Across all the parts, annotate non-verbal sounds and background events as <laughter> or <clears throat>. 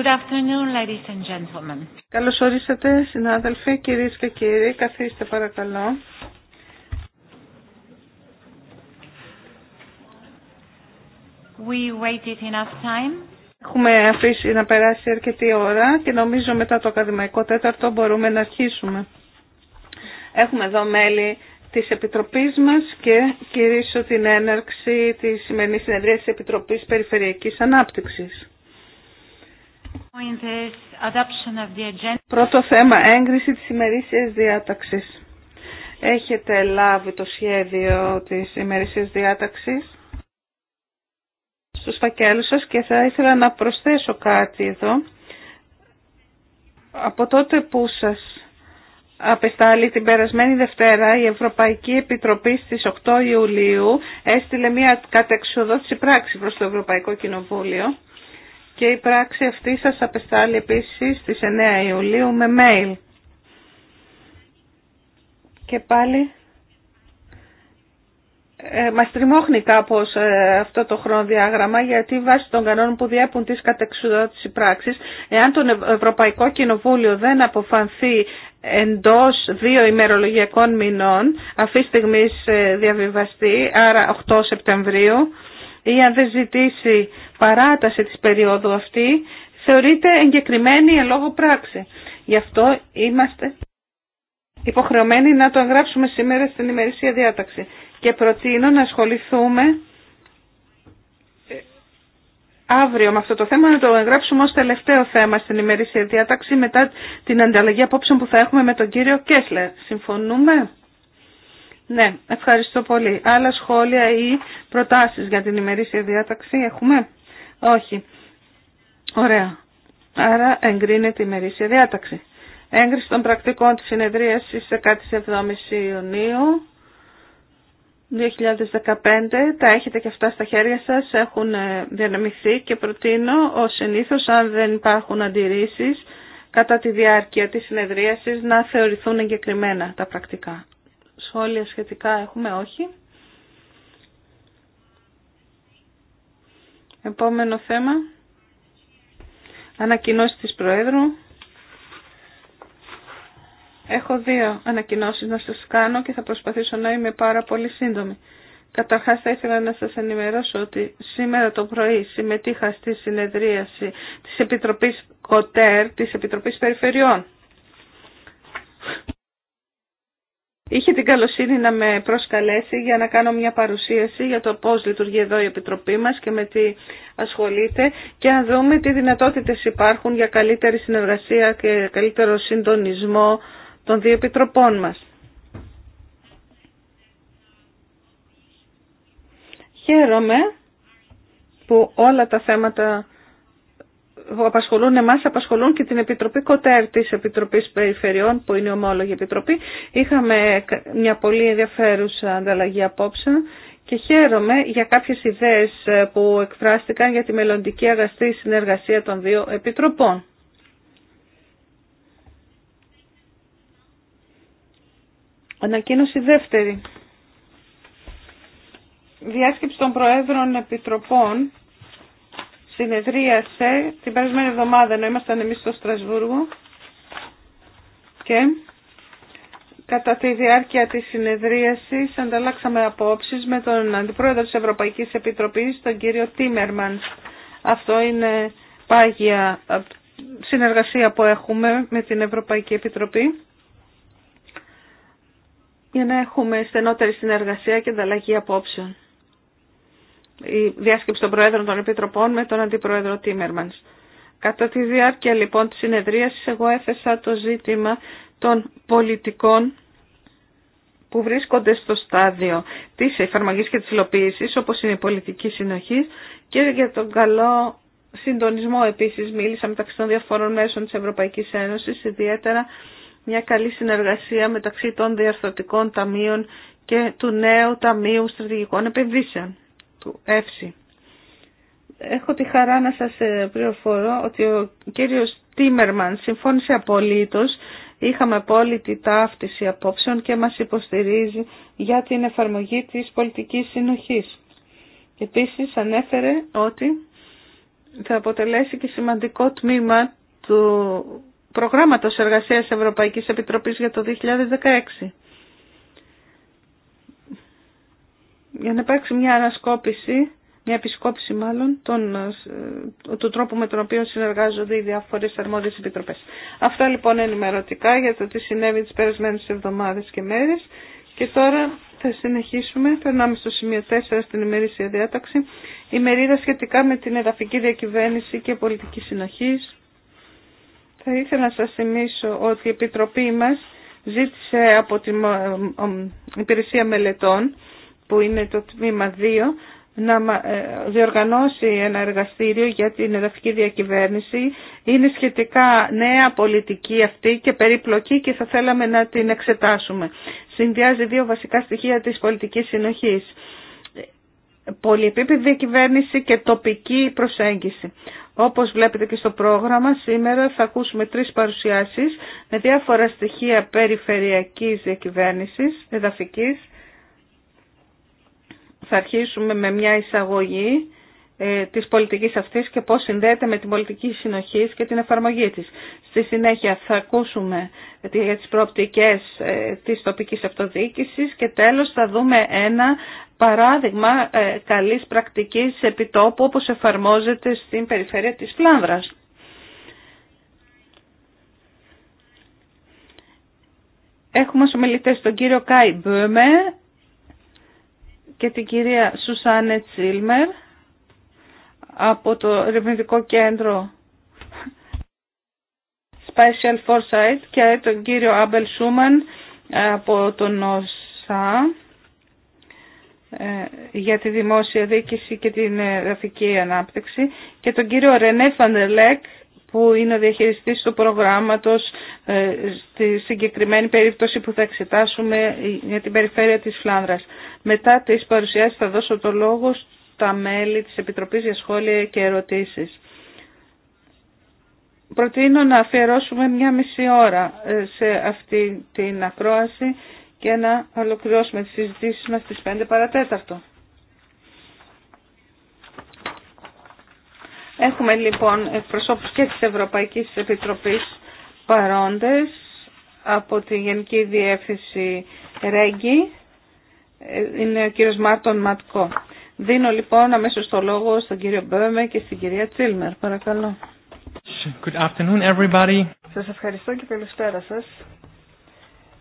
Good Καλώς ορίσατε, συνάδελφοι, κυρίες και κύριοι. Καθίστε παρακαλώ. Έχουμε αφήσει να περάσει αρκετή ώρα και νομίζω μετά το ακαδημαϊκό τέταρτο μπορούμε να αρχίσουμε. Έχουμε εδώ μέλη της Επιτροπής μας και κυρίσω την έναρξη της σημερινής συνεδρίας της Επιτροπής Περιφερειακής Ανάπτυξης. Πρώτο θέμα, έγκριση της ημερήσιας διάταξης. Έχετε λάβει το σχέδιο της ημερήσιας διάταξης στους φακέλους σας και θα ήθελα να προσθέσω κάτι εδώ. Από τότε που σας απεστάλλει την περασμένη Δευτέρα η Ευρωπαϊκή Επιτροπή στις 8 Ιουλίου έστειλε μια κατεξοδότηση πράξη προς το Ευρωπαϊκό Κοινοβούλιο και η πράξη αυτή σας απεστάλλει επίσης στις 9 Ιουλίου με mail. Και πάλι ε, μας τριμώχνει κάπως ε, αυτό το χρονοδιάγραμμα γιατί βάσει των κανόνων που διέπουν τις κατεξουδότηση πράξης εάν το Ευρωπαϊκό Κοινοβούλιο δεν αποφανθεί εντός δύο ημερολογιακών μηνών αυτή στιγμή διαβιβαστεί, άρα 8 Σεπτεμβρίου ή αν δεν ζητήσει παράταση της περίοδου αυτή, θεωρείται εγκεκριμένη εν λόγω πράξη. Γι' αυτό είμαστε υποχρεωμένοι να το εγγράψουμε σήμερα στην ημερήσια διάταξη. Και προτείνω να ασχοληθούμε ε, αύριο με αυτό το θέμα, να το εγγράψουμε ως τελευταίο θέμα στην ημερήσια διάταξη μετά την ανταλλαγή απόψεων που θα έχουμε με τον κύριο Κέσλερ. Συμφωνούμε? Ναι, ευχαριστώ πολύ. Άλλα σχόλια ή προτάσεις για την ημερήσια διάταξη έχουμε? Όχι. Ωραία. Άρα εγκρίνεται η ημερήσια διάταξη. Έγκριση των πρακτικών της συνεδρίασης 17 Ιουνίου 2015. Τα έχετε και αυτά στα χέρια σας, έχουν ε, διανεμηθεί και προτείνω ως συνήθω αν δεν υπάρχουν αντιρρήσεις κατά τη διάρκεια της συνεδρίασης να θεωρηθούν εγκεκριμένα τα πρακτικά. Σχόλια σχετικά έχουμε, όχι. Επόμενο θέμα. Ανακοινώσεις της Προέδρου. Έχω δύο ανακοινώσεις να σας κάνω και θα προσπαθήσω να είμαι πάρα πολύ σύντομη. Καταρχάς θα ήθελα να σας ενημερώσω ότι σήμερα το πρωί συμμετείχα στη συνεδρίαση της Επιτροπής ΚΟΤΕΡ, της Επιτροπής Περιφερειών. Είχε την καλοσύνη να με προσκαλέσει για να κάνω μια παρουσίαση για το πώς λειτουργεί εδώ η Επιτροπή μας και με τι ασχολείται και να δούμε τι δυνατότητες υπάρχουν για καλύτερη συνεργασία και καλύτερο συντονισμό των δύο Επιτροπών μας. Χαίρομαι που όλα τα θέματα απασχολούν εμάς, απασχολούν και την Επιτροπή Κοτέρ τη Επιτροπής Περιφερειών, που είναι η ομόλογη Επιτροπή. Είχαμε μια πολύ ενδιαφέρουσα ανταλλαγή απόψε και χαίρομαι για κάποιες ιδέες ε, που εκφράστηκαν για τη μελλοντική αγαστή συνεργασία των δύο Επιτροπών. Ανακοίνωση δεύτερη. Διάσκεψη των Προέδρων Επιτροπών συνεδρίασε την περασμένη εβδομάδα ενώ ήμασταν εμείς στο Στρασβούργο και κατά τη διάρκεια της συνεδρίασης ανταλλάξαμε απόψεις με τον Αντιπρόεδρο της Ευρωπαϊκής Επιτροπής, τον κύριο Τίμερμαν. Αυτό είναι πάγια συνεργασία που έχουμε με την Ευρωπαϊκή Επιτροπή για να έχουμε στενότερη συνεργασία και ανταλλαγή απόψεων η διάσκεψη των Προέδρων των Επιτροπών με τον Αντιπρόεδρο Τίμερμαν. Κατά τη διάρκεια λοιπόν της συνεδρίασης εγώ έθεσα το ζήτημα των πολιτικών που βρίσκονται στο στάδιο της εφαρμογής και της υλοποίησης όπως είναι η πολιτική συνοχή και για τον καλό συντονισμό επίσης μίλησα μεταξύ των διαφόρων μέσων της Ευρωπαϊκής Ένωσης ιδιαίτερα μια καλή συνεργασία μεταξύ των διαρθρωτικών ταμείων και του νέου Ταμείου Στρατηγικών Επενδύσεων του Έχω τη χαρά να σας ε, πληροφορώ ότι ο κύριος Τίμερμαν συμφώνησε απολύτως. Είχαμε απόλυτη ταύτιση απόψεων και μας υποστηρίζει για την εφαρμογή της πολιτικής συνοχής. Επίσης ανέφερε ότι θα αποτελέσει και σημαντικό τμήμα του προγράμματος εργασίας Ευρωπαϊκής Επιτροπής για το 2016. για να υπάρξει μια ανασκόπηση, μια επισκόπηση μάλλον, ε, του τρόπου με τον οποίο συνεργάζονται οι διάφορες αρμόδιες επιτροπές. Αυτά λοιπόν ενημερωτικά για το τι συνέβη τις περασμένες εβδομάδες και μέρες. Και τώρα θα συνεχίσουμε, περνάμε στο σημείο 4 στην ημερήσια διάταξη, η μερίδα σχετικά με την εδαφική διακυβέρνηση και πολιτική συνοχής. Θα ήθελα να σας θυμίσω ότι η Επιτροπή μας ζήτησε από την ε, ε, Υπηρεσία Μελετών που είναι το τμήμα 2, να ε, διοργανώσει ένα εργαστήριο για την εδαφική διακυβέρνηση. Είναι σχετικά νέα πολιτική αυτή και περιπλοκή και θα θέλαμε να την εξετάσουμε. Συνδυάζει δύο βασικά στοιχεία της πολιτικής συνοχής. Πολυεπίπεδη διακυβέρνηση και τοπική προσέγγιση. Όπως βλέπετε και στο πρόγραμμα, σήμερα θα ακούσουμε τρεις παρουσιάσεις με διάφορα στοιχεία περιφερειακής διακυβέρνησης, εδαφικής, θα αρχίσουμε με μια εισαγωγή ε, της πολιτικής αυτής και πώς συνδέεται με την πολιτική συνοχής και την εφαρμογή της. Στη συνέχεια θα ακούσουμε για τις προοπτικές ε, της τοπικής αυτοδιοίκησης και τέλος θα δούμε ένα παράδειγμα ε, καλής πρακτικής επιτόπου όπως εφαρμόζεται στην περιφέρεια της Φλάνδρας. Έχουμε ως ομιλητές τον κύριο Κάι Μπέμε, και την κυρία Σουσάνε Τσίλμερ από το Ερευνητικό Κέντρο Special Foresight και τον κύριο Άμπελ Σούμαν από τον ΝΟΣΑ ε, για τη δημόσια δίκηση και την εδαφική ανάπτυξη και τον κύριο Ρενέ Φαντελέκ που είναι ο διαχειριστής του προγράμματος ε, στη συγκεκριμένη περίπτωση που θα εξετάσουμε για την περιφέρεια της Φλάνδρας. Μετά τις παρουσιάσεις θα δώσω το λόγο στα μέλη της Επιτροπής για σχόλια και ερωτήσεις. Προτείνω να αφιερώσουμε μια μισή ώρα ε, σε αυτή την ακρόαση και να ολοκληρώσουμε τις συζητήσεις μας στις 5 παρατέταρτο. Έχουμε λοιπόν εκπροσώπους και της Ευρωπαϊκής Επιτροπής παρόντες από τη Γενική Διεύθυνση Ρέγγι. Είναι ο κύριος Μάρτον Ματκό. Δίνω λοιπόν αμέσως το λόγο στον κύριο Μπέμε και στην κυρία Τσίλμερ. Παρακαλώ. Good afternoon everybody. Σας ευχαριστώ και καλησπέρα σας.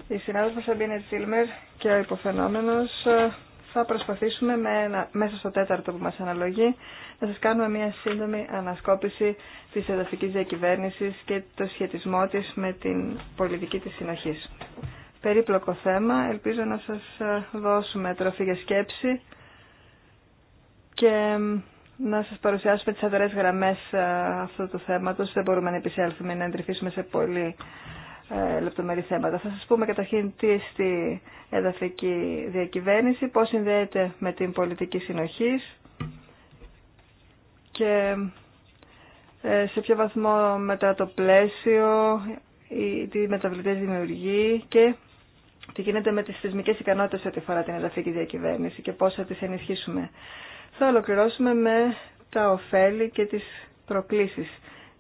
Η συνάδελφος Αμπίνε Τσίλμερ και ο υποφαινόμενος θα προσπαθήσουμε με μέσα στο τέταρτο που μας αναλογεί να σας κάνουμε μια σύντομη ανασκόπηση της εδαφικής διακυβέρνησης και το σχετισμό της με την πολιτική της συνοχής. Περίπλοκο θέμα, ελπίζω να σας ε, δώσουμε τροφή για σκέψη και να σας παρουσιάσουμε τις αδερές γραμμές ε, αυτού του θέματος. Δεν μπορούμε να επισέλθουμε να εντρυφήσουμε σε πολύ ε, λεπτομερή θέματα. Θα σας πούμε καταρχήν τι στη εδαφική διακυβέρνηση, πώς συνδέεται με την πολιτική συνοχής και ε, σε ποιο βαθμό μετά το πλαίσιο, τι μεταβλητές δημιουργεί και τι γίνεται με τις θεσμικές ικανότητες ό,τι αφορά την εδαφική διακυβέρνηση και πώς θα τις ενισχύσουμε. Θα ολοκληρώσουμε με τα ωφέλη και τις προκλήσεις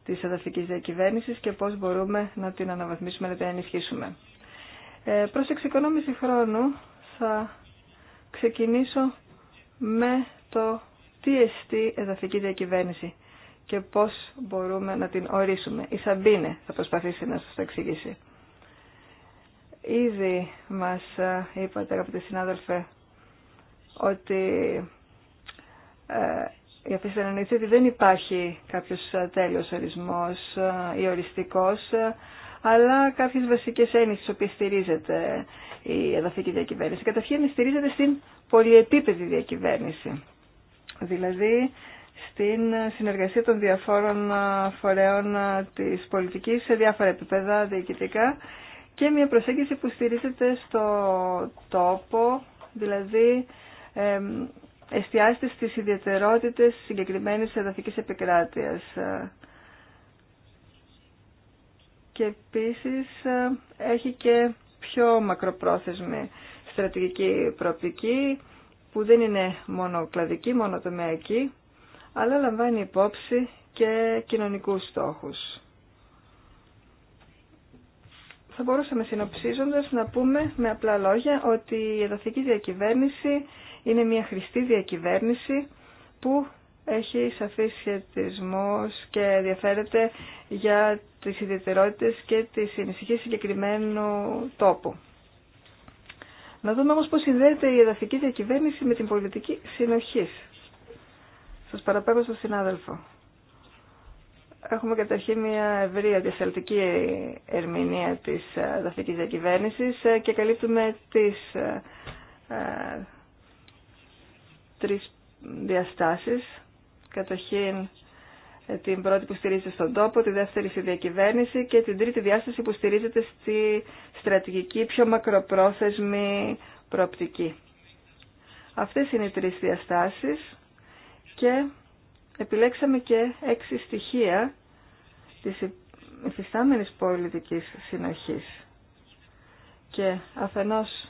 Τη εδαφική διακυβέρνηση και πώ μπορούμε να την αναβαθμίσουμε, να την ενισχύσουμε. Ε, προς εξοικονόμηση χρόνου θα ξεκινήσω με το τι εστί εδαφική διακυβέρνηση και πώ μπορούμε να την ορίσουμε. Η Σαμπίνε θα προσπαθήσει να σα το εξηγήσει. Ήδη μα ε, είπατε αγαπητοί συνάδελφε ότι ε, η ότι δεν υπάρχει κάποιος ε, τέλειος ορισμός ε, ή οριστικός, ε, αλλά κάποιες βασικές έννοιες στις οποίες στηρίζεται η εδαφική διακυβέρνηση. Καταρχήν στηρίζεται στην πολυεπίπεδη διακυβέρνηση, δηλαδή στην συνεργασία των διαφόρων φορέων της πολιτικής σε διάφορα επίπεδα διοικητικά και μια προσέγγιση που στηρίζεται στο τόπο, δηλαδή εστιάζεται στις ιδιαιτερότητες συγκεκριμένης εδαφικής επικράτειας. Και επίσης ε, έχει και πιο μακροπρόθεσμη στρατηγική προοπτική που δεν είναι μόνο κλαδική, μόνο τομεακή, αλλά λαμβάνει υπόψη και κοινωνικούς στόχους. Θα μπορούσαμε συνοψίζοντας να πούμε με απλά λόγια ότι η εδαφική διακυβέρνηση είναι μια χρηστή διακυβέρνηση που έχει σαφή σχετισμό και ενδιαφέρεται για τις ιδιαιτερότητες και τις ενισχύσεις συγκεκριμένου τόπου. Να δούμε όμως πώς συνδέεται η εδαφική διακυβέρνηση με την πολιτική συνοχής. Σας παραπέμπω στον συνάδελφο. Έχουμε καταρχήν μια ευρεία διασταλτική ερμηνεία της εδαφικής διακυβέρνησης και καλύπτουμε τις ε, τρεις διαστάσεις. Καταρχήν ε, την πρώτη που στηρίζεται στον τόπο, τη δεύτερη στη διακυβέρνηση και την τρίτη διάσταση που στηρίζεται στη στρατηγική πιο μακροπρόθεσμη προοπτική. Αυτές είναι οι τρεις διαστάσεις και επιλέξαμε και έξι στοιχεία της υφιστάμενης πολιτικής συνοχής. Και αφενός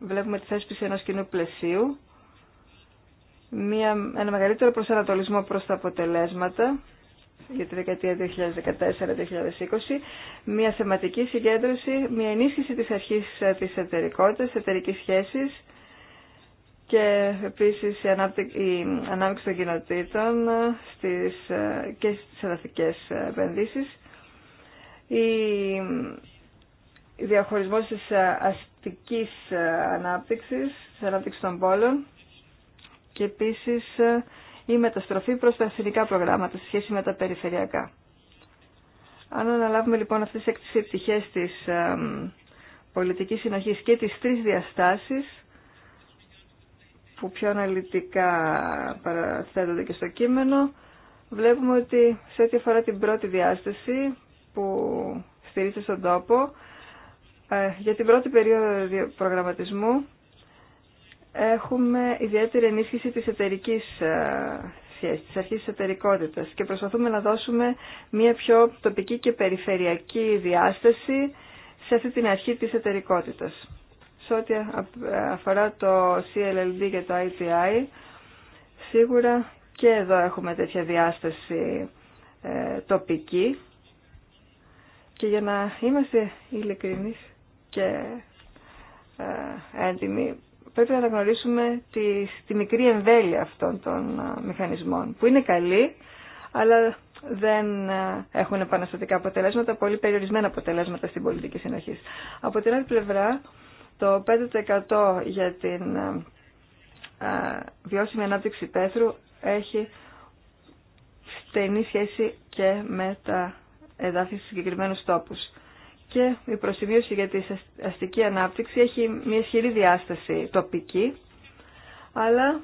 βλέπουμε τη θέσπιση ενός κοινού πλαισίου μια, ένα μεγαλύτερο προσανατολισμό προς τα αποτελέσματα για τη δεκαετία 2014-2020, μια θεματική συγκέντρωση, μια ενίσχυση της αρχής ε, της εταιρικότητας, εταιρικής σχέσης και επίσης η, ανάπτυξη των κοινοτήτων ε, στις, ε, και στις εδαφικές επενδύσεις, η, η διαχωρισμός της αστικής ανάπτυξης, της ανάπτυξης των πόλων, και επίσης ε, η μεταστροφή προ τα εθνικά προγράμματα σε σχέση με τα περιφερειακά. Αν αναλάβουμε λοιπόν αυτές τις έξι της ε, πολιτικής συνοχής και τις τρεις διαστάσεις που πιο αναλυτικά παραθέτονται και στο κείμενο, βλέπουμε ότι σε ό,τι αφορά την πρώτη διάσταση που στηρίζεται στον τόπο, ε, για την πρώτη περίοδο προγραμματισμού έχουμε ιδιαίτερη ενίσχυση της εταιρικής ε, σχέσης, της αρχής της εταιρικότητας και προσπαθούμε να δώσουμε μια πιο τοπική και περιφερειακή διάσταση σε αυτή την αρχή της εταιρικότητας. Σε ό,τι αφορά το CLLD και το ITI, σίγουρα και εδώ έχουμε τέτοια διάσταση ε, τοπική και για να είμαστε ειλικρινείς και ε, έντιμοι πρέπει να αναγνωρίσουμε τη, τη μικρή εμβέλεια αυτών των μηχανισμών, που είναι καλή, αλλά δεν έχουν επαναστατικά αποτελέσματα, πολύ περιορισμένα αποτελέσματα στην πολιτική συνοχή. Από την άλλη πλευρά, το 5% για την βιώσιμη ανάπτυξη πέθρου έχει στενή σχέση και με τα εδάφη στους συγκεκριμένους τόπους και η προσημείωση για τη αστική ανάπτυξη έχει μια ισχυρή διάσταση τοπική, αλλά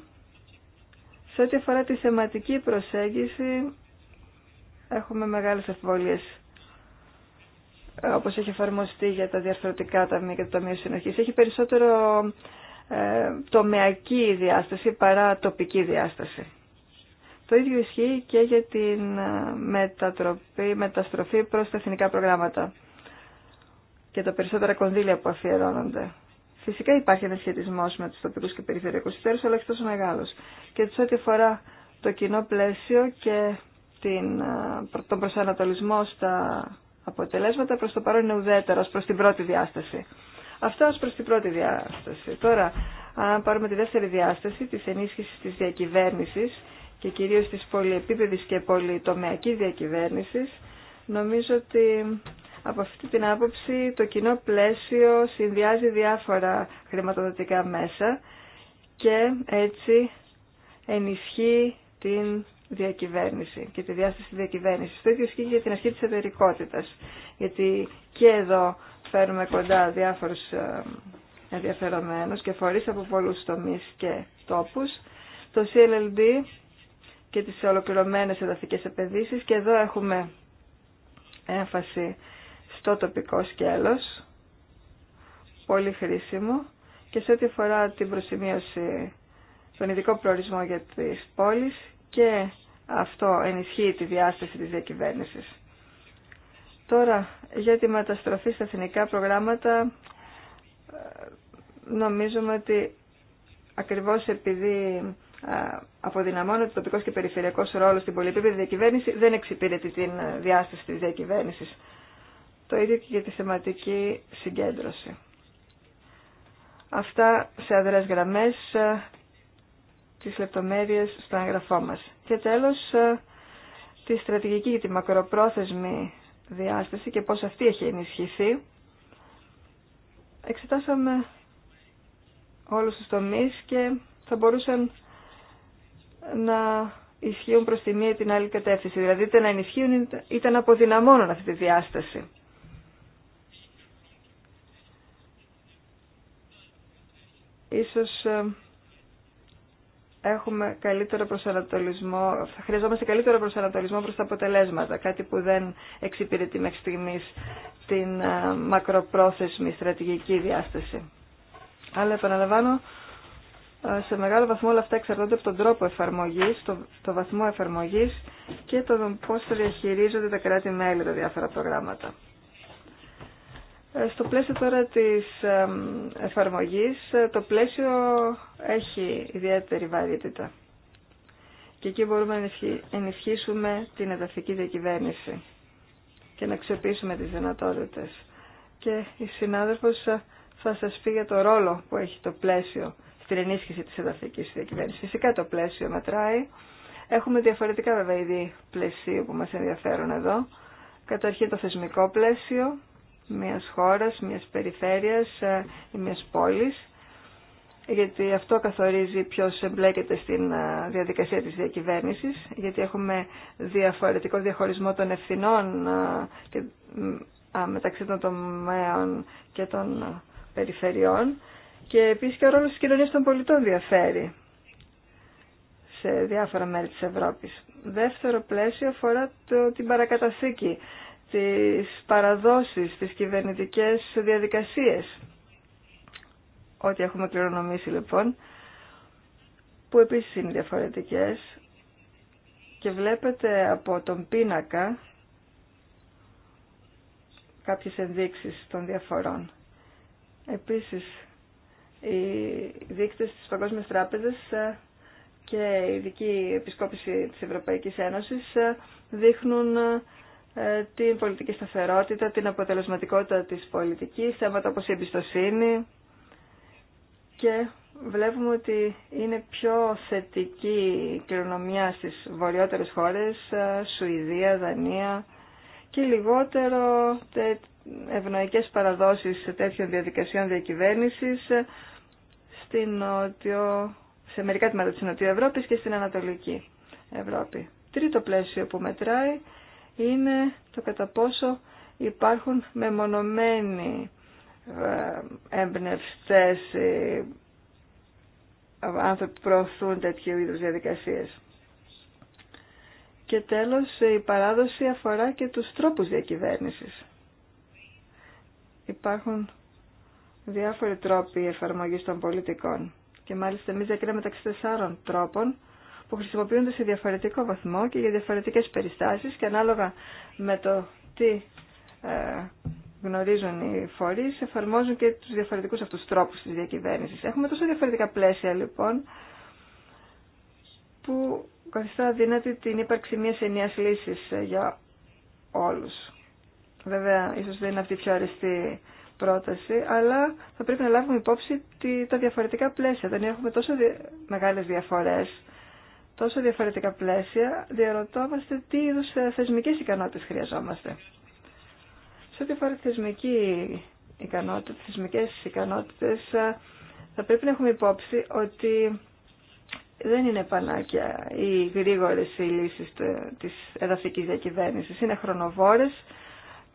σε ό,τι αφορά τη θεματική προσέγγιση έχουμε μεγάλες αφιβολίες ε, όπως έχει εφαρμοστεί για τα διαρθρωτικά ταμεία και το Ταμείο Συνοχής. Έχει περισσότερο ε, τομεακή διάσταση παρά τοπική διάσταση. Το ίδιο ισχύει και για την ε, μετατροπή, μεταστροφή προς τα εθνικά προγράμματα και τα περισσότερα κονδύλια που αφιερώνονται. Φυσικά υπάρχει ένα σχετισμό με του τοπικού και περιφερειακού εταίρου, αλλά όχι τόσο μεγάλο. Και σε ό,τι αφορά το κοινό πλαίσιο και την, τον προσανατολισμό στα αποτελέσματα, προ το παρόν είναι ουδέτερο προ την πρώτη διάσταση. Αυτά ω προ την πρώτη διάσταση. Τώρα, αν πάρουμε τη δεύτερη διάσταση τη ενίσχυση τη διακυβέρνηση και κυρίω τη πολυεπίπεδη και πολυτομεακή διακυβέρνηση, νομίζω ότι από αυτή την άποψη το κοινό πλαίσιο συνδυάζει διάφορα χρηματοδοτικά μέσα και έτσι ενισχύει την διακυβέρνηση και τη διάσταση διακυβέρνηση. Το ίδιο ισχύει για την αρχή τη Γιατί και εδώ φέρουμε κοντά διάφορους ε, ενδιαφερομένους και φορείς από πολλούς τομείς και τόπους, Το CLLD και τις ολοκληρωμένες εδαφικές επενδύσεις και εδώ έχουμε έμφαση το τοπικό σκέλος, πολύ χρήσιμο και σε ό,τι αφορά την προσημείωση, τον ειδικό προορισμό για τις πόλεις και αυτό ενισχύει τη διάσταση της διακυβέρνησης. Τώρα, για τη μεταστροφή στα εθνικά προγράμματα, νομίζουμε ότι ακριβώς επειδή αποδυναμώνεται το τοπικός και περιφερειακός ρόλος στην πολυεπίπεδη διακυβέρνηση, δεν εξυπηρετεί την διάσταση της διακυβέρνησης. Το ίδιο και για τη θεματική συγκέντρωση. Αυτά σε αδρές γραμμές ε, τις λεπτομέρειες στο έγγραφό μας. Και τέλος, ε, τη στρατηγική για τη μακροπρόθεσμη διάσταση και πώς αυτή έχει ενισχυθεί. Εξετάσαμε όλους τους τομείς και θα μπορούσαν να ισχύουν προς τη μία ή την άλλη κατεύθυνση. Δηλαδή είτε να ενισχύουν είτε να αποδυναμώνουν αυτή τη διάσταση. ίσως ε, έχουμε καλύτερο προσανατολισμό, χρειαζόμαστε καλύτερο προσανατολισμό προς τα αποτελέσματα, κάτι που δεν εξυπηρετεί μέχρι στιγμής την ε, μακροπρόθεσμη στρατηγική διάσταση. Αλλά επαναλαμβάνω, ε, σε μεγάλο βαθμό όλα αυτά εξαρτώνται από τον τρόπο εφαρμογής, το, βαθμό εφαρμογής και το πώς θα διαχειρίζονται τα κράτη-μέλη τα διάφορα προγράμματα. Ε, στο πλαίσιο τώρα της εφαρμογής, ε, το πλαίσιο έχει ιδιαίτερη βαρύτητα. Και εκεί μπορούμε να ενισχύσουμε την εδαφική διακυβέρνηση και να αξιοποιήσουμε τις δυνατότητες. Και η συνάδελφος ε, θα σας πει για το ρόλο που έχει το πλαίσιο στην ενίσχυση της εδαφικής διακυβέρνησης. Φυσικά το πλαίσιο μετράει. Έχουμε διαφορετικά βέβαια είδη πλαισίου που μας ενδιαφέρουν εδώ. Καταρχήν το θεσμικό πλαίσιο, μιας χώρας, μιας περιφέρειας ε, ή μιας πόλης γιατί αυτό καθορίζει ποιος εμπλέκεται στην ε, διαδικασία της διακυβέρνησης, γιατί έχουμε διαφορετικό διαχωρισμό των ευθυνών ε, μεταξύ των τομέων και των περιφερειών και επίσης και ο ρόλος της κοινωνίας των πολιτών διαφέρει σε διάφορα μέρη της Ευρώπης. Δεύτερο πλαίσιο αφορά το, την παρακαταθήκη τις παραδόσεις, τις κυβερνητικές διαδικασίες. Ό,τι έχουμε κληρονομήσει λοιπόν, που επίσης είναι διαφορετικές. Και βλέπετε από τον πίνακα κάποιες ενδείξεις των διαφορών. Επίσης, οι δείκτες της Παγκόσμιας Τράπεζας ε, και η ειδική επισκόπηση της Ευρωπαϊκής Ένωσης ε, δείχνουν ε, ε, την πολιτική σταθερότητα, την αποτελεσματικότητα της πολιτικής, θέματα όπως η εμπιστοσύνη και βλέπουμε ότι είναι πιο θετική η κληρονομιά στις βορειότερες χώρες, ε, Σουηδία, Δανία και λιγότερο ευνοϊκές παραδόσεις σε τέτοιων διαδικασιών διακυβέρνησης ε, στην νότιο, σε μερικά τμήματα της Νοτιού Ευρώπης και στην Ανατολική Ευρώπη. Τρίτο πλαίσιο που μετράει είναι το κατά πόσο υπάρχουν μεμονωμένοι ε, εμπνευστές ε, άνθρωποι που προωθούν τέτοιου είδους διαδικασίες. Και τέλος, η παράδοση αφορά και τους τρόπους διακυβέρνησης. Υπάρχουν διάφοροι τρόποι εφαρμογής των πολιτικών. Και μάλιστα εμείς διακρίνουμε μεταξύ τεσσάρων τρόπων που χρησιμοποιούνται σε διαφορετικό βαθμό και για διαφορετικές περιστάσεις και ανάλογα με το τι ε, γνωρίζουν οι φορείς, εφαρμόζουν και τους διαφορετικούς αυτούς τρόπους της διακυβέρνησης. Έχουμε τόσο διαφορετικά πλαίσια λοιπόν, που καθιστά δύνατη την ύπαρξη μιας ενιαίας λύσης ε, για όλους. Βέβαια, ίσως δεν είναι αυτή η πιο αρεστή πρόταση, αλλά θα πρέπει να λάβουμε υπόψη τα διαφορετικά πλαίσια. Δεν έχουμε τόσο μεγάλες διαφορές τόσο διαφορετικά πλαίσια, διαρωτόμαστε τι είδου ε, θεσμικέ ικανότητε χρειαζόμαστε. Σε ό,τι αφορά θεσμική ικανότητα, θεσμικές ικανότητες, ε, θα πρέπει να έχουμε υπόψη ότι δεν είναι πανάκια οι γρήγορε οι τη της διακυβέρνηση. Είναι χρονοβόρε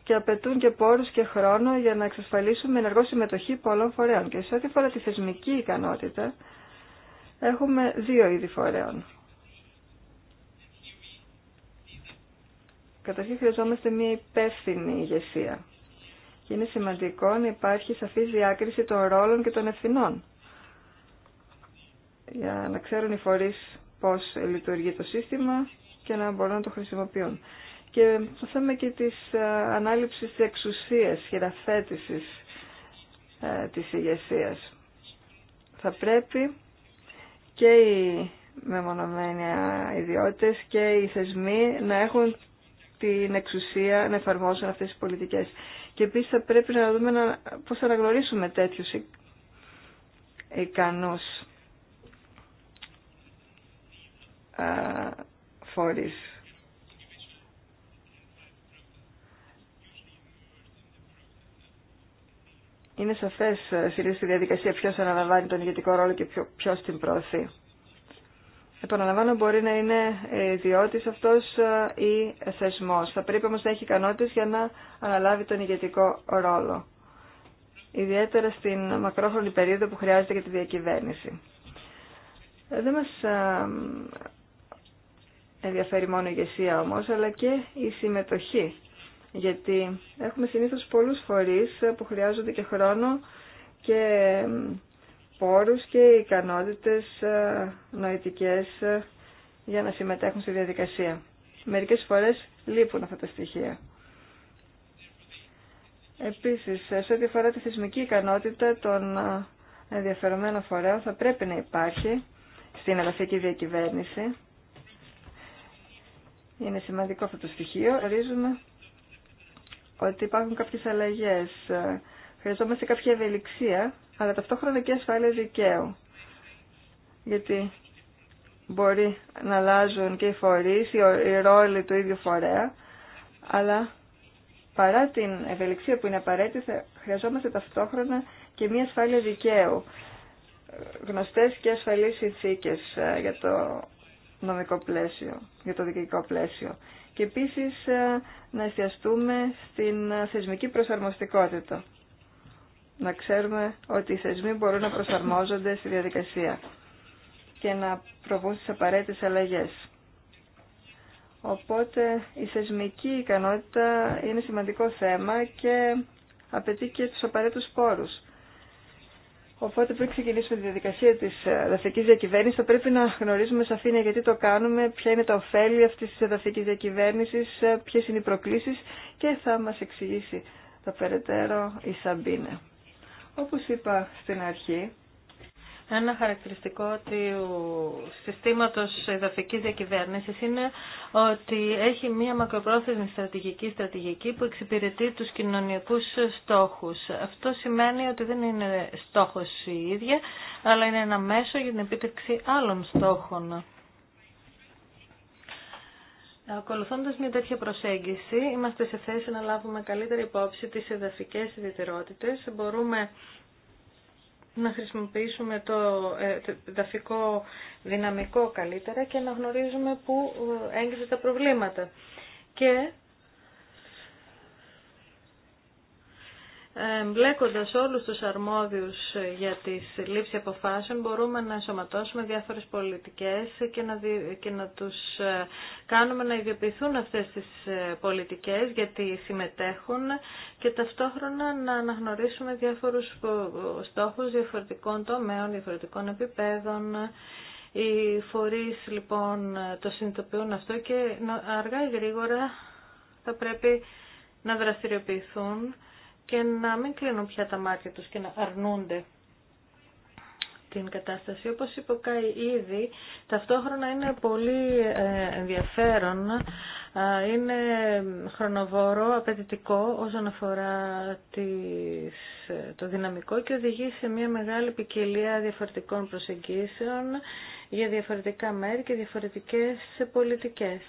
και απαιτούν και πόρου και χρόνο για να εξασφαλίσουμε ενεργό συμμετοχή πολλών φορέων. Και σε ό,τι αφορά τη θεσμική ικανότητα, έχουμε δύο είδη φορέων. Καταρχήν χρειαζόμαστε μια υπεύθυνη ηγεσία. Και είναι σημαντικό να υπάρχει σαφή διάκριση των ρόλων και των ευθυνών. Για να ξέρουν οι φορεί πώς λειτουργεί το σύστημα και να μπορούν να το χρησιμοποιούν. Και το θέμα και της ε, ανάληψης τη εξουσίας, χειραφέτησης ε, της ηγεσία. Θα πρέπει και οι μεμονωμένοι ε, ιδιώτες και οι θεσμοί να έχουν την εξουσία να εφαρμόσουν αυτές τις πολιτικές. Και επίσης θα πρέπει να δούμε να, πώς θα αναγνωρίσουμε τέτοιους ικανούς φορείς. Είναι σαφές ε, στη διαδικασία ποιος αναλαμβάνει τον ηγετικό ρόλο και ποιος την προωθεί. Επαναλαμβάνω, μπορεί να είναι ιδιώτη αυτός ε, ή θεσμό. Θα πρέπει όμω να έχει ικανότητε για να αναλάβει τον ηγετικό ρόλο. Ιδιαίτερα στην μακρόχρονη περίοδο που χρειάζεται για τη διακυβέρνηση. Ε, δεν μας ε, ενδιαφέρει μόνο η ηγεσία όμως, αλλά και η συμμετοχή. Γιατί έχουμε συνήθως πολλού φορεί που χρειάζονται και χρόνο και πόρους και ικανότητες ε, νοητικές ε, για να συμμετέχουν στη διαδικασία. Μερικές φορές λείπουν αυτά τα στοιχεία. Επίσης, ε, σε ό,τι αφορά τη θεσμική ικανότητα των ενδιαφερομένων φορέων θα πρέπει να υπάρχει στην ελαφρική διακυβέρνηση. Είναι σημαντικό αυτό το στοιχείο. Ορίζουμε ότι υπάρχουν κάποιες αλλαγές. Χρειαζόμαστε κάποια ευελιξία αλλά ταυτόχρονα και ασφάλεια δικαίου. Γιατί μπορεί να αλλάζουν και οι φορείς, οι ρόλοι του ίδιου φορέα, αλλά παρά την ευελιξία που είναι απαραίτητη, χρειαζόμαστε ταυτόχρονα και μια ασφάλεια δικαίου. Γνωστές και ασφαλείς συνθήκες ε, για το νομικό πλαίσιο, για το δικαιωτικό πλαίσιο. Και επίσης ε, να εστιαστούμε στην ε, θεσμική προσαρμοστικότητα να ξέρουμε ότι οι θεσμοί μπορούν να προσαρμόζονται στη διαδικασία και να προβούν στις απαραίτητες αλλαγές. Οπότε η θεσμική ικανότητα είναι σημαντικό θέμα και απαιτεί και τους απαραίτητους πόρους. Οπότε πριν ξεκινήσουμε τη διαδικασία της εδαφικής διακυβέρνησης θα πρέπει να γνωρίζουμε σαφήνεια γιατί το κάνουμε, ποια είναι τα ωφέλη αυτής της εδαφικής διακυβέρνησης, ποιες είναι οι προκλήσεις και θα μας εξηγήσει το περαιτέρω η Σαμπίνε. Όπως είπα στην αρχή, ένα χαρακτηριστικό του συστήματος εδαφικής διακυβέρνησης είναι ότι έχει μία μακροπρόθεσμη στρατηγική στρατηγική που εξυπηρετεί τους κοινωνικούς στόχους. Αυτό σημαίνει ότι δεν είναι στόχος η ίδια, αλλά είναι ένα μέσο για την επίτευξη άλλων στόχων. Ακολουθώντα μια τέτοια προσέγγιση, είμαστε σε θέση να λάβουμε καλύτερη υπόψη τις εδαφικές ιδιαιτερότητε. Μπορούμε να χρησιμοποιήσουμε ε, το εδαφικό δυναμικό καλύτερα και να γνωρίζουμε πού ε, έγκυζε τα προβλήματα. Και Μπλέκοντας όλους τους αρμόδιους για τη λήψη αποφάσεων μπορούμε να ενσωματώσουμε διάφορες πολιτικές και να, δι... και να τους ε, κάνουμε να ιδιοποιηθούν αυτές τις ε, πολιτικές γιατί συμμετέχουν και ταυτόχρονα να αναγνωρίσουμε διάφορους στόχους διαφορετικών τομέων, διαφορετικών επιπέδων. Οι φορείς λοιπόν το συνειδητοποιούν αυτό και αργά ή γρήγορα θα πρέπει να δραστηριοποιηθούν και να μην κλείνουν πια τα μάτια τους και να αρνούνται την κατάσταση. Όπως είπε ο Κάι ήδη, ταυτόχρονα είναι πολύ ε, ενδιαφέρον, είναι χρονοβόρο, απαιτητικό όσον αφορά ε, το δυναμικό και οδηγεί σε μια μεγάλη ποικιλία διαφορετικών προσεγγίσεων για διαφορετικά μέρη και διαφορετικές πολιτικές.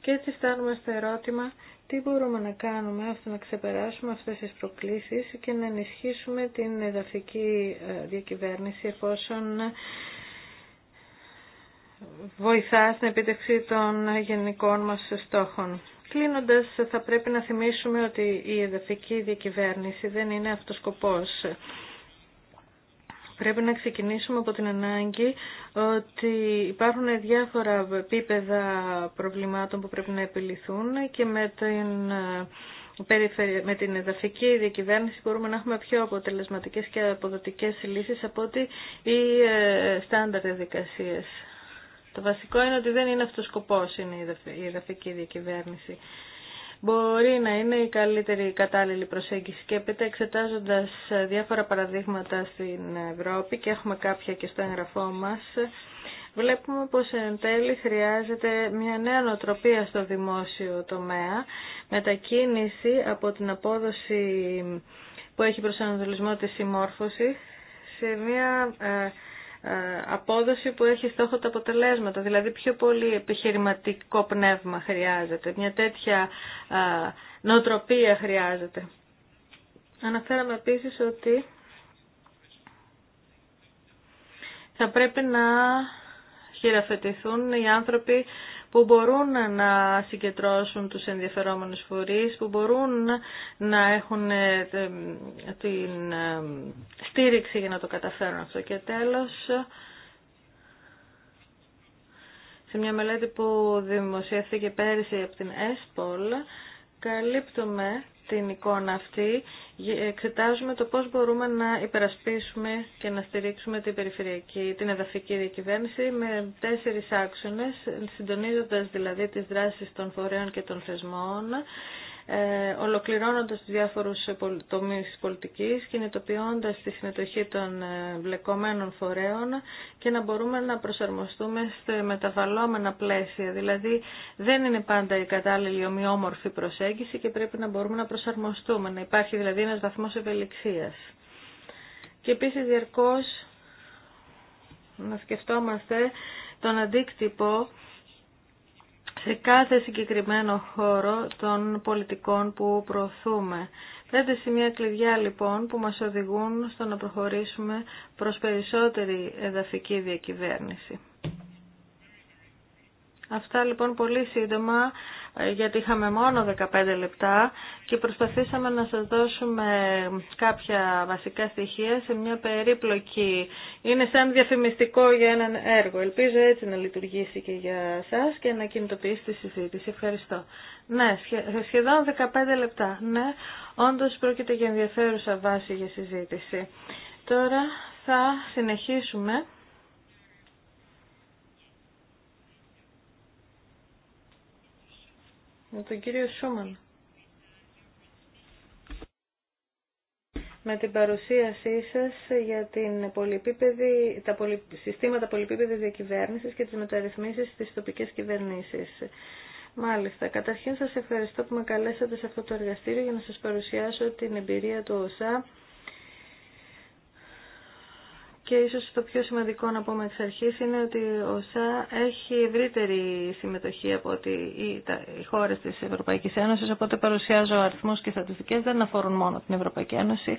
Και έτσι φτάνουμε στο ερώτημα τι μπορούμε να κάνουμε ώστε να ξεπεράσουμε αυτές τις προκλήσεις και να ενισχύσουμε την εδαφική ε, διακυβέρνηση εφόσον ε, βοηθά στην επίτευξη των γενικών μας στόχων. Κλείνοντας, θα πρέπει να θυμίσουμε ότι η εδαφική διακυβέρνηση δεν είναι αυτός σκοπός. Πρέπει να ξεκινήσουμε από την ανάγκη ότι υπάρχουν διάφορα επίπεδα προβλημάτων που πρέπει να επιληθούν και με την με την εδαφική διακυβέρνηση μπορούμε να έχουμε πιο αποτελεσματικές και αποδοτικές λύσεις από ότι οι ε, στάνταρ διαδικασίες. Το βασικό είναι ότι δεν είναι αυτός ο σκοπός είναι η εδαφική διακυβέρνηση μπορεί να είναι η καλύτερη κατάλληλη προσέγγιση. Και έπειτα εξετάζοντας διάφορα παραδείγματα στην Ευρώπη και έχουμε κάποια και στο εγγραφό μας, Βλέπουμε πως εν τέλει χρειάζεται μια νέα νοοτροπία στο δημόσιο τομέα, μετακίνηση από την απόδοση που έχει προσανατολισμό τη συμμόρφωση σε μια ε, ε, απόδοση που έχει στόχο τα αποτελέσματα. Δηλαδή πιο πολύ επιχειρηματικό πνεύμα χρειάζεται. Μια τέτοια ε, νοοτροπία χρειάζεται. Αναφέραμε επίσης ότι θα πρέπει να χειραφετηθούν οι άνθρωποι που μπορούν να συγκεντρώσουν τους ενδιαφερόμενους φορείς, που μπορούν να έχουν ε, ε, την ε, στήριξη για να το καταφέρουν αυτό. Και τέλος, σε μια μελέτη που δημοσιεύθηκε πέρυσι από την ΕΣΠΟΛ, καλύπτουμε την εικόνα αυτή εξετάζουμε το πώς μπορούμε να υπερασπίσουμε και να στηρίξουμε την περιφερειακή, την εδαφική διακυβέρνηση με τέσσερις άξονες, συντονίζοντας δηλαδή τις δράσεις των φορέων και των θεσμών, ε, ολοκληρώνοντας τις διάφορους τομείς της πολιτικής, κινητοποιώντας τη συμμετοχή των βλεκομένων ε, φορέων και να μπορούμε να προσαρμοστούμε σε μεταβαλλόμενα πλαίσια. Δηλαδή δεν είναι πάντα η κατάλληλη ομοιόμορφη προσέγγιση και πρέπει να μπορούμε να προσαρμοστούμε, να υπάρχει δηλαδή ένας βαθμός ευελιξίας. Και επίσης διαρκώς να σκεφτόμαστε τον αντίκτυπο σε κάθε συγκεκριμένο χώρο των πολιτικών που προωθούμε. Πέντε σημεία κλειδιά λοιπόν που μας οδηγούν στο να προχωρήσουμε προς περισσότερη εδαφική διακυβέρνηση. Αυτά λοιπόν πολύ σύντομα, ε, γιατί είχαμε μόνο 15 λεπτά και προσπαθήσαμε να σας δώσουμε κάποια βασικά στοιχεία σε μια περίπλοκη. Είναι σαν διαφημιστικό για έναν έργο. Ελπίζω έτσι να λειτουργήσει και για σας και να κινητοποιήσει τη συζήτηση. Ευχαριστώ. Ναι, σχεδόν 15 λεπτά. Ναι, όντως πρόκειται για ενδιαφέρουσα βάση για συζήτηση. Τώρα θα συνεχίσουμε. με τον κύριο Σούμαν. με την παρουσίασή σας για την πολυπίπεδη, τα πολυ, συστήματα πολυπίπεδης διακυβέρνησης και τις μεταρρυθμίσεις στις τοπικές κυβερνήσεις. Μάλιστα. Καταρχήν σας ευχαριστώ που με καλέσατε σε αυτό το εργαστήριο για να σας παρουσιάσω την εμπειρία του ΟΣΑ και ίσως το πιο σημαντικό να πούμε εξ αρχή είναι ότι ο ΣΑ έχει ευρύτερη συμμετοχή από ότι οι, τα, οι χώρες της Ευρωπαϊκής Ένωσης, οπότε παρουσιάζω αριθμούς και στατιστικές, δεν αφορούν μόνο την Ευρωπαϊκή Ένωση,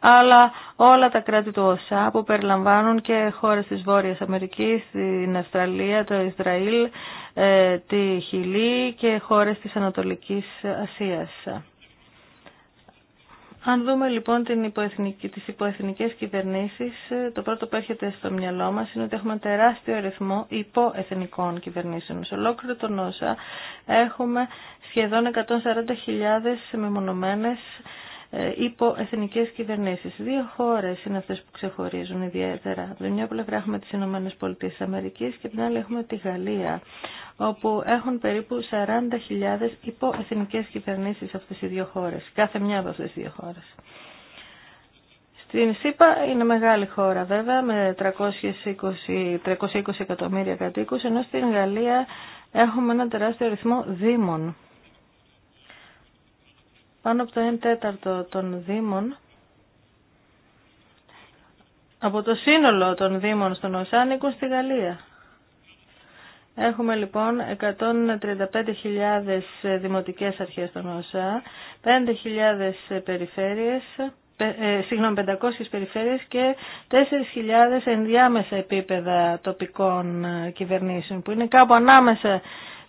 αλλά όλα τα κράτη του ΟΣΑ που περιλαμβάνουν και χώρες της Βόρειας Αμερικής, την Αυστραλία, το Ισραήλ, ε, τη Χιλή και χώρες της Ανατολικής Ασίας. Αν δούμε λοιπόν την υποεθνική, τις υποεθνικές κυβερνήσεις, ε, το πρώτο που έρχεται στο μυαλό μας είναι ότι έχουμε τεράστιο αριθμό υποεθνικών κυβερνήσεων. Σε ολόκληρο τον όσα έχουμε σχεδόν 140.000 μεμονωμένες ε, υπό εθνικές κυβερνήσεις. Δύο χώρε είναι αυτέ που ξεχωρίζουν ιδιαίτερα. Από τη μια πλευρά έχουμε τι ΗΠΑ και από την άλλη έχουμε τη Γαλλία, όπου έχουν περίπου 40.000 υπό εθνικές κυβερνήσεις αυτές οι δύο χώρε. κάθε μια από αυτέ τι δύο χώρε. Στην ΣΥΠΑ είναι μεγάλη χώρα βέβαια με 320, 320 εκατομμύρια κατοίκους ενώ στην Γαλλία έχουμε ένα τεράστιο αριθμό δήμων. Πάνω από το 1 τέταρτο των Δήμων από το σύνολο των Δήμων στον Οσάνικο στη Γαλλία. Έχουμε λοιπόν 135.000 δημοτικές αρχές στον ΟΣΑ, 5.000 περιφέρειες, ε, συγγνώμη, 500 περιφέρειες και 4.000 ενδιάμεσα επίπεδα τοπικών ε, κυβερνήσεων, που είναι κάπου ανάμεσα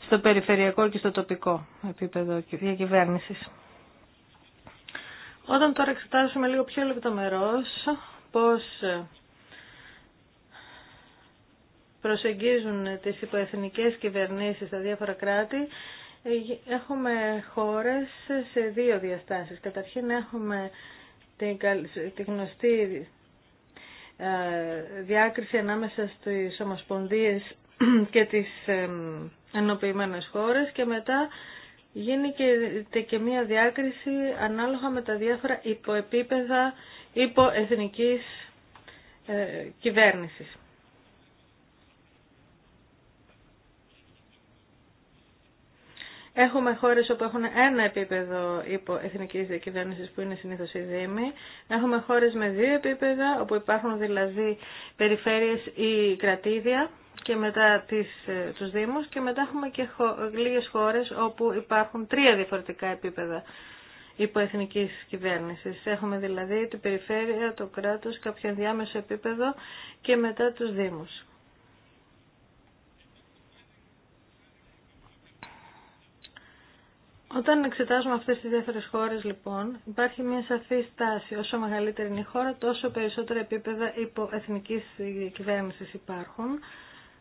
στο περιφερειακό και στο τοπικό επίπεδο διακυβέρνησης. Όταν τώρα εξετάσουμε λίγο πιο λεπτομερώς πώς ε, προσεγγίζουν τις υποεθνικές κυβερνήσεις στα διάφορα κράτη, ε, έχουμε χώρες σε δύο διαστάσεις. Καταρχήν έχουμε τη γνωστή ε, διάκριση ανάμεσα στις ομοσπονδίες <clears throat> και τις ενοποιημένες χώρες και μετά γίνεται και μία διάκριση ανάλογα με τα διάφορα υποεπίπεδα υποεθνικής ε, κυβέρνησης. Έχουμε χώρες όπου έχουν ένα επίπεδο υπό εθνικής διακυβέρνησης που είναι συνήθως οι Δήμοι. Έχουμε χώρες με δύο επίπεδα όπου υπάρχουν δηλαδή περιφέρειες ή κρατήδια και μετά τις, ε, τους Δήμους και μετά έχουμε και λίγες χώρες όπου υπάρχουν τρία διαφορετικά επίπεδα υποεθνικής κυβέρνησης. Έχουμε δηλαδή την περιφέρεια, το κράτος, κάποιο διάμεσο επίπεδο και μετά τους Δήμους. Όταν εξετάζουμε αυτές τις διάφορες χώρες λοιπόν υπάρχει μια σαφή στάση. Όσο μεγαλύτερη είναι η χώρα τόσο περισσότερα επίπεδα υποεθνικής ε, κυβέρνησης υπάρχουν.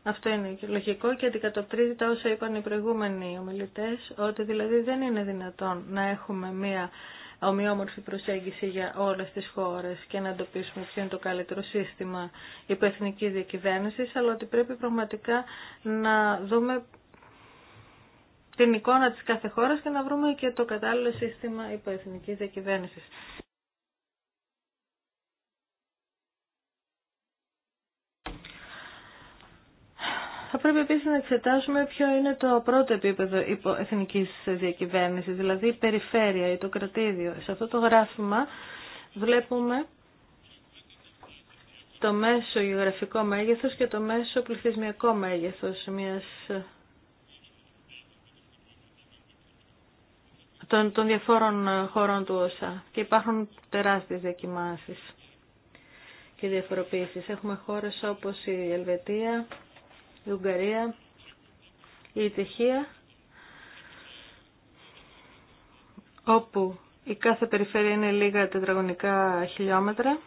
Αυτό είναι λογικό και αντικατοπτρίζει τα όσα είπαν οι προηγούμενοι ομιλητές, ότι δηλαδή δεν είναι δυνατόν να έχουμε μία ομοιόμορφη προσέγγιση για όλες τις χώρες και να εντοπίσουμε ποιο είναι το καλύτερο σύστημα υπεθνική διακυβέρνησης, αλλά ότι πρέπει πραγματικά να δούμε την εικόνα της κάθε χώρας και να βρούμε και το κατάλληλο σύστημα υποεθνικής διακυβέρνησης. Θα πρέπει επίση να εξετάσουμε ποιο είναι το πρώτο επίπεδο εθνική διακυβέρνηση, δηλαδή η περιφέρεια ή το κρατήδιο. Σε αυτό το γράφημα βλέπουμε το μέσο γεωγραφικό μέγεθος και το μέσο πληθυσμιακό μέγεθος μιας των, των διαφόρων χωρών του ΩΣΑ και υπάρχουν τεράστιες διακοιμάνσεις και διαφοροποίησεις. Έχουμε χώρες όπως η Ελβετία, η Ουγγαρία, η Τεχία, όπου η κάθε περιφέρεια είναι λίγα τετραγωνικά χιλιόμετρα,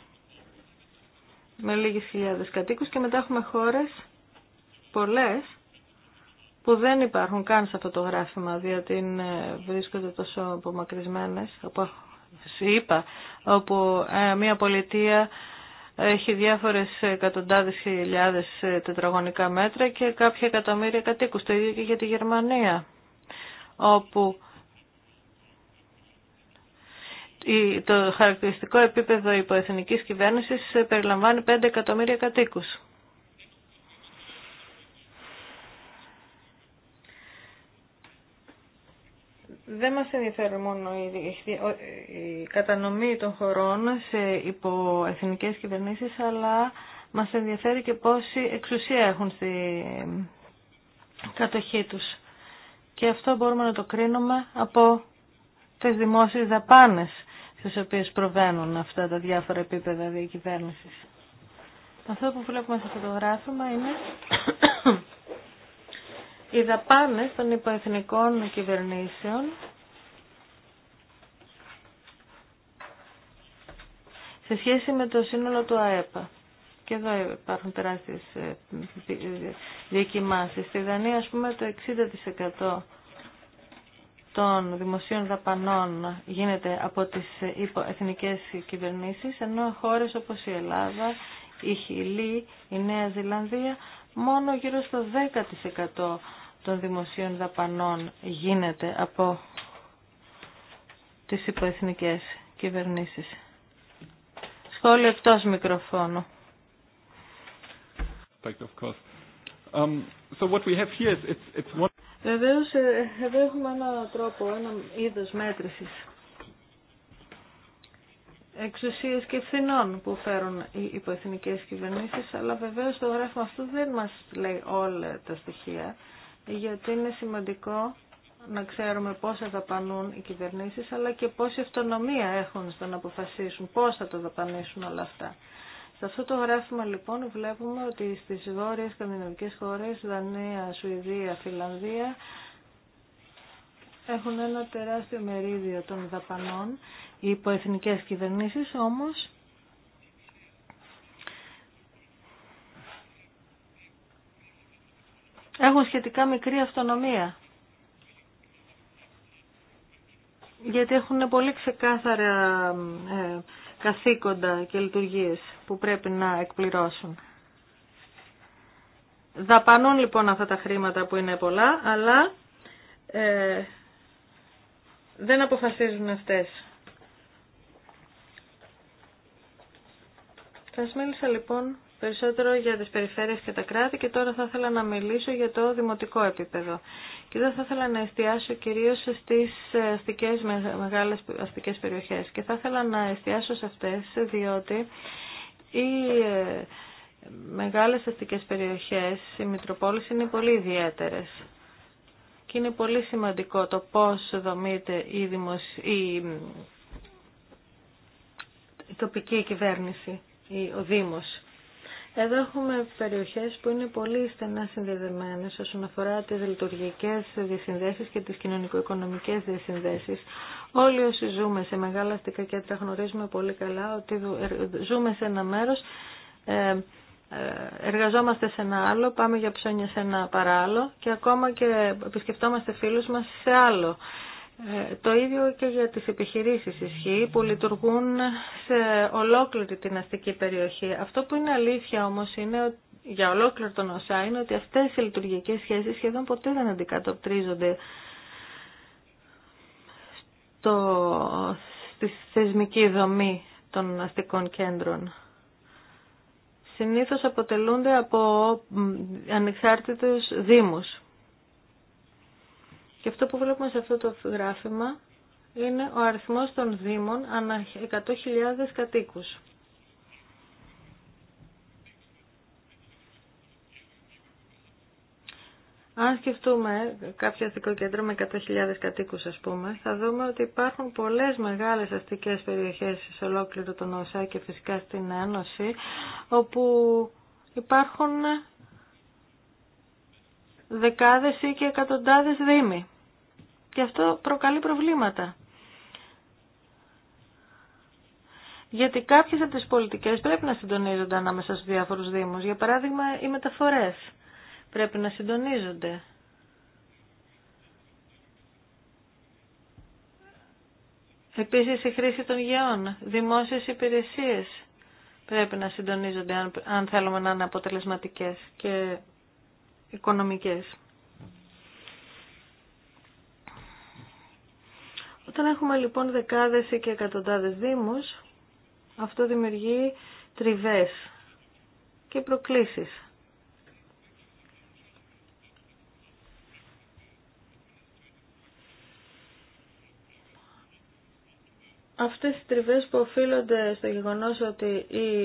με λίγες χιλιάδες κατοίκους και μετά έχουμε χώρες, πολλές, που δεν υπάρχουν καν σε αυτό το γράφημα, διότι βρίσκονται τόσο απομακρυσμένες, είπα, όπου ε, μια πολιτεία έχει διάφορες εκατοντάδες χιλιάδες ε, τετραγωνικά μέτρα και κάποια εκατομμύρια κατοίκους. Το ίδιο και για τη Γερμανία, όπου το χαρακτηριστικό επίπεδο υποεθνικής κυβέρνησης ε, περιλαμβάνει 5 εκατομμύρια κατοίκους. δεν μας ενδιαφέρει μόνο η, κατανομή των χωρών σε υποεθνικές κυβερνήσεις, αλλά μας ενδιαφέρει και πόση εξουσία έχουν στη κατοχή τους. Και αυτό μπορούμε να το κρίνουμε από τις δημόσιες δαπάνες στις οποίες προβαίνουν αυτά τα διάφορα επίπεδα διακυβέρνησης. Αυτό που βλέπουμε στο φωτογράφημα είναι οι δαπάνες των υποεθνικών κυβερνήσεων σε σχέση με το σύνολο του ΑΕΠΑ. Και εδώ υπάρχουν τεράστιες ε, διακοιμάσεις. Στη Δανία, ας πούμε, το 60% των δημοσίων δαπανών γίνεται από τις εθνικές κυβερνήσεις, ενώ χώρες όπως η Ελλάδα, η Χιλή, η Νέα Ζηλανδία, μόνο γύρω στο 10% των δημοσίων δαπανών γίνεται από τις υποεθνικές κυβερνήσεις. Σχόλιο εκτός μικροφώνου. Um, βεβαίω, ε, εδώ έχουμε ένα τρόπο, ένα είδο μέτρησης εξουσίες και ευθυνών που φέρουν οι υποεθνικέ κυβερνήσεις, αλλά βεβαίω το γράφημα αυτό δεν μας λέει όλα τα στοιχεία γιατί είναι σημαντικό να ξέρουμε πώς θα δαπανούν οι κυβερνήσεις, αλλά και πόση αυτονομία έχουν στο να αποφασίσουν πώς θα τα δαπανήσουν όλα αυτά. Σε αυτό το γράφημα λοιπόν βλέπουμε ότι στις βόρειες σκανδιναβικές χώρες, Δανία, Σουηδία, Φιλανδία, έχουν ένα τεράστιο μερίδιο των δαπανών οι υποεθνικές κυβερνήσεις, όμως έχουν σχετικά μικρή αυτονομία. Γιατί έχουν πολύ ξεκάθαρα ε, καθήκοντα και λειτουργίες που πρέπει να εκπληρώσουν. Δαπανούν λοιπόν αυτά τα χρήματα που είναι πολλά, αλλά ε, δεν αποφασίζουν αυτές. Σας μίλησα λοιπόν περισσότερο για τις περιφέρειες και τα κράτη και τώρα θα ήθελα να μιλήσω για το δημοτικό επίπεδο. Και εδώ θα ήθελα να εστιάσω κυρίως στις αστικές, μεγάλες αστικές περιοχές και θα ήθελα να εστιάσω σε αυτές διότι οι ε, μεγάλες αστικές περιοχές, οι Μητροπόλεις είναι πολύ ιδιαίτερες. Και είναι πολύ σημαντικό το πώς δομείται η, τοπική κυβέρνηση, ο Δήμος. Εδώ έχουμε περιοχές που είναι πολύ στενά συνδεδεμένες όσον αφορά τις λειτουργικές διασυνδέσεις και τις κοινωνικο-οικονομικές διασυνδέσεις. Όλοι όσοι ζούμε σε μεγάλα αστικά κέντρα γνωρίζουμε πολύ καλά ότι ε, ζούμε σε ένα μέρος, ε, ε, εργαζόμαστε σε ένα άλλο, πάμε για ψώνια σε ένα παράλλο και ακόμα και επισκεφτόμαστε φίλους μας σε άλλο. Ε, το ίδιο και για τις επιχειρήσεις ισχύει που λειτουργούν σε ολόκληρη την αστική περιοχή. Αυτό που είναι αλήθεια όμως είναι για ολόκληρο τον ΩΣΑ είναι ότι αυτές οι λειτουργικές σχέσεις σχεδόν ποτέ δεν αντικατοπτρίζονται στο, στη θεσμική δομή των αστικών κέντρων. Συνήθως αποτελούνται από ανεξάρτητους δήμους. Και αυτό που βλέπουμε σε αυτό το γράφημα είναι ο αριθμός των Δήμων ανά 100.000 κατοίκους. Αν σκεφτούμε κάποιο αστικό κέντρο με 100.000 κατοίκους ας πούμε, θα δούμε ότι υπάρχουν πολλές μεγάλες αστικές περιοχές σε ολόκληρο τον ΩΣΑ και φυσικά στην Ένωση, όπου υπάρχουν δεκάδες ή και εκατοντάδες δήμοι. Και αυτό προκαλεί προβλήματα. Γιατί κάποιε από τις πολιτικές πρέπει να συντονίζονται ανάμεσα στου διάφορους δήμους. Για παράδειγμα, οι μεταφορές πρέπει να συντονίζονται. Επίση η χρήση των γεών, Δημόσιε υπηρεσίες πρέπει να συντονίζονται αν, θέλουμε να είναι αποτελεσματικέ και οικονομικές. Όταν έχουμε λοιπόν δεκάδες ή και εκατοντάδες δήμους, αυτό δημιουργεί τριβές και προκλήσεις. Αυτές οι τριβές που οφείλονται στο γεγονός ότι οι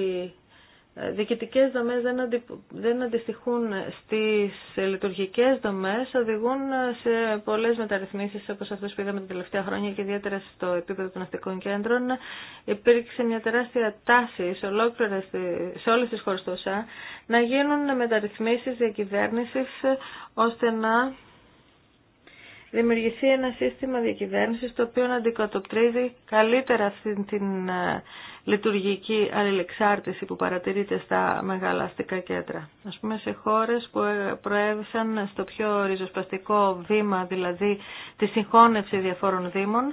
διοικητικές δομές δεν, δεν αντιστοιχούν στις λειτουργικές δομές, οδηγούν σε πολλές μεταρρυθμίσεις όπως αυτές που είδαμε τα τελευταία χρόνια και ιδιαίτερα στο επίπεδο των αστικών κέντρων. Υπήρξε μια τεράστια τάση σε, σε όλες τις χώρες του να γίνουν μεταρρυθμίσεις διακυβέρνησης ώστε να δημιουργηθεί ένα σύστημα διακυβέρνησης το οποίο να αντικατοπτρίζει καλύτερα αυτή την ε, λειτουργική αλληλεξάρτηση που παρατηρείται στα μεγάλα αστικά κέντρα. Ας πούμε σε χώρες που ε, προέβησαν στο πιο ριζοσπαστικό βήμα, δηλαδή τη συγχώνευση διαφόρων δήμων,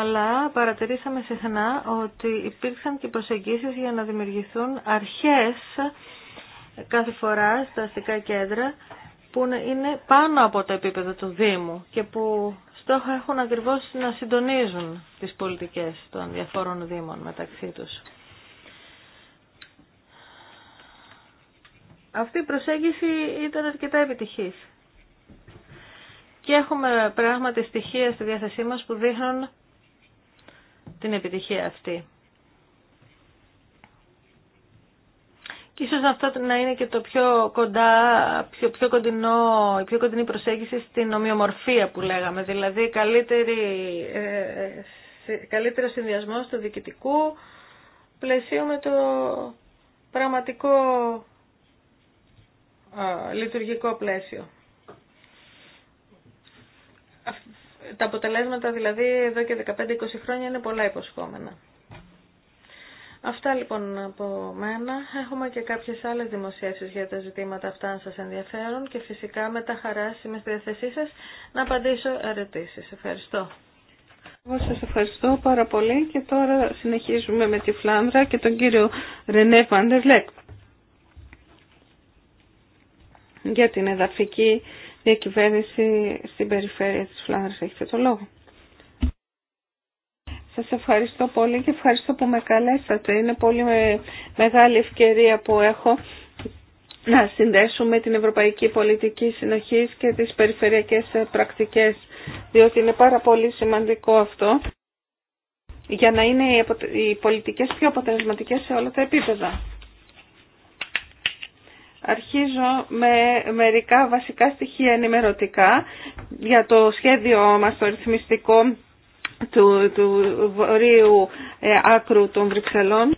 αλλά παρατηρήσαμε συχνά ότι υπήρξαν και προσεγγίσεις για να δημιουργηθούν αρχές κάθε φορά στα αστικά κέντρα που είναι πάνω από το επίπεδο του Δήμου και που στόχο έχουν ακριβώς να συντονίζουν τις πολιτικές των διαφόρων δήμων μεταξύ τους. Αυτή η προσέγγιση ήταν αρκετά επιτυχής. Και έχουμε πράγματι στοιχεία στη διάθεσή μας που δείχνουν την επιτυχία αυτή. Και ίσως αυτό να είναι και το πιο, κοντά, πιο, πιο κοντινό, η πιο κοντινή προσέγγιση στην ομοιομορφία που λέγαμε. Δηλαδή καλύτερη, ε, ε, καλύτερο συνδυασμό του διοικητικού πλαισίου με το πραγματικό λειτουργικό πλαίσιο. Τα αποτελέσματα δηλαδή εδώ και 15-20 χρόνια είναι πολλά υποσχόμενα. Αυτά λοιπόν από μένα. Έχουμε και κάποιες άλλες δημοσίευσεις για τα ζητήματα αυτά αν σας ενδιαφέρουν και φυσικά με τα χαρά είμαι στη διαθεσή σας να απαντήσω ερωτήσεις. Ευχαριστώ. Εγώ σας ευχαριστώ πάρα πολύ και τώρα συνεχίζουμε με τη Φλάνδρα και τον κύριο Ρενέ Βαντεβλέκ για την εδαφική διακυβέρνηση στην περιφέρεια της Φλάνδρας. Έχετε το λόγο. Σας ευχαριστώ πολύ και ευχαριστώ που με καλέσατε. Είναι πολύ μεγάλη ευκαιρία που έχω να συνδέσουμε την Ευρωπαϊκή Πολιτική Συνοχής και τις περιφερειακές ε, πρακτικές, διότι είναι πάρα πολύ σημαντικό αυτό για να είναι οι πολιτικές πιο αποτελεσματικές σε όλα τα επίπεδα. Αρχίζω με μερικά βασικά στοιχεία ενημερωτικά για το σχέδιο μας το ρυθμιστικό του, του βορείου ε, άκρου των Βρυξελών.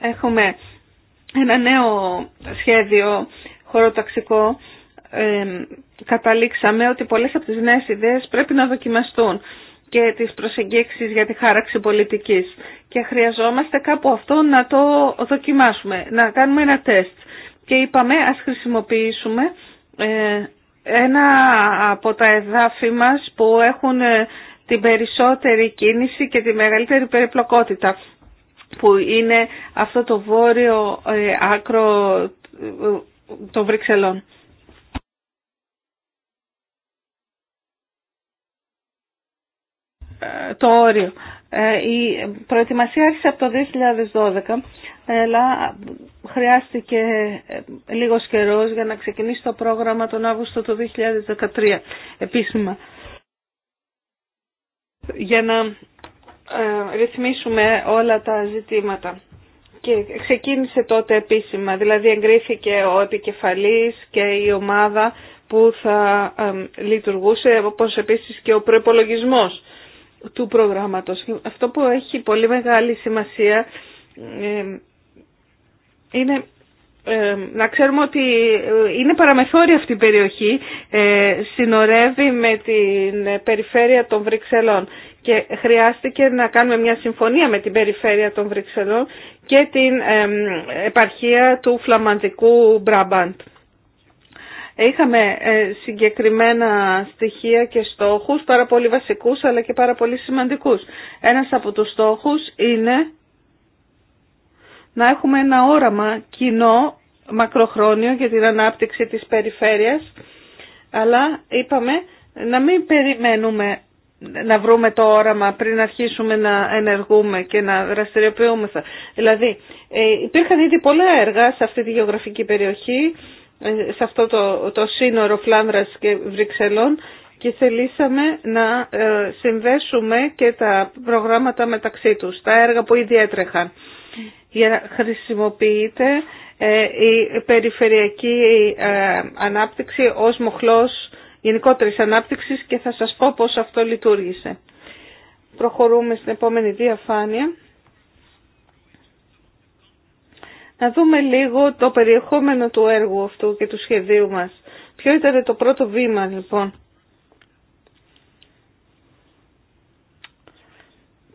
Έχουμε ένα νέο σχέδιο χωροταξικό. Ε, καταλήξαμε ότι πολλές από τις νέες ιδέες πρέπει να δοκιμαστούν και τις προσεγγίξεις για τη χάραξη πολιτικής. Και χρειαζόμαστε κάπου αυτό να το δοκιμάσουμε, να κάνουμε ένα τεστ. Και είπαμε ας χρησιμοποιήσουμε ε, ένα από τα εδάφη μας που έχουν ε, την περισσότερη κίνηση και τη μεγαλύτερη περιπλοκότητα που είναι αυτό το βόρειο ε, άκρο των Βρυξελών. Το όριο. Ε, η προετοιμασία άρχισε από το 2012, αλλά χρειάστηκε ε, λίγος καιρός για να ξεκινήσει το πρόγραμμα τον Αύγουστο του 2013 επίσημα. Για να ε, ρυθμίσουμε όλα τα ζητήματα. Και ξεκίνησε τότε επίσημα, δηλαδή εγκρίθηκε ο επικεφαλής και η ομάδα που θα λειτουργούσε, όπως επίσης και ο προϋπολογισμός του προγράμματος. Αυτό που έχει πολύ μεγάλη σημασία ε, είναι ε, να ξέρουμε ότι ε, είναι παραμεθόρια αυτή η περιοχή, συνορεύει με την περιφέρεια των Βρυξελών και χρειάστηκε να κάνουμε μια συμφωνία με την περιφέρεια των Βρυξελών και την επαρχία του φλαμαντικού Μπραμπάντ. Είχαμε ε, συγκεκριμένα στοιχεία και στόχους, πάρα πολύ βασικούς αλλά και πάρα πολύ σημαντικούς. Ένας από τους στόχους είναι να έχουμε ένα όραμα κοινό, μακροχρόνιο για την ανάπτυξη της περιφέρειας, αλλά είπαμε να μην περιμένουμε να βρούμε το όραμα πριν αρχίσουμε να ενεργούμε και να δραστηριοποιούμεθα. Δηλαδή, ε, υπήρχαν ήδη πολλά έργα σε αυτή τη γεωγραφική περιοχή, ε, σε αυτό το, το σύνορο Φλάνδρας και Βρυξελών και θελήσαμε να ε, συνδέσουμε και τα προγράμματα μεταξύ τους, τα έργα που ήδη έτρεχαν. Για χρησιμοποιείται ε, η περιφερειακή ανάπτυξη ως μοχλός γενικότερης ανάπτυξης και θα σας πω πώς αυτό λειτουργήσε. Προχωρούμε στην επόμενη διαφάνεια. Να δούμε λίγο το περιεχόμενο του έργου αυτού και του σχεδίου μας. Ποιο ήταν το πρώτο βήμα λοιπόν.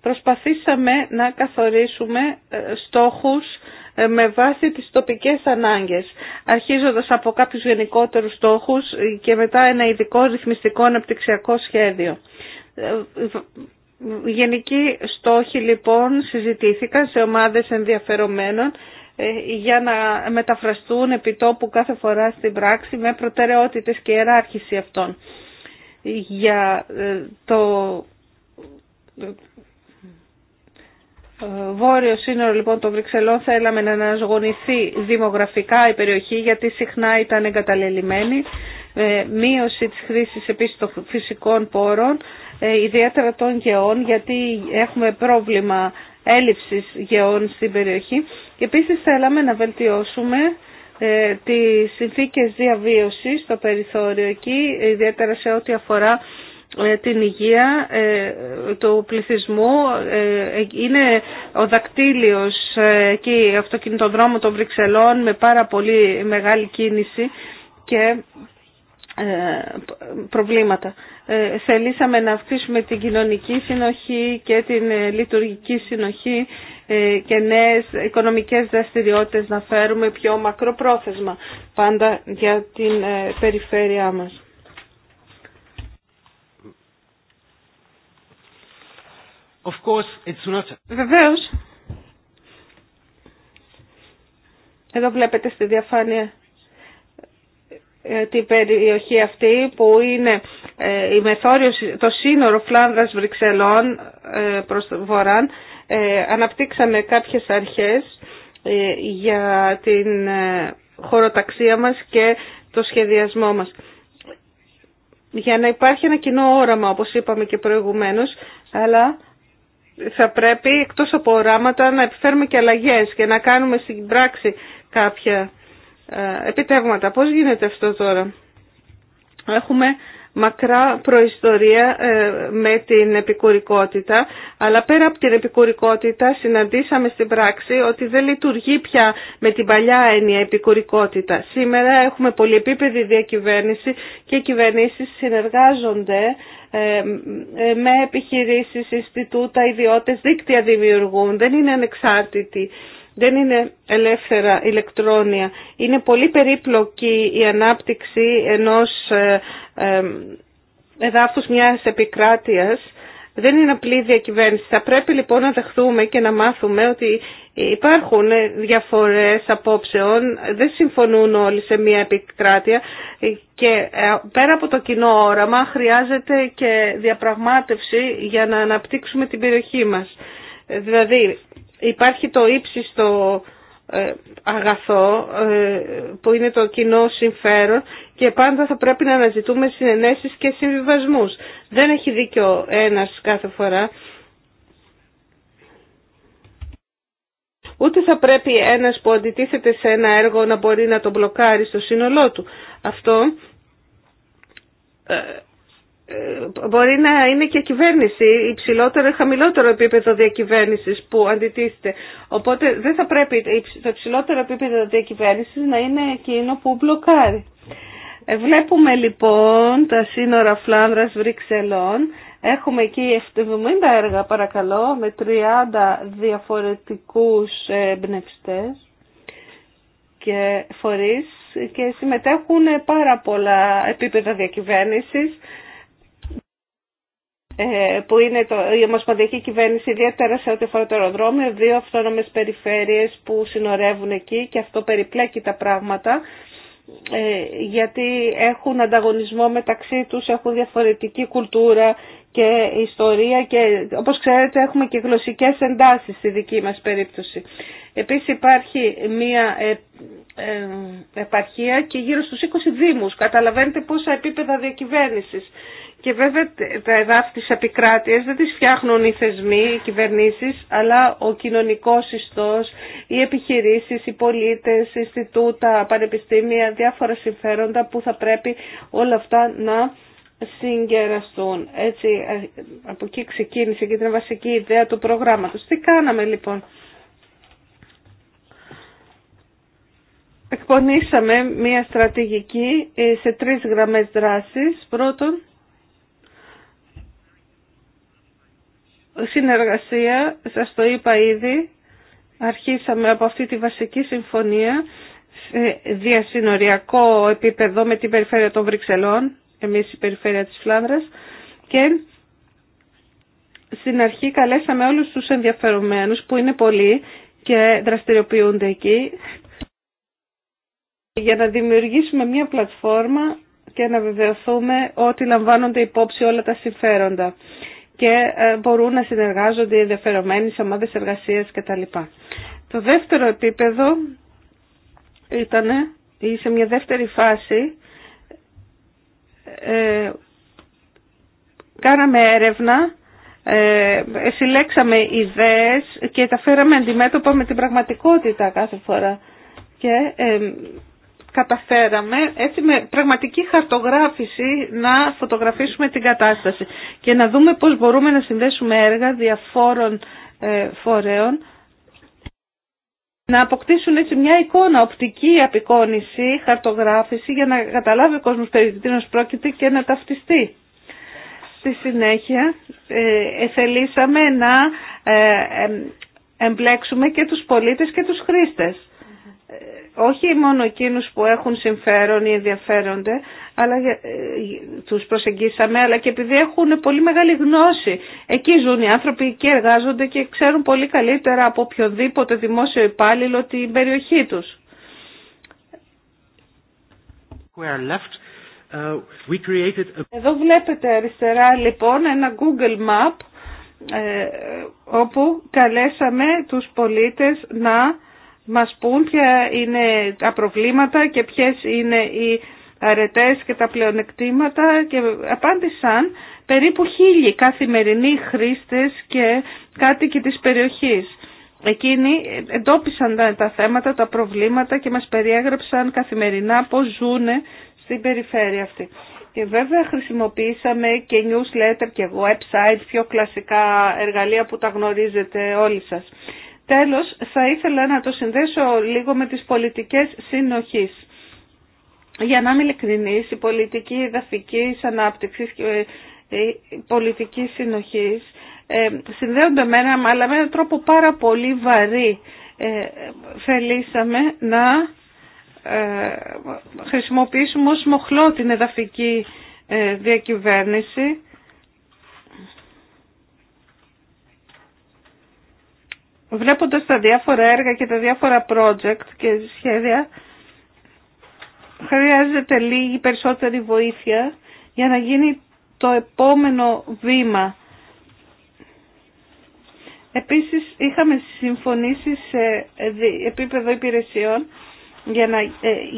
Προσπαθήσαμε να καθορίσουμε ε, στόχους ε, με βάση τις τοπικές ανάγκες, αρχίζοντας από κάποιους γενικότερους στόχους ε, και μετά ένα ειδικό ρυθμιστικό αναπτυξιακό σχέδιο. Γενικοί στόχοι λοιπόν συζητήθηκαν σε ομάδες ενδιαφερομένων ε, για να μεταφραστούν επί τόπου κάθε φορά στην πράξη με προτεραιότητες και ιεράρχηση αυτών. Για ε, το ε, βόρειο σύνορο λοιπόν των Βρυξελών θέλαμε να αναζωογονηθεί δημογραφικά η περιοχή γιατί συχνά ήταν εγκαταλελειμμένη. μείωση της χρήσης επίσης των φυσικών πόρων, ιδιαίτερα των γεών γιατί έχουμε πρόβλημα έλλειψης γεών στην περιοχή. Και επίσης θέλαμε να βελτιώσουμε ε, τις συνθήκες διαβίωσης στο περιθώριο εκεί, ιδιαίτερα σε ό,τι αφορά ε, την υγεία ε, του πληθυσμού. Ε, είναι ο δακτύλιος εκεί αυτοκινητοδρόμου των Βρυξελών με πάρα πολύ μεγάλη κίνηση και ε, προβλήματα. Ε, θελήσαμε να αυξήσουμε την κοινωνική συνοχή και την ε, λειτουργική συνοχή και νέες οικονομικές δραστηριότητες να φέρουμε πιο μακροπρόθεσμα πάντα για την περιφέρειά μας. Of course, it's not... Βεβαίως. Εδώ βλέπετε στη διαφάνεια ε, την περιοχή αυτή που είναι ε, η το σύνορο Φλάνδρας Βρυξελών ε, προς το βοράν. Αναπτύξαμε κάποιες αρχές για την χωροταξία μας και το σχεδιασμό μας. Για να υπάρχει ένα κοινό όραμα, όπως είπαμε και προηγουμένως, αλλά θα πρέπει εκτός από οράματα να επιφέρουμε και αλλαγές και να κάνουμε στην πράξη κάποια ε, επιτεύγματα. Πώς γίνεται αυτό τώρα. Έχουμε μακρά προϊστορία ε, με την επικουρικότητα, αλλά πέρα από την επικουρικότητα συναντήσαμε στην πράξη ότι δεν λειτουργεί πια με την παλιά έννοια επικουρικότητα. Σήμερα έχουμε πολυεπίπεδη διακυβέρνηση και οι κυβερνήσεις συνεργάζονται ε, με επιχειρήσεις, ιστιτούτα, ιδιώτες, δίκτυα δημιουργούν, δεν είναι ανεξάρτητοι δεν είναι ελεύθερα ηλεκτρόνια. Είναι πολύ περίπλοκη η ανάπτυξη ενός ε, ε, εδάφους μιας επικράτειας. Δεν είναι απλή διακυβέρνηση. Θα πρέπει λοιπόν να δεχθούμε και να μάθουμε ότι υπάρχουν διαφορές απόψεων, δεν συμφωνούν όλοι σε μια επικράτεια και ε, πέρα από το κοινό όραμα χρειάζεται και διαπραγμάτευση για να αναπτύξουμε την περιοχή μας. Δηλαδή Υπάρχει το ύψιστο ε, αγαθό ε, που είναι το κοινό συμφέρον και πάντα θα πρέπει να αναζητούμε συνενέσεις και συμβιβασμούς. Δεν έχει δίκιο ένας κάθε φορά. Ούτε θα πρέπει ένας που αντιτίθεται σε ένα έργο να μπορεί να το μπλοκάρει στο σύνολό του. Αυτό ε, ε, μπορεί να είναι και κυβέρνηση, υψηλότερο ή χαμηλότερο επίπεδο διακυβέρνησης που αντιτίθεται. Οπότε δεν θα πρέπει το υψηλότερο επίπεδο διακυβέρνησης να είναι εκείνο που μπλοκάρει. Ε, βλέπουμε λοιπόν τα σύνορα Φλάνδρας Βρυξελών. Έχουμε εκεί 70 έργα παρακαλώ με 30 διαφορετικούς εμπνευστέ και φορείς και συμμετέχουν πάρα πολλά επίπεδα διακυβέρνησης ε, που είναι το, η Ομοσπονδιακή Κυβέρνηση, ιδιαίτερα σε ό,τι αφορά το αεροδρόμιο, δύο αυτόνομες περιφέρειες που συνορεύουν εκεί και αυτό περιπλέκει τα πράγματα ε, γιατί έχουν ανταγωνισμό μεταξύ τους, έχουν διαφορετική κουλτούρα και ιστορία και όπως ξέρετε έχουμε και γλωσσικές εντάσεις στη δική μας περίπτωση. Επίσης υπάρχει μία ε, επαρχία και γύρω στους 20 δήμους. Καταλαβαίνετε πόσα επίπεδα διακυβέρνησης και βέβαια τα εδάφη της επικράτειας δεν τις φτιάχνουν οι θεσμοί, οι κυβερνήσεις, αλλά ο κοινωνικός ιστός, οι επιχειρήσεις, οι πολίτες, Ινστιτούτα, πανεπιστήμια, διάφορα συμφέροντα που θα πρέπει όλα αυτά να συγκεραστούν. Έτσι, ε, από εκεί ξεκίνησε και ήταν βασική ιδέα του προγράμματος. Τι κάναμε λοιπόν. Εκπονήσαμε μια στρατηγική ε, σε τρεις γραμμές δράσης. Πρώτον, συνεργασία, σας το είπα ήδη, αρχίσαμε από αυτή τη βασική συμφωνία σε διασυνοριακό επίπεδο με την περιφέρεια των Βρυξελών, εμείς η περιφέρεια της Φλάνδρας και στην αρχή καλέσαμε όλους τους ενδιαφερομένους που είναι πολλοί και δραστηριοποιούνται εκεί για να δημιουργήσουμε μια πλατφόρμα και να βεβαιωθούμε ότι λαμβάνονται υπόψη όλα τα συμφέροντα και ε, μπορούν να συνεργάζονται οι ενδιαφερομένοι σε ομάδες εργασίας κτλ. Το δεύτερο επίπεδο ήταν ε, ή σε μια δεύτερη φάση ε, κάναμε έρευνα, ε, συλλέξαμε ιδέες και τα φέραμε αντιμέτωπα με την πραγματικότητα κάθε φορά. Και ε, καταφέραμε έτσι με πραγματική χαρτογράφηση να φωτογραφίσουμε την κατάσταση και να δούμε πώς μπορούμε να συνδέσουμε έργα διαφόρων ε, φορέων να αποκτήσουν έτσι μια εικόνα, οπτική απεικόνηση, χαρτογράφηση για να καταλάβει ο κόσμος περί πρόκειται και να ταυτιστεί. Στη συνέχεια ε, εθελήσαμε να ε, εμπλέξουμε και τους πολίτες και τους χρήστες ε, όχι μόνο εκείνους που έχουν συμφέρον ή ενδιαφέρονται, αλλά ε, τους προσεγγίσαμε, αλλά και επειδή έχουν πολύ μεγάλη γνώση. Εκεί ζουν οι άνθρωποι και εργάζονται και ξέρουν πολύ καλύτερα από οποιοδήποτε δημόσιο υπάλληλο την περιοχή τους. Uh, Εδώ βλέπετε αριστερά λοιπόν ένα Google Map ε, όπου καλέσαμε τους πολίτες να μας πούν ποια είναι τα προβλήματα και ποιες είναι οι αρετές και τα πλεονεκτήματα και απάντησαν περίπου χίλιοι καθημερινοί χρήστες και κάτοικοι της περιοχής. Εκείνοι εντόπισαν τα θέματα, τα προβλήματα και μας περιέγραψαν καθημερινά πώς ζούνε στην περιφέρεια αυτή. Και βέβαια χρησιμοποίησαμε και newsletter και website, πιο κλασικά εργαλεία που τα γνωρίζετε όλοι σας. Τέλος, θα ήθελα να το συνδέσω λίγο με τις πολιτικές συνοχής. Για να είμαι ειλικρινής, η πολιτική εδαφικής ανάπτυξης και η πολιτική συνοχής ε, συνδέονται με αλλά με έναν τρόπο πάρα πολύ βαρύ. Ε, θελήσαμε να ε, χρησιμοποιήσουμε ως μοχλό την εδαφική διακυβέρνηση Βλέποντας τα διάφορα έργα και τα διάφορα project και σχέδια, χρειάζεται λίγη περισσότερη βοήθεια για να γίνει το επόμενο βήμα. Επίσης είχαμε συμφωνήσει σε επίπεδο υπηρεσιών για να ε,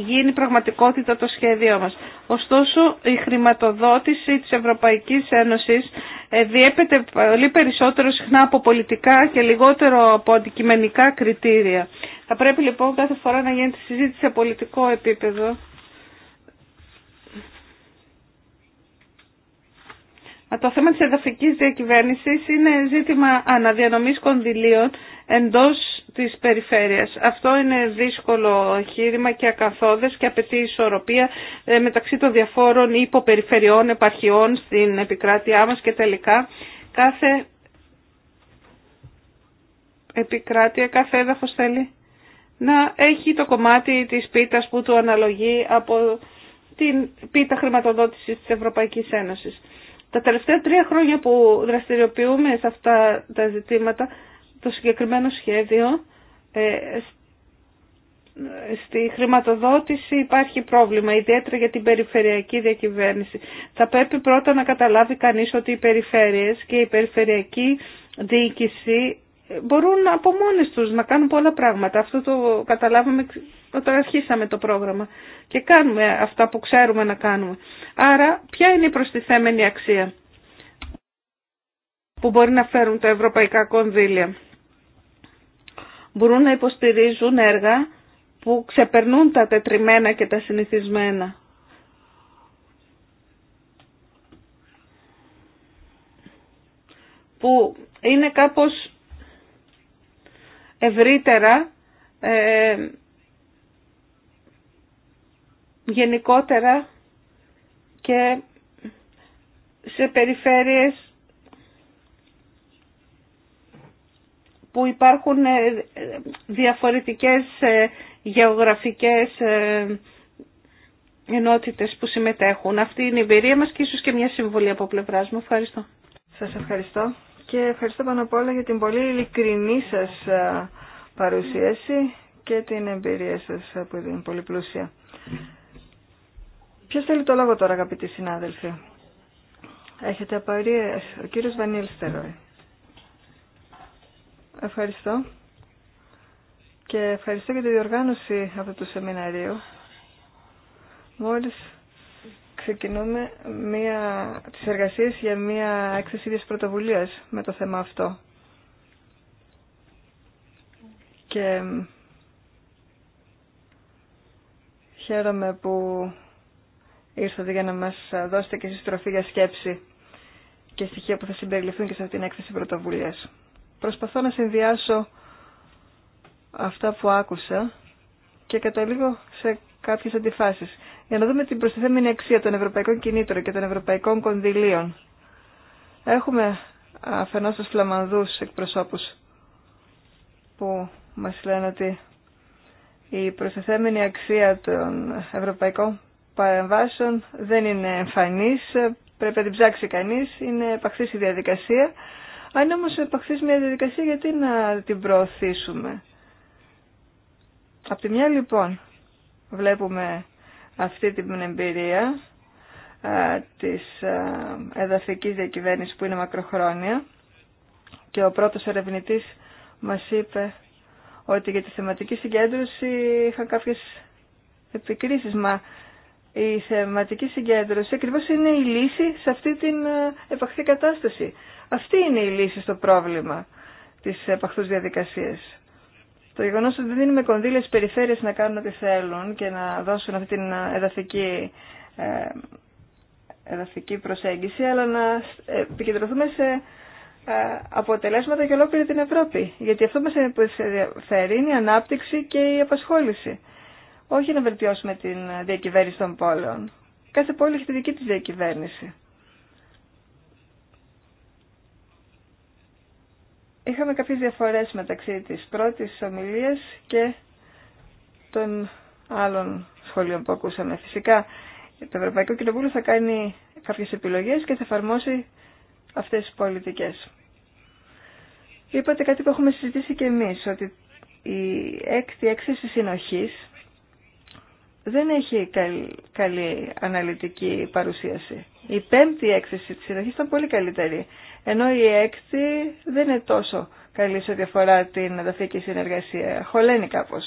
γίνει πραγματικότητα το σχέδιό μας. Ωστόσο, η χρηματοδότηση της Ευρωπαϊκής Ένωσης ε, διέπεται πολύ περισσότερο συχνά από πολιτικά και λιγότερο από αντικειμενικά κριτήρια. Θα πρέπει λοιπόν κάθε φορά να γίνεται συζήτηση σε πολιτικό επίπεδο. Το θέμα της εδαφικής διακυβέρνησης είναι ζήτημα αναδιανομής κονδυλίων εντός της περιφέρειας. Αυτό είναι δύσκολο χείρημα και ακαθόδες και απαιτεί ισορροπία ε, μεταξύ των διαφόρων υποπεριφερειών, επαρχιών στην επικράτειά μας και τελικά κάθε επικράτεια, κάθε έδαφος θέλει να έχει το κομμάτι της πίτας που του αναλογεί από την πίτα χρηματοδότησης της Ευρωπαϊκής Ένωσης. Τα τελευταία τρία χρόνια που δραστηριοποιούμε σε αυτά τα ζητήματα το συγκεκριμένο σχέδιο ε, ε, στη χρηματοδότηση υπάρχει πρόβλημα, ιδιαίτερα για την περιφερειακή διακυβέρνηση. Θα πρέπει πρώτα να καταλάβει κανείς ότι οι περιφέρειες και η περιφερειακή διοίκηση μπορούν από μόνες τους να κάνουν πολλά πράγματα. Αυτό το καταλάβαμε όταν αρχίσαμε το πρόγραμμα και κάνουμε αυτά που ξέρουμε να κάνουμε. Άρα ποια είναι η προστιθέμενη αξία που μπορεί να φέρουν τα ευρωπαϊκά κονδύλια μπορούν να υποστηρίζουν έργα που ξεπερνούν τα τετριμένα και τα συνηθισμένα. Που είναι κάπως ευρύτερα, ε, γενικότερα και σε περιφέρειες που υπάρχουν ε, διαφορετικές ε, γεωγραφικές ε, ενότητες που συμμετέχουν. Αυτή είναι η εμπειρία μας και ίσως και μια συμβολή από πλευρά μου. Ευχαριστώ. Σας ευχαριστώ και ευχαριστώ πάνω απ' όλα για την πολύ ειλικρινή σας παρουσίαση και την εμπειρία σας που είναι πολύ πλούσια. Ποιος θέλει το λόγο τώρα αγαπητοί συνάδελφοι. Έχετε απορίες. Ο κύριος Βανίλ Στερόι. Ευχαριστώ. Και ευχαριστώ για τη διοργάνωση αυτού του σεμιναρίου. Μόλις ξεκινούμε μία, τις εργασίες για μία έκθεση της πρωτοβουλίας με το θέμα αυτό. Και χαίρομαι που ήρθατε για να μας δώσετε και συστροφή για σκέψη και στοιχεία που θα συμπεριληφθούν και σε αυτήν την έκθεση πρωτοβουλίας. Προσπαθώ να συνδυάσω αυτά που άκουσα και καταλήγω σε κάποιες αντιφάσεις. Για να δούμε την προστιθέμενη αξία των ευρωπαϊκών κινήτρων και των ευρωπαϊκών κονδυλίων. Έχουμε αφενός τους φλαμανδούς εκπροσώπους που μας λένε ότι η προστιθέμενη αξία των ευρωπαϊκών παρεμβάσεων δεν είναι εμφανής, πρέπει να την ψάξει κανείς, είναι επαξής η διαδικασία αν όμως επαχθείς μια διαδικασία, γιατί να την προωθήσουμε. Απ' τη μια λοιπόν βλέπουμε αυτή την εμπειρία α, της α, εδαφικής διακυβέρνησης που είναι μακροχρόνια και ο πρώτος ερευνητής μας είπε ότι για τη θεματική συγκέντρωση είχαν κάποιες επικρίσεις, μα η θεματική συγκέντρωση ακριβώς είναι η λύση σε αυτή την επαχθή κατάσταση. Αυτή είναι η λύση στο πρόβλημα της επαχθούς διαδικασίας. Το γεγονό ότι δίνουμε κονδύλια στι περιφέρειες να κάνουν ό,τι θέλουν και να δώσουν αυτή την ε, εδαφική, ε, εδαφική προσέγγιση, αλλά να ε, επικεντρωθούμε σε αποτελέσματα για ολόκληρη την Ευρώπη. Γιατί αυτό μας ενδιαφέρει είναι η ανάπτυξη και η απασχόληση. Όχι να βελτιώσουμε την διακυβέρνηση των πόλεων. Κάθε πόλη έχει τη δική της διακυβέρνηση. Είχαμε κάποιες διαφορές μεταξύ της πρώτης ομιλίας και των άλλων σχολείων που ακούσαμε. Φυσικά το Ευρωπαϊκό Κοινοβούλιο θα κάνει κάποιες επιλογές και θα εφαρμόσει αυτές τις πολιτικές. Είπατε κάτι που έχουμε συζητήσει και εμείς, ότι η έκτη έξεση συνοχής δεν έχει καλή αναλυτική παρουσίαση. Η πέμπτη έκθεση της συνοχής ήταν πολύ καλύτερη. Ενώ η έκτη δεν είναι τόσο καλή σε διαφορά την εδαφική συνεργασία. Χωλαίνει κάπω.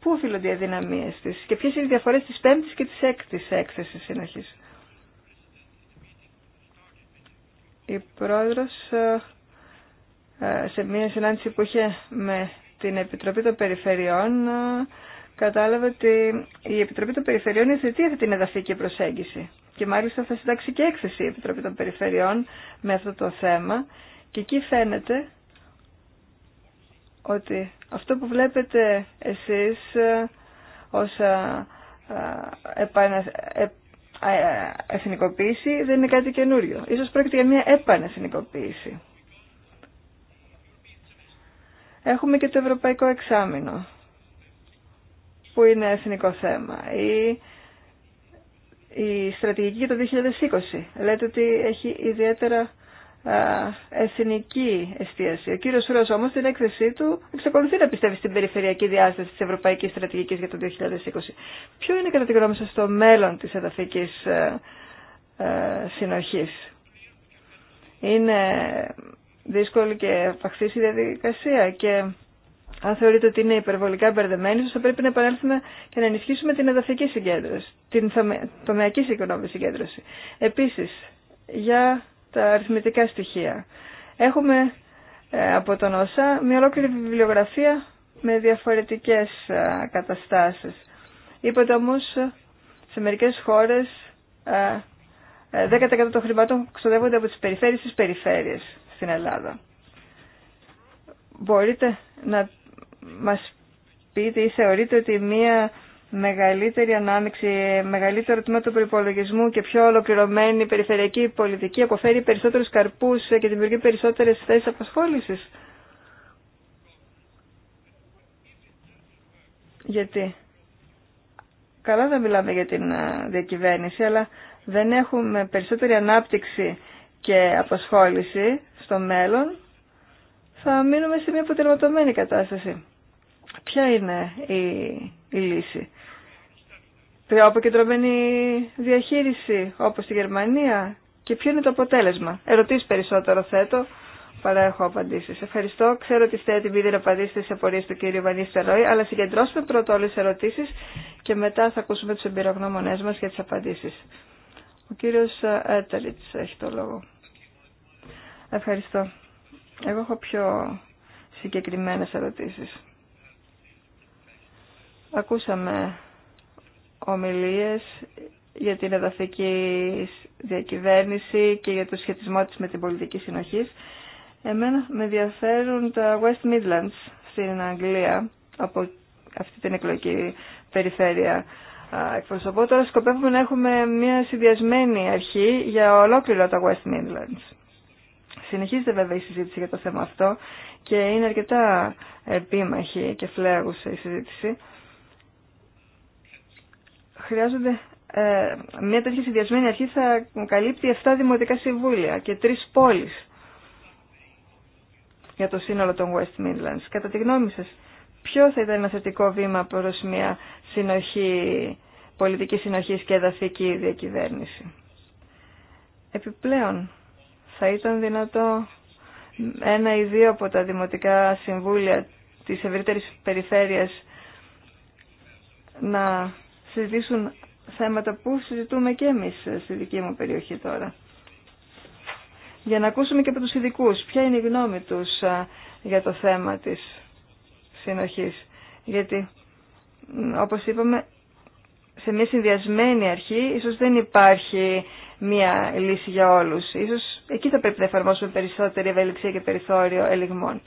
Πού οφείλονται οι αδυναμίε τη και ποιε είναι οι διαφορέ τη πέμπτη και τη έκτη έκθεση συνοχή. Η πρόεδρο ε, ε, σε μια συνάντηση που είχε με την Επιτροπή των Περιφερειών ε, κατάλαβε ότι η Επιτροπή των Περιφερειών υιοθετεί αυτή την εδαφική προσέγγιση και μάλιστα θα συντάξει και έκθεση η Επιτροπή των Περιφερειών με αυτό το θέμα και εκεί φαίνεται ότι αυτό που βλέπετε εσείς ε, ως ε, ε, εθνικοποίηση δεν είναι κάτι καινούριο. Ίσως πρόκειται για μια επανεθνικοποίηση. Έχουμε και το Ευρωπαϊκό Εξάμεινο που είναι εθνικό θέμα ή η στρατηγική για το 2020. Λέτε ότι έχει ιδιαίτερα εθνική εστίαση. Ο κύριος Ρώσο όμως στην έκθεσή του εξακολουθεί να πιστεύει στην περιφερειακή διάσταση της Ευρωπαϊκής Στρατηγικής για το 2020. Ποιο είναι κατά τη γνώμη σας το μέλλον της εδαφικής συνοχής. Είναι δύσκολη και παχθής η διαδικασία και αν θεωρείτε ότι είναι υπερβολικά μπερδεμένοι, θα πρέπει να επανέλθουμε και να ενισχύσουμε την εδαφική συγκέντρωση, την τομεακή οικονομική συγκέντρωση. Επίσης, για τα αριθμητικά στοιχεία. Έχουμε ε, από τον ΩΣΑ μια ολόκληρη βιβλιογραφία με διαφορετικές ε, καταστάσεις. Είπατε όμω σε μερικές χώρες 10% ε, των χρημάτων ξοδεύονται από τις περιφέρειες στις περιφέρειες στην Ελλάδα μπορείτε να μας πείτε ή θεωρείτε ότι μία μεγαλύτερη ανάμειξη, μεγαλύτερο τμήμα του προπολογισμού και πιο ολοκληρωμένη περιφερειακή πολιτική αποφέρει περισσότερους καρπούς και δημιουργεί περισσότερες θέσεις απασχόλησης. Γιατί. Καλά δεν μιλάμε για την ε, διακυβέρνηση, αλλά δεν έχουμε περισσότερη ανάπτυξη και απασχόληση στο μέλλον θα μείνουμε σε μια αποτελεσματωμένη κατάσταση. Ποια είναι η, η λύση. Πιο αποκεντρωμένη διαχείριση όπως στη Γερμανία και ποιο είναι το αποτέλεσμα. Ερωτήσεις περισσότερο θέτω παρά έχω απαντήσει. Ευχαριστώ. Ξέρω ότι είστε έτοιμοι να απαντήσετε σε απορίε του κύριου Βανίστε αλλά συγκεντρώσουμε πρώτα όλε τι ερωτήσει και μετά θα ακούσουμε του εμπειρογνώμονέ μα για τι απαντήσει. Ο κύριο Έτεριτ έχει το λόγο. Ευχαριστώ. Εγώ έχω πιο συγκεκριμένες ερωτήσεις. Ακούσαμε ομιλίες για την εδαφική διακυβέρνηση και για το σχετισμό της με την πολιτική συνοχής. Εμένα με ενδιαφέρουν τα West Midlands στην Αγγλία, από αυτή την εκλογική περιφέρεια εκπροσωπώ. Τώρα σκοπεύουμε να έχουμε μια συνδυασμένη αρχή για ολόκληρο τα West Midlands. Συνεχίζεται βέβαια η συζήτηση για το θέμα αυτό και είναι αρκετά επίμαχη και φλέγουσα η συζήτηση. Χρειάζονται ε, μια τέτοια συνδυασμένη αρχή θα καλύπτει 7 δημοτικά συμβούλια και 3 πόλεις για το σύνολο των West Midlands. Κατά τη γνώμη σας, ποιο θα ήταν ένα θετικό βήμα προς μια συνοχή, πολιτική συνοχή και εδαφική διακυβέρνηση. Επιπλέον, θα ήταν δυνατό ένα ή δύο από τα δημοτικά συμβούλια της ευρύτερης περιφέρειας να συζητήσουν θέματα που συζητούμε και εμείς στη δική μου περιοχή τώρα. Για να ακούσουμε και από τους ειδικού ποια είναι η γνώμη τους για το θέμα της συνοχής. Γιατί, όπως είπαμε, σε μια συνδυασμένη αρχή ίσως δεν υπάρχει μια λύση για όλους. Ίσως εκεί θα πρέπει να εφαρμόσουμε περισσότερη ευελιξία και περιθώριο ελιγμών.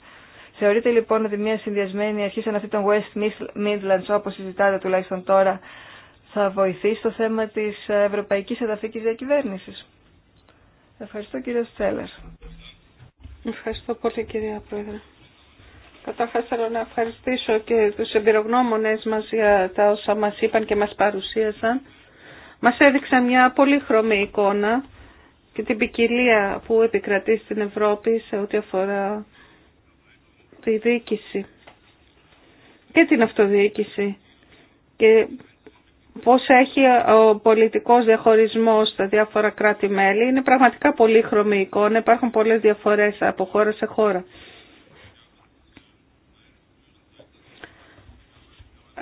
Θεωρείται λοιπόν ότι μια συνδυασμένη αρχή σαν αυτή των West Midlands, όπω συζητάτε τουλάχιστον τώρα, θα βοηθήσει στο θέμα τη ευρωπαϊκή εδαφική διακυβέρνηση. Ευχαριστώ κύριε Στέλλερ. Ευχαριστώ πολύ κυρία Πρόεδρε. Καταρχά θέλω να ευχαριστήσω και του εμπειρογνώμονε μα για τα όσα μα είπαν και μα παρουσίασαν. Μα έδειξαν μια πολύ χρωμή εικόνα και την ποικιλία που επικρατεί στην Ευρώπη σε ό,τι αφορά τη διοίκηση και την αυτοδιοίκηση και πώς έχει ο πολιτικός διαχωρισμός στα διάφορα κράτη-μέλη. Είναι πραγματικά πολύχρωμη εικόνα, υπάρχουν πολλές διαφορές από χώρα σε χώρα.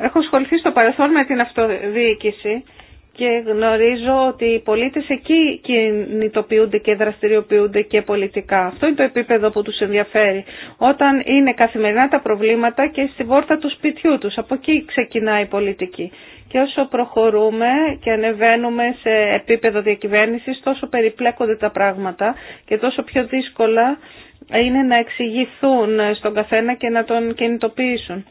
Έχω ασχοληθεί στο παρελθόν με την αυτοδιοίκηση και γνωρίζω ότι οι πολίτες εκεί κινητοποιούνται και δραστηριοποιούνται και πολιτικά. Αυτό είναι το επίπεδο που τους ενδιαφέρει. Όταν είναι καθημερινά τα προβλήματα και στη βόρτα του σπιτιού τους. Από εκεί ξεκινάει η πολιτική. Και όσο προχωρούμε και ανεβαίνουμε σε επίπεδο διακυβέρνησης, τόσο περιπλέκονται τα πράγματα και τόσο πιο δύσκολα είναι να εξηγηθούν στον καθένα και να τον κινητοποιήσουν.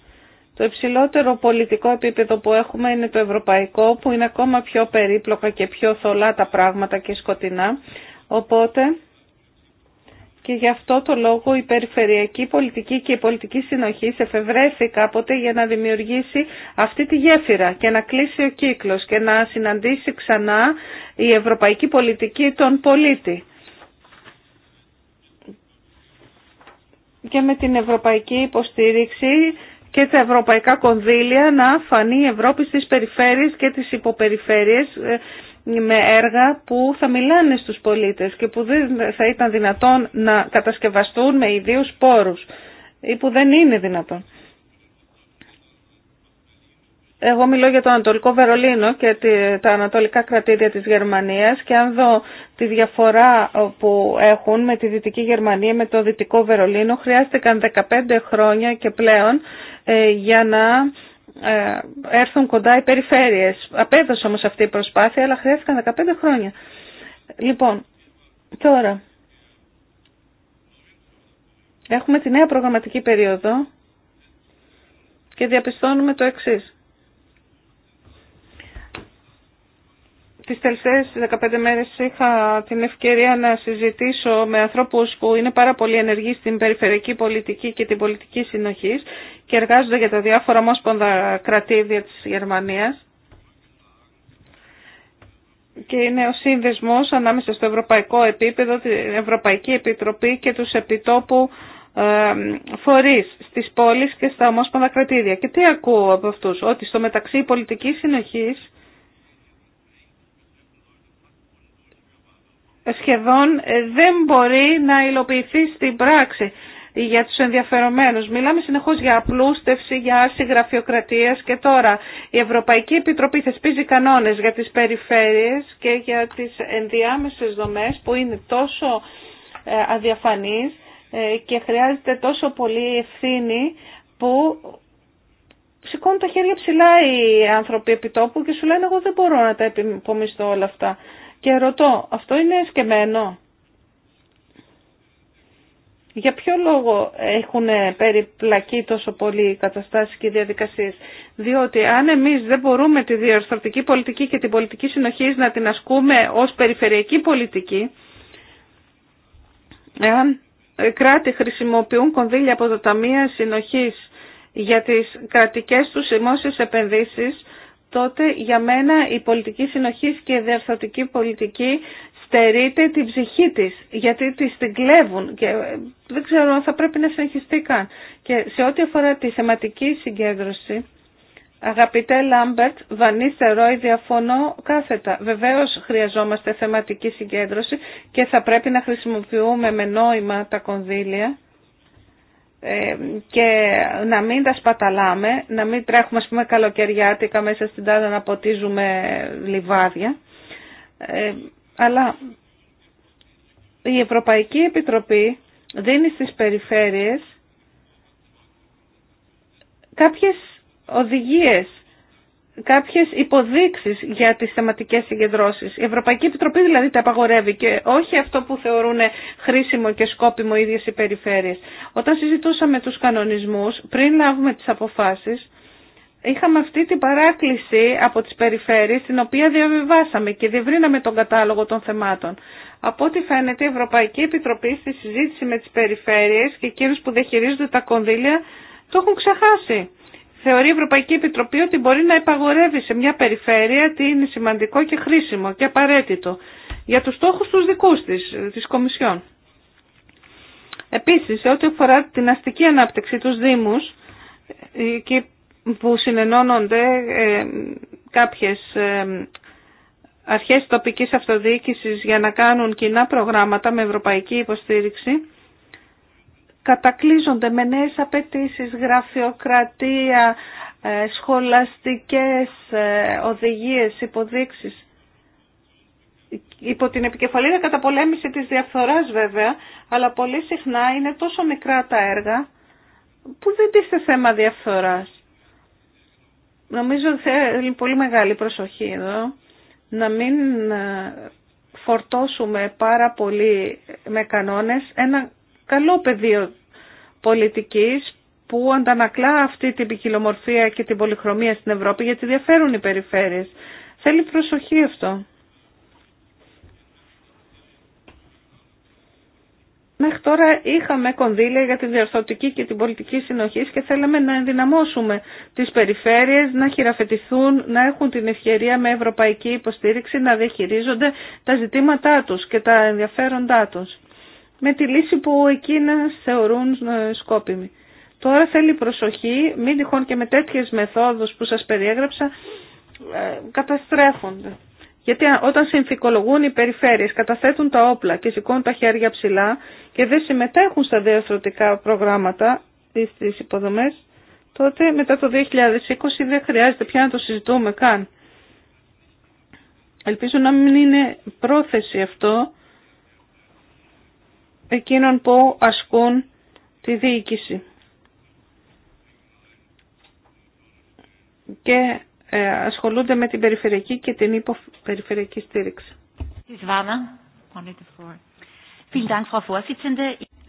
Το υψηλότερο πολιτικό επίπεδο που έχουμε είναι το ευρωπαϊκό, που είναι ακόμα πιο περίπλοκα και πιο θολά τα πράγματα και σκοτεινά. Οπότε και γι' αυτό το λόγο η περιφερειακή πολιτική και η πολιτική συνοχή εφευρέθη κάποτε για να δημιουργήσει αυτή τη γέφυρα και να κλείσει ο κύκλος και να συναντήσει ξανά η ευρωπαϊκή πολιτική των πολίτη. Και με την ευρωπαϊκή υποστήριξη και τα ευρωπαϊκά κονδύλια να φανεί η Ευρώπη στις περιφέρειες και τις υποπεριφέρειες ε, με έργα που θα μιλάνε στους πολίτες και που δεν θα ήταν δυνατόν να κατασκευαστούν με ιδίους πόρους ή που δεν είναι δυνατόν. Εγώ μιλώ για το Ανατολικό Βερολίνο και τα ανατολικά κρατήδια της Γερμανίας και αν δω τη διαφορά ε, που έχουν με τη Δυτική Γερμανία, με το Δυτικό Βερολίνο, χρειάστηκαν 15 χρόνια και πλέον ε, για να ε, έρθουν κοντά οι περιφέρειες. Απέδωσε όμως αυτή η προσπάθεια, αλλά χρειάστηκαν 15 χρόνια. Λοιπόν, τώρα έχουμε τη νέα προγραμματική περίοδο και διαπιστώνουμε το εξής. Τις τελευταίες 15 μέρες είχα την ευκαιρία να συζητήσω με ανθρώπους που είναι πάρα πολύ ενεργοί στην περιφερειακή πολιτική και την πολιτική συνοχής και εργάζονται για τα διάφορα μόσπονδα κρατήδια της Γερμανίας και είναι ο σύνδεσμος ανάμεσα στο ευρωπαϊκό επίπεδο, την Ευρωπαϊκή Επιτροπή και τους επιτόπου ε, φορείς στις πόλεις και στα ομόσπονδα κρατήδια. Και τι ακούω από αυτούς, ότι στο μεταξύ η πολιτική συνοχής σχεδόν ε, δεν μπορεί να υλοποιηθεί στην πράξη για τους ενδιαφερομένους. Μιλάμε συνεχώς για απλούστευση, για άρση γραφειοκρατίας και τώρα η Ευρωπαϊκή Επιτροπή θεσπίζει κανόνες για τις περιφέρειες και για τις ενδιάμεσες δομές που είναι τόσο ε, αδιαφανείς ε, και χρειάζεται τόσο πολύ ευθύνη που σηκώνουν τα χέρια ψηλά οι άνθρωποι επιτόπου και σου λένε εγώ δεν μπορώ να τα επιμιστώ όλα αυτά. Και ρωτώ, αυτό είναι εσκεμμένο. Για ποιο λόγο έχουν περιπλακεί τόσο πολύ οι καταστάσεις και οι διαδικασίες. Διότι αν εμείς δεν μπορούμε τη διορθωτική πολιτική και την πολιτική συνοχής να την ασκούμε ως περιφερειακή πολιτική, εάν κράτη χρησιμοποιούν κονδύλια από τα ταμεία συνοχής για τις κρατικές του δημόσιες επενδύσεις, τότε για μένα η πολιτική συνοχής και η διαρθρωτική πολιτική στερείται την ψυχή της, γιατί της την κλέβουν και ε, δεν ξέρω αν θα πρέπει να συνεχιστεί καν. Και σε ό,τι αφορά τη θεματική συγκέντρωση, αγαπητέ Λάμπερτ, Βανίστε ροή διαφωνώ κάθετα. Βεβαίως χρειαζόμαστε θεματική συγκέντρωση και θα πρέπει να χρησιμοποιούμε με νόημα τα κονδύλια και να μην τα σπαταλάμε, να μην τρέχουμε ας πούμε καλοκαιριάτικα μέσα στην τάδα να ποτίζουμε λιβάδια. αλλά η Ευρωπαϊκή Επιτροπή δίνει στις περιφέρειες κάποιες οδηγίες κάποιες υποδείξεις για τις θεματικές συγκεντρώσεις. Η Ευρωπαϊκή Επιτροπή δηλαδή τα απαγορεύει και όχι αυτό που θεωρούν χρήσιμο και σκόπιμο οι ίδιες οι περιφέρειες. Όταν συζητούσαμε τους κανονισμούς, πριν λάβουμε τις αποφάσεις, είχαμε αυτή την παράκληση από τις περιφέρειες, την οποία διαβιβάσαμε και διευρύναμε τον κατάλογο των θεμάτων. Από ό,τι φαίνεται η Ευρωπαϊκή Επιτροπή στη συζήτηση με τις περιφέρειες και εκείνους που διαχειρίζονται τα κονδύλια το έχουν ξεχάσει. Θεωρεί η Ευρωπαϊκή Επιτροπή ότι μπορεί να επαγορεύει σε μια περιφέρεια τι είναι σημαντικό και χρήσιμο και απαραίτητο για τους στόχους τους δικούς της, της Κομισιόν. Επίσης, ό,τι αφορά την αστική ανάπτυξη τους Δήμους, ε, εκεί που συνενώνονται ε, κάποιες ε, αρχές τοπικής αυτοδιοίκησης για να κάνουν κοινά προγράμματα με ευρωπαϊκή υποστήριξη, κατακλείζονται με νέες απαιτήσει, γραφειοκρατία, ε, σχολαστικές ε, οδηγίες, υποδείξεις. Υπό την επικεφαλίδα καταπολέμηση της διαφθοράς βέβαια, αλλά πολύ συχνά είναι τόσο μικρά τα έργα που δεν τίθεται θέμα διαφθοράς. Νομίζω θέλει πολύ μεγάλη προσοχή εδώ να μην ε, φορτώσουμε πάρα πολύ με κανόνες ένα καλό πεδίο πολιτικής που αντανακλά αυτή την ποικιλομορφία και την πολυχρωμία στην Ευρώπη γιατί διαφέρουν οι περιφέρειες. Θέλει προσοχή αυτό. Μέχρι τώρα είχαμε κονδύλια για τη διαρθωτική και την πολιτική συνοχή και θέλαμε να ενδυναμώσουμε τις περιφέρειες, να χειραφετηθούν, να έχουν την ευκαιρία με ευρωπαϊκή υποστήριξη να διαχειρίζονται τα ζητήματά τους και τα ενδιαφέροντά τους με τη λύση που εκείνες θεωρούν ε, σκόπιμη. Τώρα θέλει προσοχή, μην τυχόν και με τέτοιες μεθόδους που σας περιέγραψα ε, καταστρέφονται. Γιατί όταν συνθηκολογούν οι περιφέρειες, καταθέτουν τα όπλα και σηκώνουν τα χέρια ψηλά και δεν συμμετέχουν στα διαστρωτικά προγράμματα ή στις υποδομές, τότε μετά το 2020 δεν χρειάζεται πια να το συζητούμε καν. Ελπίζω να μην είναι πρόθεση αυτό εκείνων που ασκούν τη διοίκηση. Και ε, ασχολούνται με την περιφερειακή και την υποπεριφερειακή στήριξη.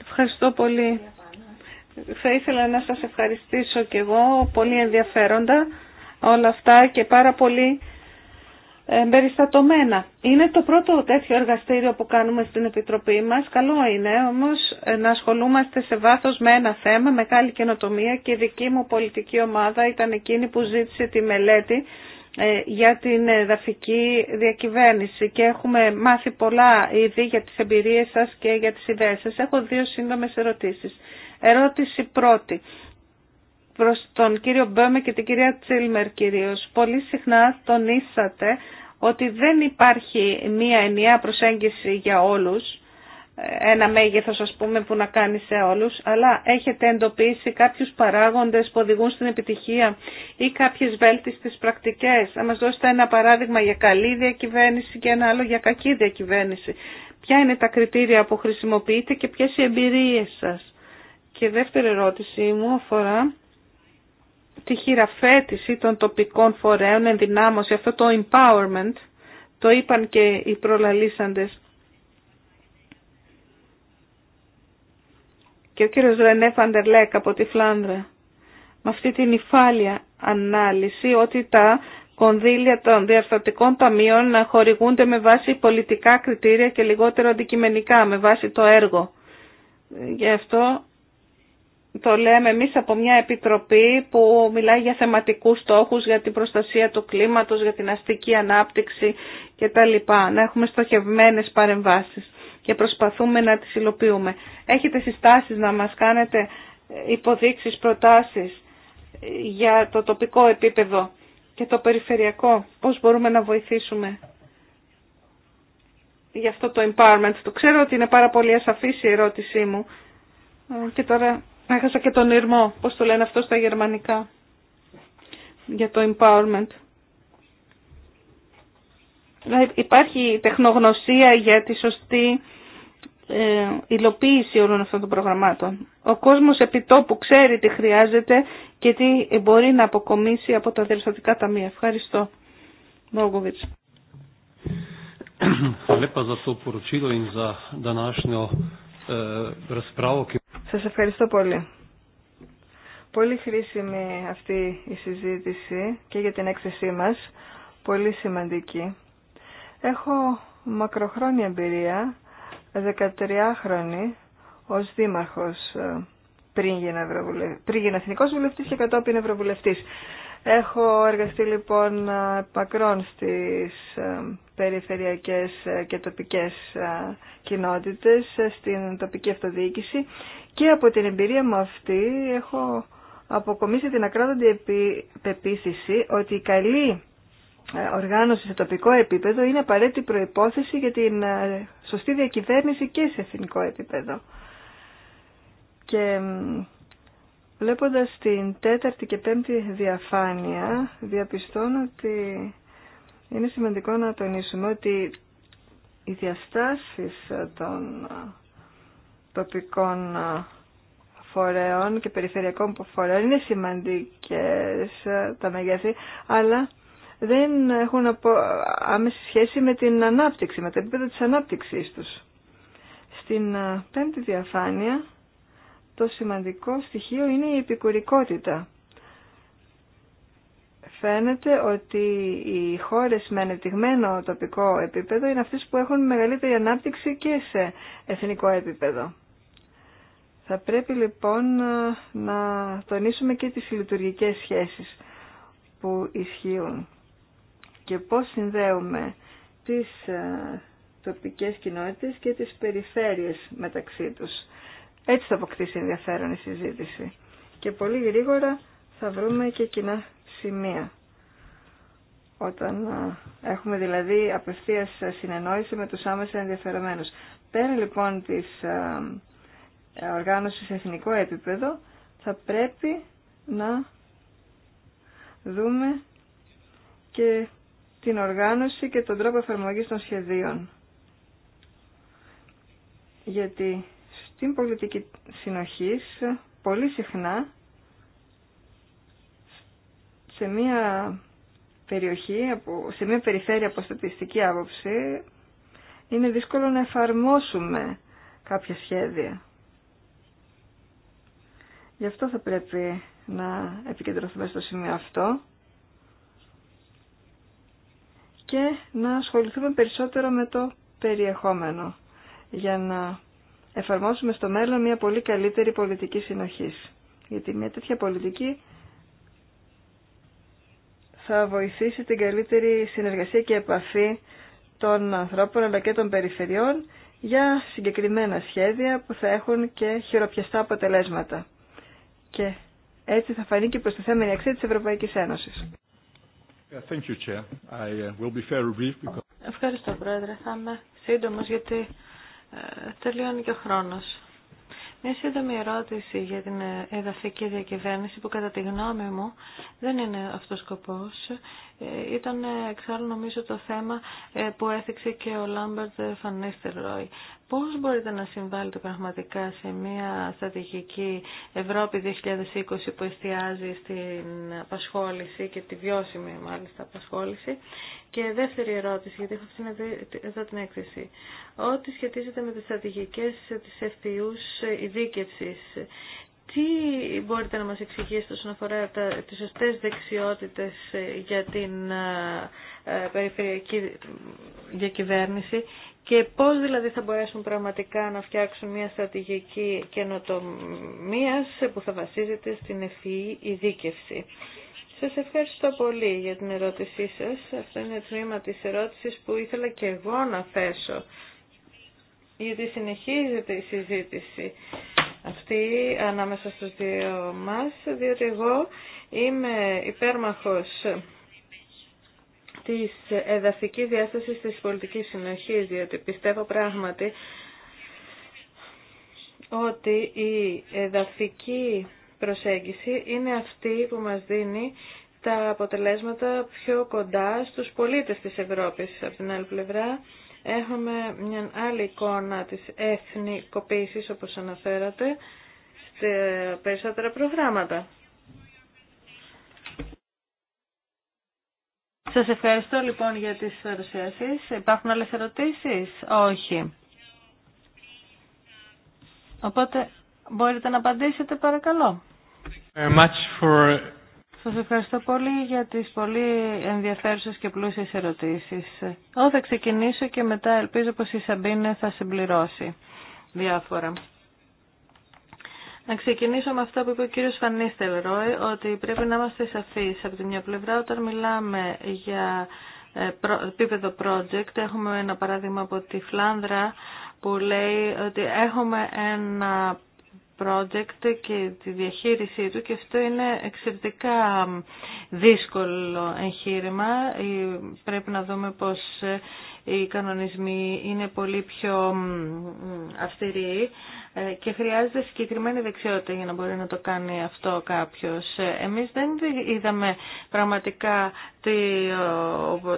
Ευχαριστώ πολύ. Θα ήθελα να σας ευχαριστήσω και εγώ πολύ ενδιαφέροντα όλα αυτά και πάρα πολύ περιστατωμένα. Είναι το πρώτο τέτοιο εργαστήριο που κάνουμε στην Επιτροπή μας. Καλό είναι όμως να ασχολούμαστε σε βάθος με ένα θέμα, μεγάλη καινοτομία και η δική μου πολιτική ομάδα ήταν εκείνη που ζήτησε τη μελέτη ε, για την εδαφική διακυβέρνηση και έχουμε μάθει πολλά ήδη για τις εμπειρίες σας και για τις ιδέες σας. Έχω δύο σύντομες ερωτήσεις. Ερώτηση πρώτη προς τον κύριο Μπέμε και την κυρία Τσίλμερ κυρίως. Πολύ συχνά τονίσατε ότι δεν υπάρχει μία ενιαία προσέγγιση για όλους, ένα μέγεθος ας πούμε που να κάνει σε όλους, αλλά έχετε εντοπίσει κάποιους παράγοντες που οδηγούν στην επιτυχία ή κάποιες βέλτιστες πρακτικές. Να μας δώσετε ένα παράδειγμα για καλή διακυβέρνηση και ένα άλλο για κακή διακυβέρνηση. Ποια είναι τα κριτήρια που χρησιμοποιείτε και ποιες οι εμπειρίες σας. Και δεύτερη ερώτησή μου αφορά τη χειραφέτηση των τοπικών φορέων, ενδυνάμωση, αυτό το empowerment, το είπαν και οι προλαλήσαντες. Και ο κύριος Ρενέ Φαντερλέκ από τη Φλάνδρα, με αυτή την υφάλια ανάλυση ότι τα κονδύλια των διαρθρωτικών ταμείων χορηγούνται με βάση πολιτικά κριτήρια και λιγότερο αντικειμενικά, με βάση το έργο. Γι' αυτό το λέμε εμείς από μια επιτροπή που μιλάει για θεματικούς στόχους, για την προστασία του κλίματος, για την αστική ανάπτυξη κτλ. Να έχουμε στοχευμένες παρεμβάσεις και προσπαθούμε να τις υλοποιούμε. Έχετε συστάσεις να μας κάνετε υποδείξεις, προτάσεις για το τοπικό επίπεδο και το περιφερειακό, πώς μπορούμε να βοηθήσουμε για αυτό το empowerment. Το ξέρω ότι είναι πάρα πολύ ασαφής η ερώτησή μου ε, και τώρα Έχασα και τον ήρμο, πώς το λένε αυτό στα γερμανικά, για το empowerment. υπάρχει τεχνογνωσία για τη σωστή ε, υλοποίηση όλων αυτών των προγραμμάτων. Ο κόσμος τόπου ξέρει τι χρειάζεται και τι μπορεί να αποκομίσει από τα διευθυντικά ταμεία. Ευχαριστώ. Μόγκοβιτς. Hvala lepa za to poročilo in za današnjo eh, σας ευχαριστώ πολύ. Πολύ χρήσιμη αυτή η συζήτηση και για την έκθεσή μας. Πολύ σημαντική. Έχω μακροχρόνια εμπειρία, 13 χρόνια, ως δήμαρχος ε, πριν γίνα, πριν εθνικός βουλευτής και κατόπιν ευρωβουλευτής. Έχω εργαστεί λοιπόν πακρόν στις ε, περιφερειακές ε, και τοπικές ε, κοινότητες, στην τοπική αυτοδιοίκηση και από την εμπειρία μου αυτή έχω αποκομίσει την ακράδαντη πεποίθηση ότι η καλή οργάνωση σε τοπικό επίπεδο είναι απαραίτητη προϋπόθεση για την σωστή διακυβέρνηση και σε εθνικό επίπεδο. Και Βλέποντας την τέταρτη και πέμπτη διαφάνεια, διαπιστώνω ότι είναι σημαντικό να τονίσουμε ότι οι διαστάσεις των τοπικών φορέων και περιφερειακών φορέων είναι σημαντικές τα μεγέθη, αλλά δεν έχουν άμεση σχέση με την ανάπτυξη, με το επίπεδο της ανάπτυξής τους. Στην ε, πέμπτη διαφάνεια το σημαντικό στοιχείο είναι η επικουρικότητα. Φαίνεται ότι οι χώρες με ανεπτυγμένο τοπικό επίπεδο είναι αυτές που έχουν μεγαλύτερη ανάπτυξη και σε εθνικό επίπεδο. Θα πρέπει λοιπόν ε, να τονίσουμε και τις λειτουργικές σχέσεις που ισχύουν και πώς συνδέουμε τις ε, τοπικές κοινότητες και τις περιφέρειες μεταξύ τους. Έτσι θα αποκτήσει ενδιαφέρον η συζήτηση. Και πολύ γρήγορα θα βρούμε και κοινά σημεία. Όταν έχουμε δηλαδή απευθείας συνεννόηση με τους άμεσα ενδιαφερομένους. Πέρα λοιπόν της οργάνωσης σε εθνικό επίπεδο θα πρέπει να δούμε και την οργάνωση και τον τρόπο εφαρμογής των σχεδίων. Γιατί στην πολιτική συνοχής πολύ συχνά σε μια περιοχή, σε μια περιφέρεια από στατιστική άποψη είναι δύσκολο να εφαρμόσουμε κάποια σχέδια. Γι' αυτό θα πρέπει να επικεντρωθούμε στο σημείο αυτό και να ασχοληθούμε περισσότερο με το περιεχόμενο για να εφαρμόσουμε στο μέλλον μια πολύ καλύτερη πολιτική συνοχής. Γιατί μια τέτοια πολιτική θα βοηθήσει την καλύτερη συνεργασία και επαφή των ανθρώπων αλλά και των περιφερειών για συγκεκριμένα σχέδια που θα έχουν και χειροπιαστά αποτελέσματα. Και έτσι θα φανεί και η προστιθέμενη αξία της Ευρωπαϊκής Ένωσης. Ευχαριστώ, Πρόεδρε. Θα είμαι σύντομος γιατί ε, τελειώνει και ο χρόνος. Μια σύντομη ερώτηση για την ε, εδαφική διακυβέρνηση που κατά τη γνώμη μου δεν είναι αυτός ο σκοπός. Ε, ήταν ε, εξάλλου νομίζω το θέμα ε, που έθιξε και ο Λάμπερτ Φανίστερ Ρόι. Πώς μπορείτε να συμβάλλετε πραγματικά σε μια στρατηγική Ευρώπη 2020 που εστιάζει στην απασχόληση και τη βιώσιμη μάλιστα απασχόληση. Και δεύτερη ερώτηση, γιατί έχω αυτή εδώ την έκθεση. Ό,τι σχετίζεται με τις στρατηγικές της ευθυούς ειδίκευσης. Τι μπορείτε να μας εξηγήσετε όσον αφορά τα, τις σωστές δεξιότητες ε, για την ε, ε, περιφερειακή διακυβέρνηση και πώς δηλαδή θα μπορέσουν πραγματικά να φτιάξουν μια στρατηγική καινοτομία που θα βασίζεται στην ευφυή ειδίκευση. Σας ευχαριστώ πολύ για την ερώτησή σας. Αυτό είναι το τμήμα της ερώτησης που ήθελα και εγώ να θέσω γιατί συνεχίζεται η συζήτηση αυτή ανάμεσα στους δύο μας, διότι εγώ είμαι υπέρμαχος της εδαφικής διάστασης της πολιτικής συνοχής, διότι πιστεύω πράγματι ότι η εδαφική προσέγγιση είναι αυτή που μας δίνει τα αποτελέσματα πιο κοντά στους πολίτες της Ευρώπης. Από την άλλη πλευρά, Έχουμε μια άλλη εικόνα της εθνικοποίησης, όπως αναφέρατε, σε περισσότερα προγράμματα. Σας ευχαριστώ λοιπόν για τις παρουσιάσεις. Υπάρχουν άλλες ερωτήσεις? Όχι. Οπότε μπορείτε να απαντήσετε παρακαλώ. Σας ευχαριστώ πολύ για τις πολύ ενδιαφέρουσες και πλούσιες ερωτήσεις. Εγώ θα ξεκινήσω και μετά ελπίζω πως η Σαμπίνε θα συμπληρώσει διάφορα. Να ξεκινήσω με αυτό που είπε ο κύριος Φανίστελ Ρόι, ότι πρέπει να είμαστε σαφείς. Από τη μια πλευρά όταν μιλάμε για ε, επίπεδο project, έχουμε ένα παράδειγμα από τη Φλάνδρα που λέει ότι έχουμε ένα project και τη διαχείρισή του και αυτό είναι εξαιρετικά δύσκολο εγχείρημα. Ε, πρέπει να δούμε πως ε, οι κανονισμοί είναι πολύ πιο αυστηροί ε, και χρειάζεται συγκεκριμένη δεξιότητα για να μπορεί να το κάνει αυτό κάποιος. Ε, εμείς δεν είδαμε πραγματικά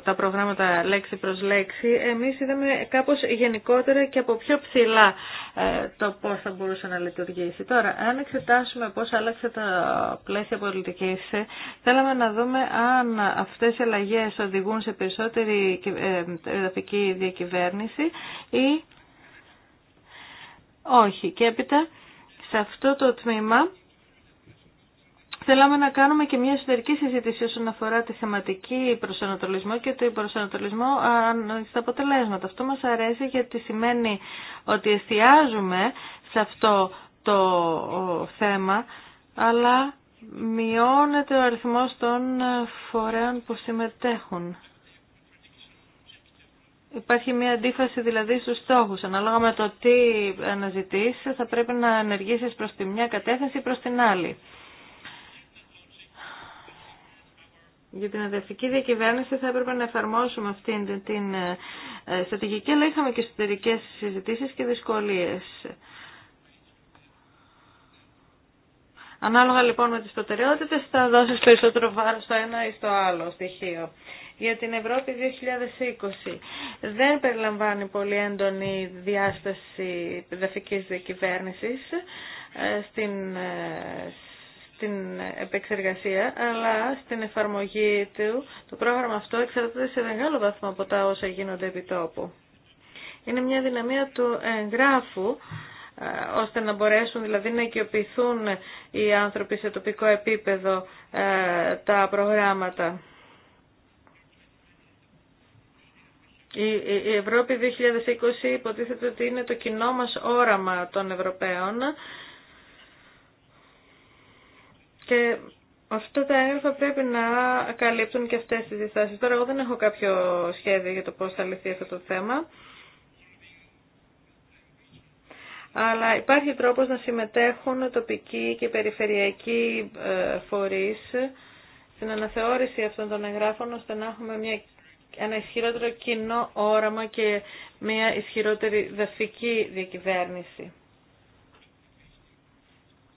τα προγράμματα λέξη προς λέξη. Εμείς είδαμε κάπως γενικότερα και από πιο ψηλά ε, το πώς θα μπορούσε να λειτουργήσει. Τώρα, αν εξετάσουμε πώς άλλαξε τα πλαίσια πολιτικής, θέλαμε να δούμε αν αυτές οι αλλαγές οδηγούν σε περισσότερη δημοκρατική διακυβέρνηση ή όχι. Και έπειτα σε αυτό το τμήμα Θέλαμε να κάνουμε και μια εσωτερική συζήτηση όσον αφορά τη θεματική προσανατολισμό και το προσανατολισμό στα αποτελέσματα. Αυτό μας αρέσει γιατί σημαίνει ότι εστιάζουμε σε αυτό το θέμα, αλλά μειώνεται ο αριθμός των φορέων που συμμετέχουν. Υπάρχει μια αντίφαση δηλαδή στους στόχους. Ανάλογα με το τι αναζητείς θα πρέπει να ενεργήσεις προς τη μια κατεύθυνση ή προς την άλλη. Για την αδερφική διακυβέρνηση θα έπρεπε να εφαρμόσουμε αυτήν την ε, ε, στρατηγική, αλλά είχαμε και εσωτερικέ συζητήσεις και δυσκολίες. Ανάλογα λοιπόν με τις προτεραιότητες θα δώσεις περισσότερο βάρος στο ένα ή στο άλλο στοιχείο για την Ευρώπη 2020. Δεν περιλαμβάνει πολύ έντονη διάσταση δαφικής διακυβέρνησης ε, στην ε, στην επεξεργασία, αλλά στην εφαρμογή του, το πρόγραμμα αυτό εξαρτάται σε μεγάλο βαθμό από τα όσα γίνονται επί τόπου. Είναι μια δυναμία του εγγράφου, ε, ώστε να μπορέσουν δηλαδή να οικειοποιηθούν οι άνθρωποι σε τοπικό επίπεδο τα προγράμματα. Η Ευρώπη 2020 υποτίθεται ότι είναι το κοινό μας όραμα των Ευρωπαίων και αυτά τα έγγραφα πρέπει να καλύπτουν και αυτές τις διστάσεις. Τώρα εγώ δεν έχω κάποιο σχέδιο για το πώς θα λυθεί αυτό το θέμα. Αλλά υπάρχει τρόπος να συμμετέχουν τοπικοί και περιφερειακοί ε, φορείς στην αναθεώρηση αυτών των εγγράφων ώστε να έχουμε μια ένα ισχυρότερο κοινό όραμα και μια ισχυρότερη δαφική διακυβέρνηση.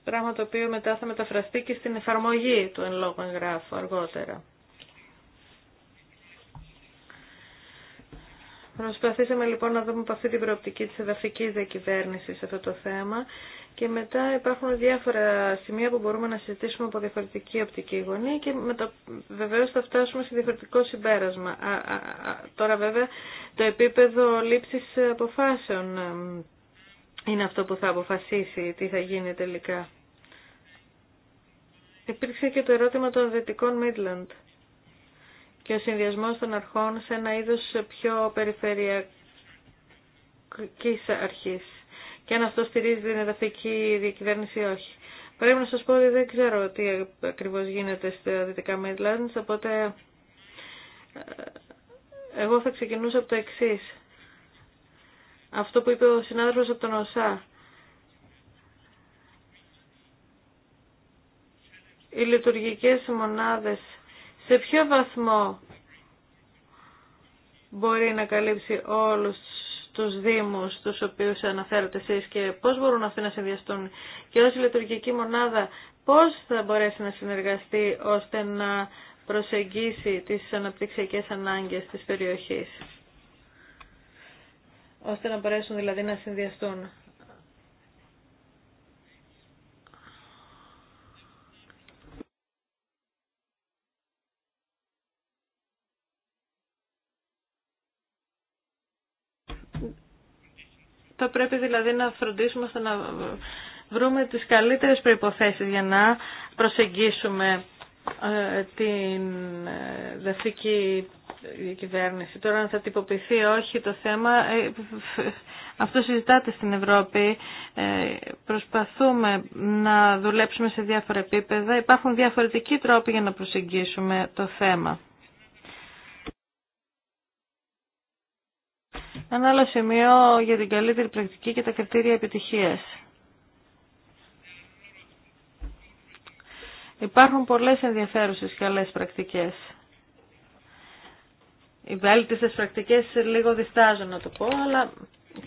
Πράγμα το οποίο μετά θα μεταφραστεί και στην εφαρμογή του εν λόγω εγγράφου αργότερα. Προσπαθήσαμε λοιπόν να δούμε από αυτή την προοπτική της εδαφικής διακυβέρνησης αυτό το θέμα και μετά υπάρχουν διάφορα σημεία που μπορούμε να συζητήσουμε από διαφορετική οπτική γωνία και μετά βεβαίως θα φτάσουμε σε διαφορετικό συμπέρασμα. Α, α, α, τώρα βέβαια το επίπεδο λήψης αποφάσεων είναι αυτό που θα αποφασίσει τι θα γίνει τελικά. Υπήρξε και το ερώτημα των Δυτικών Midland και ο συνδυασμός των αρχών σε ένα είδος πιο περιφερειακής αρχής και αν αυτό στηρίζει την εδαφική διακυβέρνηση ή όχι. Πρέπει να σας πω ότι δεν ξέρω τι ακριβώς γίνεται στα Δυτικά Midlands, οπότε ε, εγώ θα ξεκινούσα από το εξή. Αυτό που είπε ο συνάδελφος από τον ΟΣΑ. Οι λειτουργικές μονάδες σε ποιο βαθμό μπορεί να καλύψει όλους τους τους Δήμους τους οποίους αναφέρετε εσείς και πώς μπορούν αυτοί να συνδυαστούν και ως λειτουργική μονάδα πώς θα μπορέσει να συνεργαστεί ώστε να προσεγγίσει τις αναπτυξιακές ανάγκες της περιοχής ώστε να μπορέσουν δηλαδή να συνδυαστούν. Θα πρέπει δηλαδή να φροντίσουμε ώστε να βρούμε τις καλύτερες προϋποθέσεις για να προσεγγίσουμε ε, την ε, δευτική κυβέρνηση. Τώρα αν θα τυποποιηθεί όχι το θέμα, ε, αυτό συζητάται στην Ευρώπη. Προσπαθούμε να δουλέψουμε σε διάφορα επίπεδα. Υπάρχουν διαφορετικοί τρόποι για να προσεγγίσουμε το θέμα. Ένα άλλο σημείο για την καλύτερη πρακτική και τα κριτήρια επιτυχίας. Υπάρχουν πολλές ενδιαφέρουσες καλές πρακτικές. Οι βέλτιστες πρακτικές λίγο διστάζουν να το πω, αλλά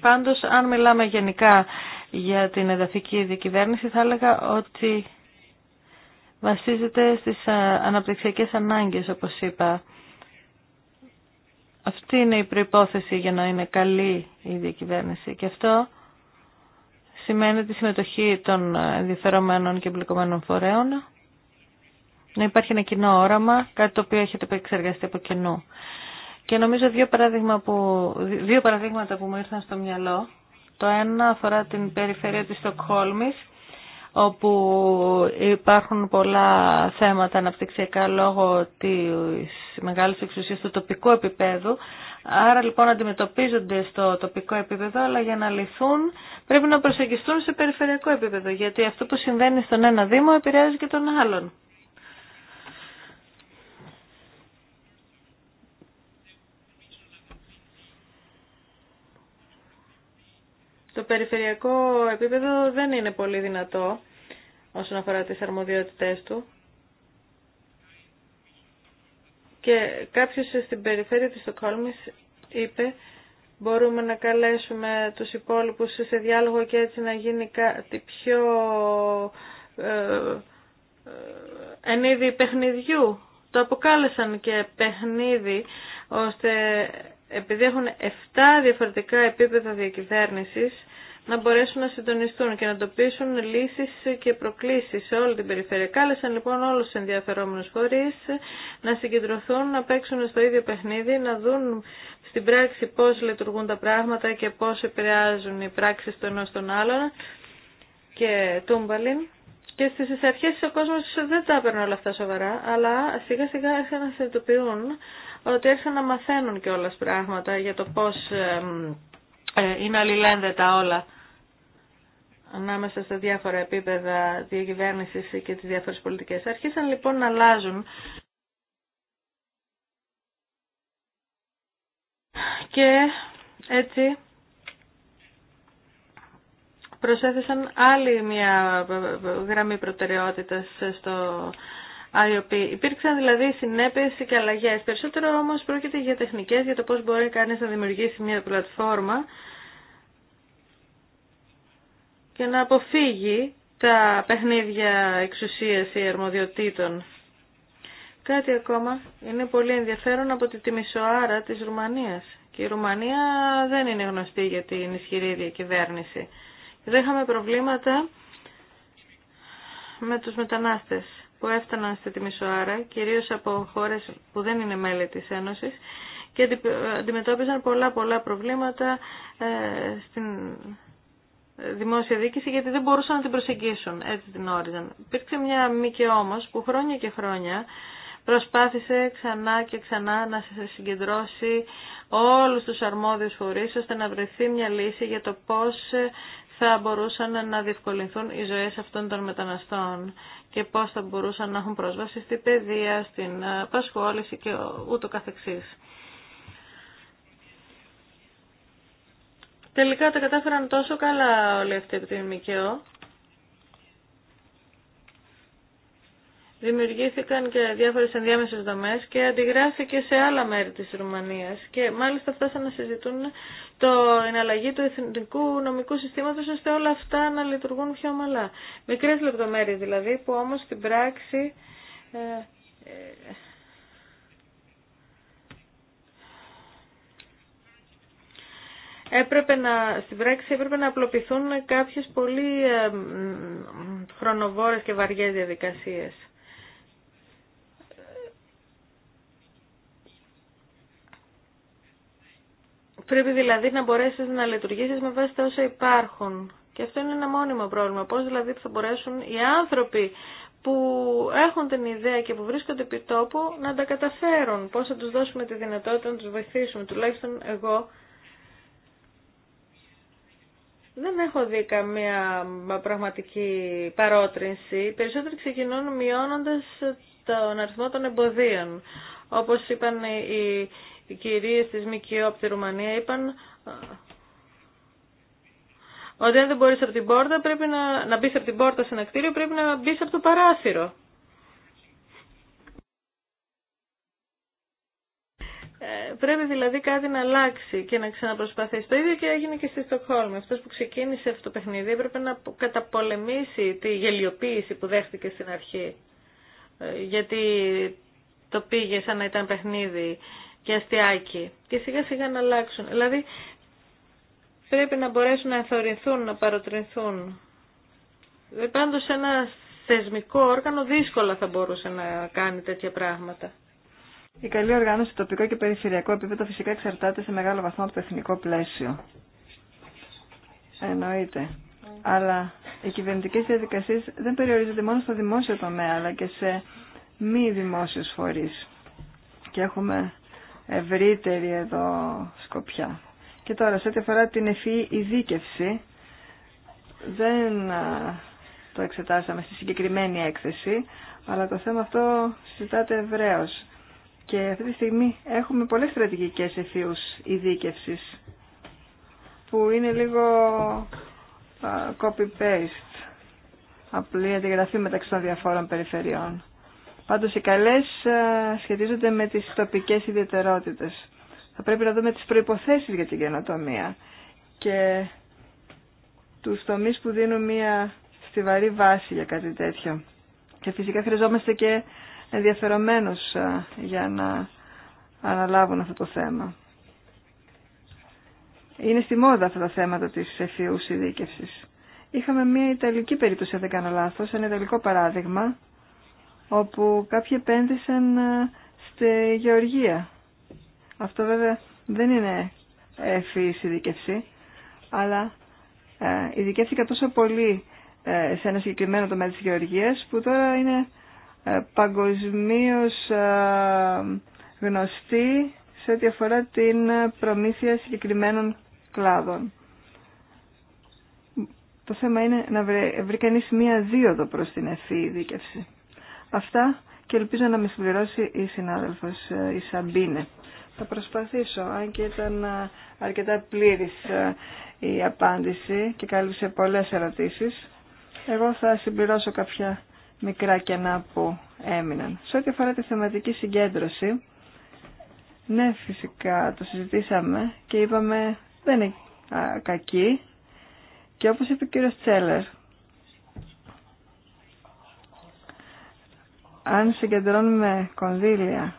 πάντως αν μιλάμε γενικά για την εδαφική δικυβέρνηση, θα έλεγα ότι βασίζεται στις ε, αναπτυξιακές ανάγκες όπως είπα. Αυτή είναι η προϋπόθεση για να είναι καλή η διακυβέρνηση και αυτό σημαίνει τη συμμετοχή των ενδιαφερομένων και εμπληκωμένων φορέων, να υπάρχει ένα κοινό όραμα, κάτι το οποίο έχετε επεξεργαστεί από κοινού. Και νομίζω δύο, παράδειγμα που, δύο παραδείγματα που μου ήρθαν στο μυαλό. Το ένα αφορά την περιφέρεια της Στοκχόλμης, όπου υπάρχουν πολλά θέματα αναπτυξιακά λόγω της μεγάλης εξουσίας του τοπικού επίπεδου. Άρα λοιπόν αντιμετωπίζονται στο τοπικό επίπεδο, αλλά για να λυθούν πρέπει να προσεγγιστούν σε περιφερειακό επίπεδο, γιατί αυτό που συμβαίνει στον ένα Δήμο επηρεάζει και τον άλλον. Το περιφερειακό επίπεδο δεν είναι πολύ δυνατό όσον αφορά τις αρμοδιότητές του. Και κάποιος στην περιφέρεια της Στοκχόλμης είπε μπορούμε να καλέσουμε τους υπόλοιπους σε διάλογο και έτσι να γίνει κάτι πιο ενίδη ε, εν παιχνιδιού. Το αποκάλεσαν και παιχνίδι ώστε επειδή έχουν 7 διαφορετικά επίπεδα διακυβέρνησης να μπορέσουν να συντονιστούν και να εντοπίσουν λύσεις και προκλήσεις σε όλη την περιφέρεια. Κάλεσαν λοιπόν όλους τους ενδιαφερόμενους φορείς να συγκεντρωθούν, να παίξουν στο ίδιο παιχνίδι, να δουν στην πράξη πώς λειτουργούν τα πράγματα και πώς επηρεάζουν οι πράξεις των ενός των άλλων και τούμπαλιν. Και στις αρχές ο κόσμος δεν τα έπαιρνε όλα αυτά σοβαρά, αλλά σιγά σιγά έρχονται να συνειδητοποιούν ότι έρχονται να μαθαίνουν και πράγματα για το πώς ε, είναι αλληλένδετα όλα ανάμεσα στα διάφορα επίπεδα διακυβέρνησης και τις διάφορες πολιτικές. Αρχίσαν λοιπόν να αλλάζουν και έτσι προσέθεσαν άλλη μια γραμμή προτεραιότητας στο IOP. Υπήρξαν δηλαδή συνέπειες και αλλαγές. Περισσότερο όμως πρόκειται για τεχνικές, για το πώς μπορεί κανείς να δημιουργήσει μια πλατφόρμα για να αποφύγει τα παιχνίδια εξουσίας ή αρμοδιοτήτων. Κάτι ακόμα είναι πολύ ενδιαφέρον από τη Τιμισοάρα της Ρουμανίας. Και η Ρουμανία δεν είναι γνωστή για την ισχυρή διακυβέρνηση. Δεν είχαμε προβλήματα με τους μετανάστες που έφταναν στη Τιμισοάρα, κυρίως από χώρες που δεν είναι μέλη της Ένωσης και αντιμετώπιζαν πολλά πολλά προβλήματα ε, στην δημόσια διοίκηση γιατί δεν μπορούσαν να την προσεγγίσουν. Έτσι την όριζαν. Υπήρξε μια μήκη όμω που χρόνια και χρόνια προσπάθησε ξανά και ξανά να συγκεντρώσει όλους τους αρμόδιους φορείς ώστε να βρεθεί μια λύση για το πώς θα μπορούσαν να διευκολυνθούν οι ζωές αυτών των μεταναστών και πώς θα μπορούσαν να έχουν πρόσβαση στην παιδεία, στην απασχόληση και ούτω καθεξής. Τελικά τα κατάφεραν τόσο καλά όλοι αυτοί από την ΜΚΟ. Δημιουργήθηκαν και διάφορες ενδιάμεσες δομές και αντιγράφηκε σε άλλα μέρη της Ρουμανίας και μάλιστα φτάσαν να συζητούν το εναλλαγή του εθνικού νομικού συστήματος ώστε όλα αυτά να λειτουργούν πιο ομαλά. Μικρές λεπτομέρειες δηλαδή που όμως στην πράξη ε, ε, έπρεπε να, στην πράξη έπρεπε να απλοποιηθούν κάποιες πολύ χρονοβόρες και βαριές διαδικασίες. Πρέπει δηλαδή να μπορέσεις να λειτουργήσεις με βάση τα όσα υπάρχουν. Και αυτό είναι ένα μόνιμο πρόβλημα. Πώς δηλαδή θα μπορέσουν οι άνθρωποι που έχουν την ιδέα και που βρίσκονται επί τόπου να τα καταφέρουν. Πώ θα τους δώσουμε τη δυνατότητα να τους βοηθήσουμε. Τουλάχιστον εγώ δεν έχω δει καμία πραγματική παρότρινση. Περισσότεροι ξεκινούν μειώνοντας τον αριθμό των εμποδίων. Όπως είπαν οι, οι κυρίες της ΜΚΟ από τη Ρουμανία, είπαν ότι αν δεν μπορείς την πόρτα, πρέπει να, να μπεις από την πόρτα σε ένα κτίριο, πρέπει να μπεις από το παράθυρο. Ε, πρέπει δηλαδή κάτι να αλλάξει και να ξαναπροσπαθήσει. Το ίδιο και έγινε και στη Στοκχόλμη. Αυτό που ξεκίνησε αυτό το παιχνίδι έπρεπε να καταπολεμήσει τη γελιοποίηση που δέχτηκε στην αρχή. Ε, γιατί το πήγε σαν να ήταν παιχνίδι και αστιάκι. Και σιγά σιγά να αλλάξουν. Δηλαδή πρέπει να μπορέσουν να ενθορυνθούν, να παροτρινθούν. Ε, πάντως ένα θεσμικό όργανο δύσκολα θα μπορούσε να κάνει τέτοια πράγματα. Η καλή οργάνωση τοπικό και περιφερειακό επίπεδο φυσικά εξαρτάται σε μεγάλο βαθμό από το εθνικό πλαίσιο. Εννοείται. Αλλά οι κυβερνητικέ διαδικασίε δεν περιορίζονται μόνο στο δημόσιο τομέα, αλλά και σε μη δημόσιου φορεί. Και έχουμε ευρύτερη εδώ σκοπιά. Και τώρα, σε ό,τι αφορά την ευφυή ειδίκευση, δεν το εξετάσαμε στη συγκεκριμένη έκθεση, αλλά το θέμα αυτό συζητάται ευρέω. Και αυτή τη στιγμή έχουμε πολλές στρατηγικές ευθείους ειδίκευσης που είναι λίγο copy-paste, απλή αντιγραφή μεταξύ των διαφόρων περιφερειών. Πάντως οι καλές σχετίζονται με τις τοπικές ιδιαιτερότητες. Θα πρέπει να δούμε τις προϋποθέσεις για την καινοτομία και τους τομείς που δίνουν μια στιβαρή βάση για κάτι τέτοιο. Και φυσικά χρειαζόμαστε και ενδιαφερομένους ε, για να αναλάβουν αυτό το θέμα. Είναι στη μόδα αυτά τα θέματα της ευθείου ειδίκευσης. Είχαμε μια Ιταλική περίπτωση, αν δεν κάνω λάθος, ένα Ιταλικό παράδειγμα, όπου κάποιοι επένδυσαν ε, στη γεωργία. Αυτό βέβαια δεν είναι ευφυής ειδίκευση, αλλά ε, ειδικεύτηκα τόσο πολύ σε ένα συγκεκριμένο τομέα της γεωργίας, που τώρα είναι ε, Παγκοσμίω ε, γνωστή σε ό,τι αφορά την προμήθεια συγκεκριμένων κλάδων. Το θέμα είναι να βρει, βρει κανεί μία δίωδο προ την ευθύ δίκευση. Αυτά και ελπίζω να με συμπληρώσει η συνάδελφο ε, η Σαμπίνε. Θα προσπαθήσω, αν και ήταν αρκετά πλήρη η απάντηση και κάλυψε πολλέ ερωτήσει. Εγώ θα συμπληρώσω κάποια μικρά κενά που έμειναν. Σε ό,τι αφορά τη θεματική συγκέντρωση, ναι φυσικά το συζητήσαμε και είπαμε δεν είναι κακή και όπως είπε ο κύριος Τσέλερ, αν συγκεντρώνουμε κονδύλια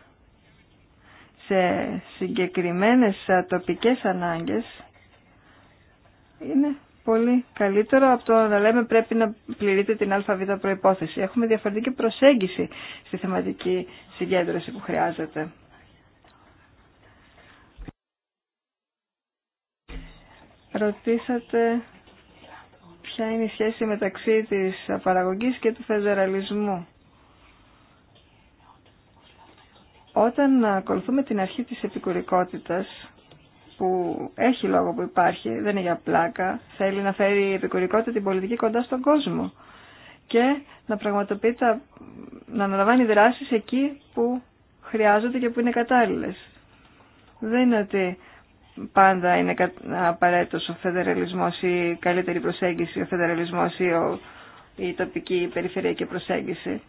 σε συγκεκριμένες τοπικές ανάγκες, είναι πολύ καλύτερο από το να λέμε πρέπει να πληρείτε την ΑΒ προϋπόθεση. Έχουμε διαφορετική προσέγγιση στη θεματική συγκέντρωση που χρειάζεται. Ρωτήσατε ποια είναι η σχέση μεταξύ της παραγωγής και του φεδεραλισμού. Όταν ακολουθούμε την αρχή της επικουρικότητας, που έχει λόγο που υπάρχει, δεν είναι για πλάκα, θέλει να φέρει η επικουρικότητα την πολιτική κοντά στον κόσμο και να πραγματοποιεί να αναλαμβάνει δράσεις εκεί που χρειάζονται και που είναι κατάλληλες. Δεν είναι ότι πάντα είναι απαραίτητο ο φεδεραλισμός ή η καλύτερη προσέγγιση, ο φεδεραλισμός ή η τοπική η η τοπικη προσέγγιση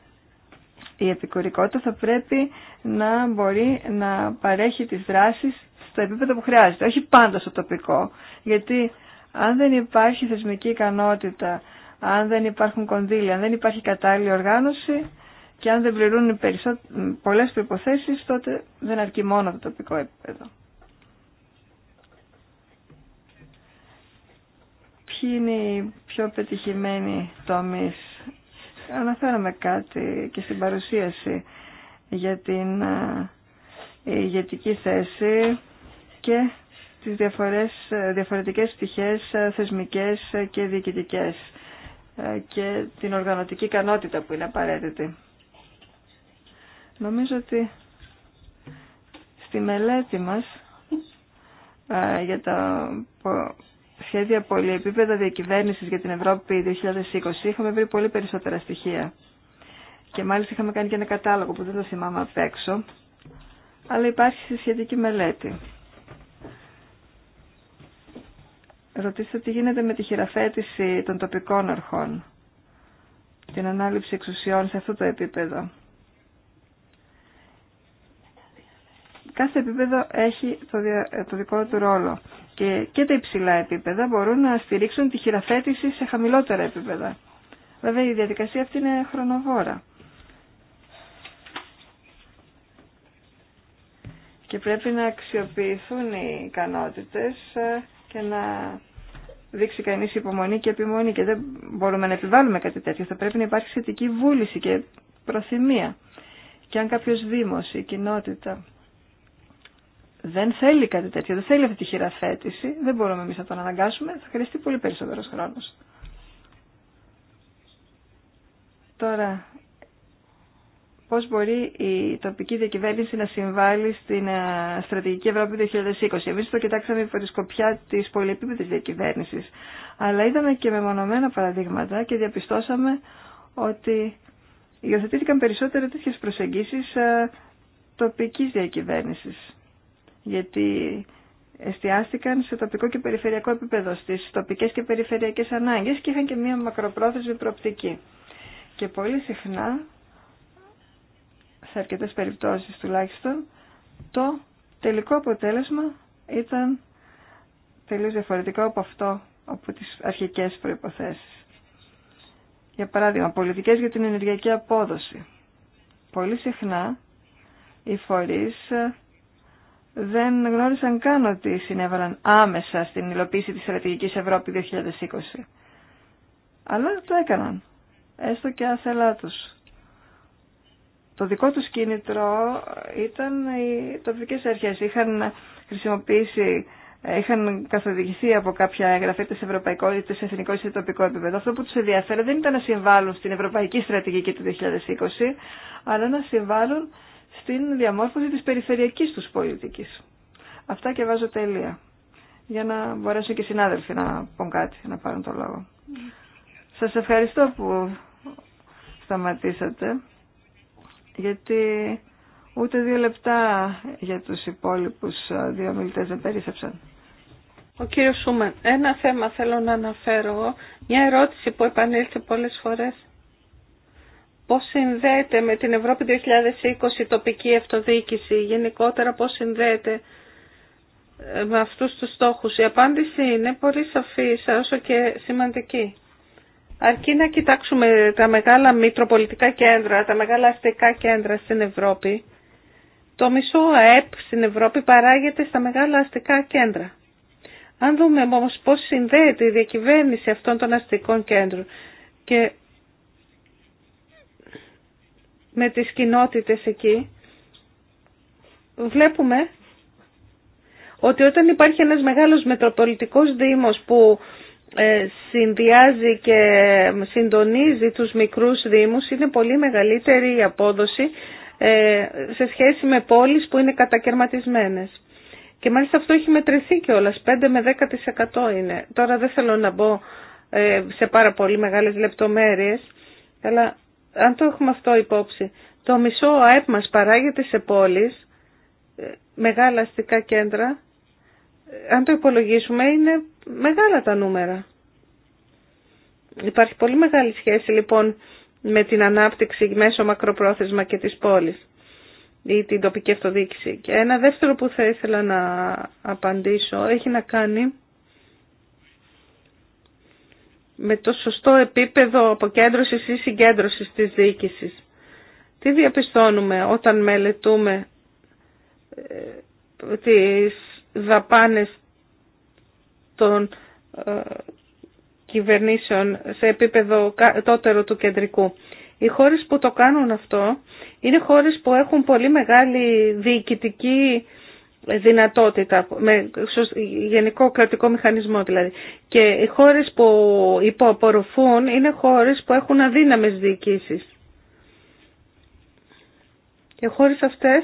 η επικουρικότητα θα πρέπει να μπορεί να παρέχει τις δράσεις στο επίπεδο που χρειάζεται, όχι πάντα στο τοπικό. Γιατί αν δεν υπάρχει θεσμική ικανότητα, αν δεν υπάρχουν κονδύλια, αν δεν υπάρχει κατάλληλη οργάνωση και αν δεν πληρούν περισσό... πολλές προϋποθέσεις, τότε δεν αρκεί μόνο το τοπικό επίπεδο. Ποιοι είναι οι πιο πετυχημένοι τομείς Αναφέραμε κάτι και στην παρουσίαση για την ε, ηγετική θέση και τις διαφορές, ε, διαφορετικές πτυχές ε, θεσμικές και διοικητικές και την οργανωτική ικανότητα που είναι απαραίτητη. Νομίζω ότι στη μελέτη μας για τα σχέδια πολυεπίπεδα διακυβέρνηση για την Ευρώπη 2020 είχαμε βρει πολύ περισσότερα στοιχεία. Και μάλιστα είχαμε κάνει και ένα κατάλογο που δεν το θυμάμαι απ' έξω, αλλά υπάρχει στη σχετική μελέτη. Ρωτήστε τι γίνεται με τη χειραφέτηση των τοπικών αρχών, την ανάληψη εξουσιών σε αυτό το επίπεδο. Κάθε επίπεδο έχει το, δικό του ρόλο και, και τα υψηλά επίπεδα μπορούν να στηρίξουν τη χειραφέτηση σε χαμηλότερα επίπεδα. Βέβαια η διαδικασία αυτή είναι χρονοβόρα. Και πρέπει να αξιοποιηθούν οι ικανότητες ε, και να δείξει κανείς υπομονή και επιμονή και δεν μπορούμε να επιβάλλουμε κάτι τέτοιο. Θα πρέπει να υπάρχει σχετική βούληση και προθυμία. Και αν κάποιος δήμος ή κοινότητα δεν θέλει κάτι τέτοιο, δεν θέλει αυτή τη χειραφέτηση, δεν μπορούμε εμείς να τον αναγκάσουμε, θα χρειαστεί πολύ περισσότερος χρόνος. Τώρα, πώς μπορεί η τοπική διακυβέρνηση να συμβάλλει στην ε, στρατηγική Ευρώπη 2020. Εμείς το κοιτάξαμε υπό τη σκοπιά της πολυεπίπεδης διακυβέρνησης, αλλά είδαμε και μεμονωμένα παραδείγματα και διαπιστώσαμε ότι υιοθετήθηκαν περισσότερο τέτοιες προσεγγίσεις ε, τοπικής διακυβέρνησης γιατί εστιάστηκαν σε τοπικό και περιφερειακό επίπεδο, στις τοπικές και περιφερειακές ανάγκες και είχαν και μία μακροπρόθεσμη προοπτική. Και πολύ συχνά, σε αρκετές περιπτώσεις τουλάχιστον, το τελικό αποτέλεσμα ήταν τελείως διαφορετικό από αυτό, από τις αρχικές προϋποθέσεις. Για παράδειγμα, πολιτικές για την ενεργειακή απόδοση. Πολύ συχνά οι φορείς δεν γνώρισαν καν ότι συνέβαλαν άμεσα στην υλοποίηση της στρατηγικής Ευρώπη 2020. Αλλά το έκαναν, έστω και άθελά τους. Το δικό τους κίνητρο ήταν οι τοπικές αρχές. Είχαν χρησιμοποιήσει, είχαν καθοδηγηθεί από κάποια εγγραφή της ευρωπαϊκό ή της εθνικό ή τοπικό επίπεδο. Αυτό που τους ενδιαφέρει δεν ήταν να συμβάλλουν στην ευρωπαϊκή στρατηγική του 2020, αλλά να συμβάλλουν στην διαμόρφωση της περιφερειακής τους πολιτικής. Αυτά και βάζω τέλεια, για να μπορέσουν και οι συνάδελφοι να πούν κάτι, να πάρουν το λόγο. Σας ευχαριστώ που σταματήσατε, γιατί ούτε δύο λεπτά για τους υπόλοιπους δύο μιλητές δεν περίσσεψαν. Ο κύριος Σούμαν, ένα θέμα θέλω να αναφέρω, μια ερώτηση που επανήλθε πολλές φορές πώς συνδέεται με την Ευρώπη 2020 τοπική αυτοδιοίκηση, γενικότερα πώς συνδέεται ε, με αυτούς τους στόχους. Η απάντηση είναι πολύ σαφή, όσο και σημαντική. Αρκεί να κοιτάξουμε τα μεγάλα μητροπολιτικά κέντρα, τα μεγάλα αστικά κέντρα στην Ευρώπη. Το μισό ΑΕΠ στην Ευρώπη παράγεται στα μεγάλα αστικά κέντρα. Αν δούμε όμως πώς συνδέεται η διακυβέρνηση αυτών των αστικών κέντρων και με τις κοινότητες εκεί, βλέπουμε ότι όταν υπάρχει ένας μεγάλος μετροπολιτικός δήμος που ε, συνδυάζει και συντονίζει τους μικρούς δήμους, είναι πολύ μεγαλύτερη η απόδοση ε, σε σχέση με πόλεις που είναι κατακαιρματισμένες. Και μάλιστα αυτό έχει μετρηθεί κιόλας, 5 με 10% είναι. Τώρα δεν θέλω να μπω ε, σε πάρα πολύ μεγάλες λεπτομέρειες, αλλά αν το έχουμε αυτό υπόψη, το μισό ΑΕΠ μας παράγεται σε πόλεις, ε, μεγάλα αστικά κέντρα, ε, αν το υπολογίσουμε είναι μεγάλα τα νούμερα. Υπάρχει πολύ μεγάλη σχέση λοιπόν με την ανάπτυξη μέσω μακροπρόθεσμα και της πόλης ή την τοπική αυτοδιοίκηση. Και ένα δεύτερο που θα ήθελα να απαντήσω έχει να κάνει με το σωστό επίπεδο αποκέντρωσης ή συγκέντρωσης της διοίκησης. Τι διαπιστώνουμε όταν μελετούμε ε, τις δαπάνες των ε, κυβερνήσεων σε επίπεδο τότερο του κεντρικού. Οι χώρες που το κάνουν αυτό είναι χώρες που έχουν πολύ μεγάλη διοικητική δυνατότητα, με γενικό κρατικό μηχανισμό δηλαδή. Και οι χώρες που υποαπορροφούν είναι χώρες που έχουν αδύναμες διοικήσεις. Και χώρες αυτές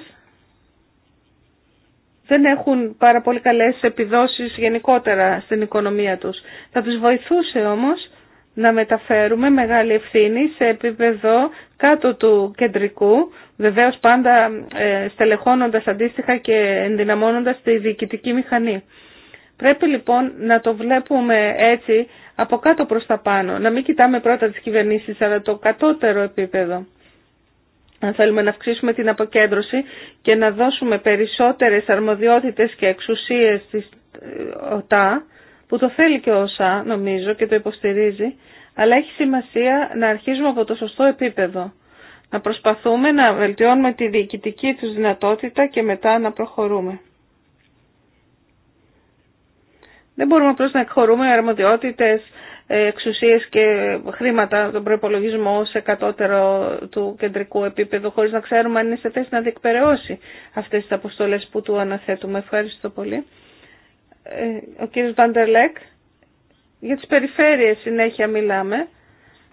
δεν έχουν πάρα πολύ καλές επιδόσεις γενικότερα στην οικονομία τους. Θα τους βοηθούσε όμως να μεταφέρουμε μεγάλη ευθύνη σε επίπεδο κάτω του κεντρικού, βεβαίως πάντα ε, στελεχώνοντας αντίστοιχα και ενδυναμώνοντας τη διοικητική μηχανή. Πρέπει λοιπόν να το βλέπουμε έτσι από κάτω προς τα πάνω, να μην κοιτάμε πρώτα τις κυβερνήσεις αλλά το κατώτερο επίπεδο. Αν θέλουμε να αυξήσουμε την αποκέντρωση και να δώσουμε περισσότερες αρμοδιότητες και εξουσίες στις ε, ΟΤΑ, που το θέλει και όσα νομίζω και το υποστηρίζει, αλλά έχει σημασία να αρχίζουμε από το σωστό επίπεδο. Να προσπαθούμε να βελτιώνουμε τη διοικητική τους δυνατότητα και μετά να προχωρούμε. Δεν μπορούμε απλώς να εκχωρούμε αρμοδιότητες, εξουσίες και χρήματα τον προπολογισμό σε κατώτερο του κεντρικού επίπεδου χωρίς να ξέρουμε αν είναι σε θέση να διεκπαιρεώσει αυτές τις αποστολές που του αναθέτουμε. Ευχαριστώ πολύ. Ε, ο κύριος Βαντερλέκ. Για τις περιφέρειες συνέχεια μιλάμε,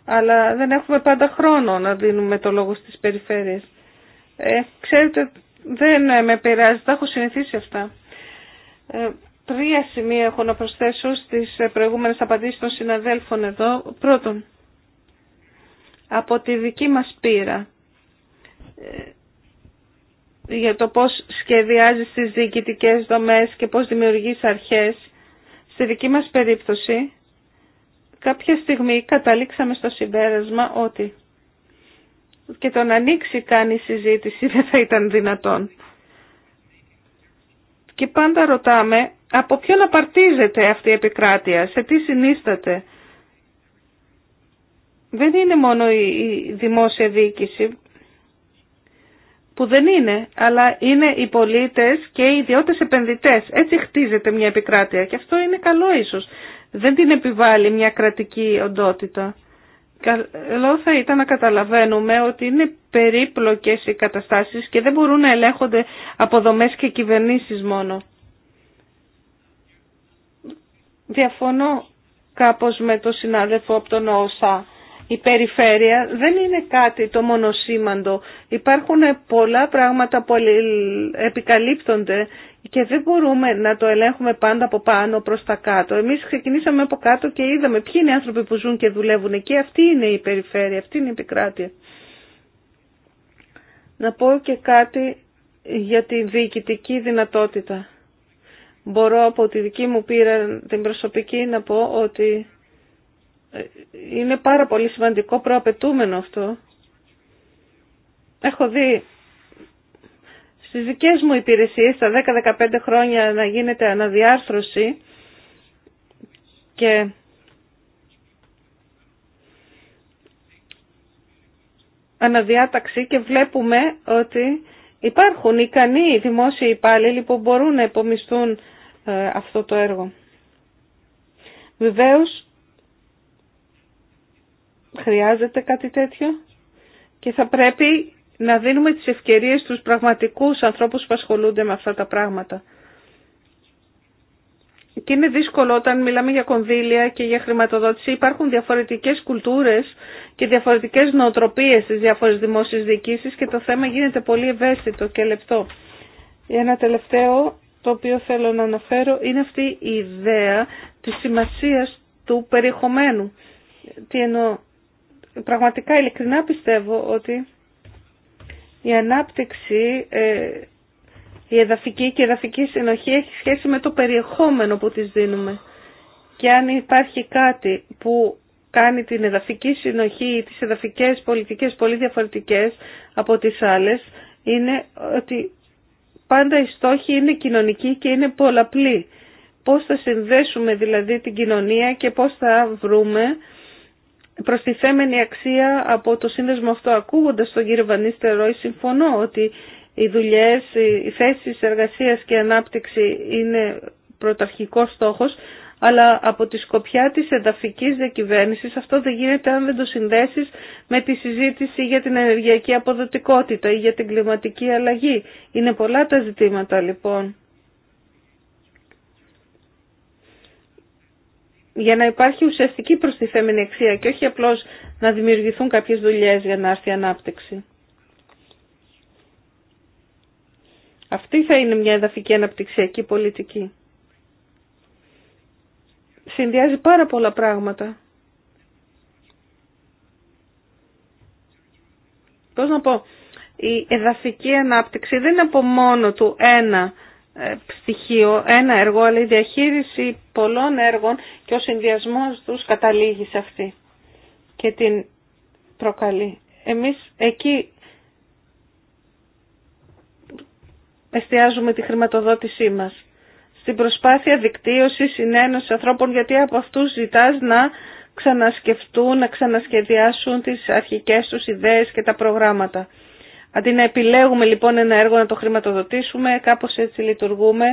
αλλά δεν έχουμε πάντα χρόνο να δίνουμε το λόγο στις περιφέρειες. Ε, ξέρετε, δεν με πειράζει, τα έχω συνηθίσει αυτά. Ε, τρία σημεία έχω να προσθέσω στις προηγούμενες απαντήσεις των συναδέλφων εδώ. Πρώτον, από τη δική μας πείρα, ε, για το πώς σχεδιάζεις τις διοικητικές δομές και πώς δημιουργείς αρχές. Στη δική μας περίπτωση, κάποια στιγμή καταλήξαμε στο συμπέρασμα ότι και το να ανοίξει κάνει συζήτηση <laughs> δεν θα ήταν δυνατόν. Και πάντα ρωτάμε από ποιον απαρτίζεται αυτή η επικράτεια, σε τι συνίσταται. Δεν είναι μόνο η δημόσια διοίκηση που δεν είναι, αλλά είναι οι πολίτες και οι ιδιώτες επενδυτές. Έτσι χτίζεται μια επικράτεια και αυτό είναι καλό ίσως. Δεν την επιβάλλει μια κρατική οντότητα. Καλό θα ήταν να καταλαβαίνουμε ότι είναι περίπλοκες οι καταστάσεις και δεν μπορούν να ελέγχονται από δομές και κυβερνήσεις μόνο. Διαφωνώ κάπως με το συνάδελφο από τον ΟΣΑ η περιφέρεια δεν είναι κάτι το μονοσήμαντο. Υπάρχουν πολλά πράγματα που επικαλύπτονται και δεν μπορούμε να το ελέγχουμε πάντα από πάνω προς τα κάτω. Εμείς ξεκινήσαμε από κάτω και είδαμε ποιοι είναι οι άνθρωποι που ζουν και δουλεύουν εκεί. Αυτή είναι η περιφέρεια, αυτή είναι η επικράτεια. Να πω και κάτι για τη διοικητική δυνατότητα. Μπορώ από τη δική μου πείρα την προσωπική να πω ότι είναι πάρα πολύ σημαντικό προαπαιτούμενο αυτό. Έχω δει στις δικές μου υπηρεσίες τα 10-15 χρόνια να γίνεται αναδιάρθρωση και αναδιάταξη και βλέπουμε ότι υπάρχουν ικανοί δημόσιοι υπάλληλοι που μπορούν να υπομισθούν ε, αυτό το έργο. Βεβαίως Χρειάζεται κάτι τέτοιο και θα πρέπει να δίνουμε τις ευκαιρίες στους πραγματικούς ανθρώπους που ασχολούνται με αυτά τα πράγματα. Και είναι δύσκολο όταν μιλάμε για κονδύλια και για χρηματοδότηση. Υπάρχουν διαφορετικές κουλτούρες και διαφορετικές νοοτροπίες στις διάφορες δημόσιες διοικήσεις και το θέμα γίνεται πολύ ευαίσθητο και λεπτό. Ένα τελευταίο το οποίο θέλω να αναφέρω είναι αυτή η ιδέα της σημασίας του περιεχομένου. Τι εννοώ Πραγματικά ειλικρινά πιστεύω ότι η ανάπτυξη, ε, η εδαφική και η εδαφική συνοχή έχει σχέση με το περιεχόμενο που της δίνουμε. Και αν υπάρχει κάτι που κάνει την εδαφική συνοχή ή τις εδαφικές πολιτικές πολύ διαφορετικές από τις άλλες, είναι ότι πάντα οι στόχοι είναι κοινωνικοί και είναι πολλαπλοί. Πώς θα συνδέσουμε δηλαδή την κοινωνία και πώς θα βρούμε προστιθέμενη αξία από το σύνδεσμο αυτό. Ακούγοντας τον κύριο Βανίστερ συμφωνώ ότι οι δουλειές, οι θέσεις εργασίας και ανάπτυξη είναι πρωταρχικός στόχος, αλλά από τη σκοπιά της ενταφικής διακυβέρνησης αυτό δεν γίνεται αν δεν το συνδέσεις με τη συζήτηση για την ενεργειακή αποδοτικότητα ή για την κλιματική αλλαγή. Είναι πολλά τα ζητήματα λοιπόν για να υπάρχει ουσιαστική προστιθέμενη αξία και όχι απλώς να δημιουργηθούν κάποιες δουλειές για να έρθει η ανάπτυξη. Αυτή θα είναι μια εδαφική αναπτυξιακή πολιτική. Συνδυάζει πάρα πολλά πράγματα. Πώς να πω, η εδαφική ανάπτυξη δεν είναι από μόνο του ένα ε, στοιχείο, ένα έργο, αλλά η διαχείριση πολλών έργων και ο συνδυασμός τους καταλήγει σε αυτή και την προκαλεί. Εμείς εκεί εστιάζουμε τη χρηματοδότησή μας. Στην προσπάθεια δικτύωσης, συνένωση ανθρώπων, γιατί από αυτούς ζητάς να ξανασκεφτούν, να ξανασχεδιάσουν τις αρχικές τους ιδέες και τα προγράμματα. Αντί να επιλέγουμε λοιπόν ένα έργο να το χρηματοδοτήσουμε, κάπως έτσι λειτουργούμε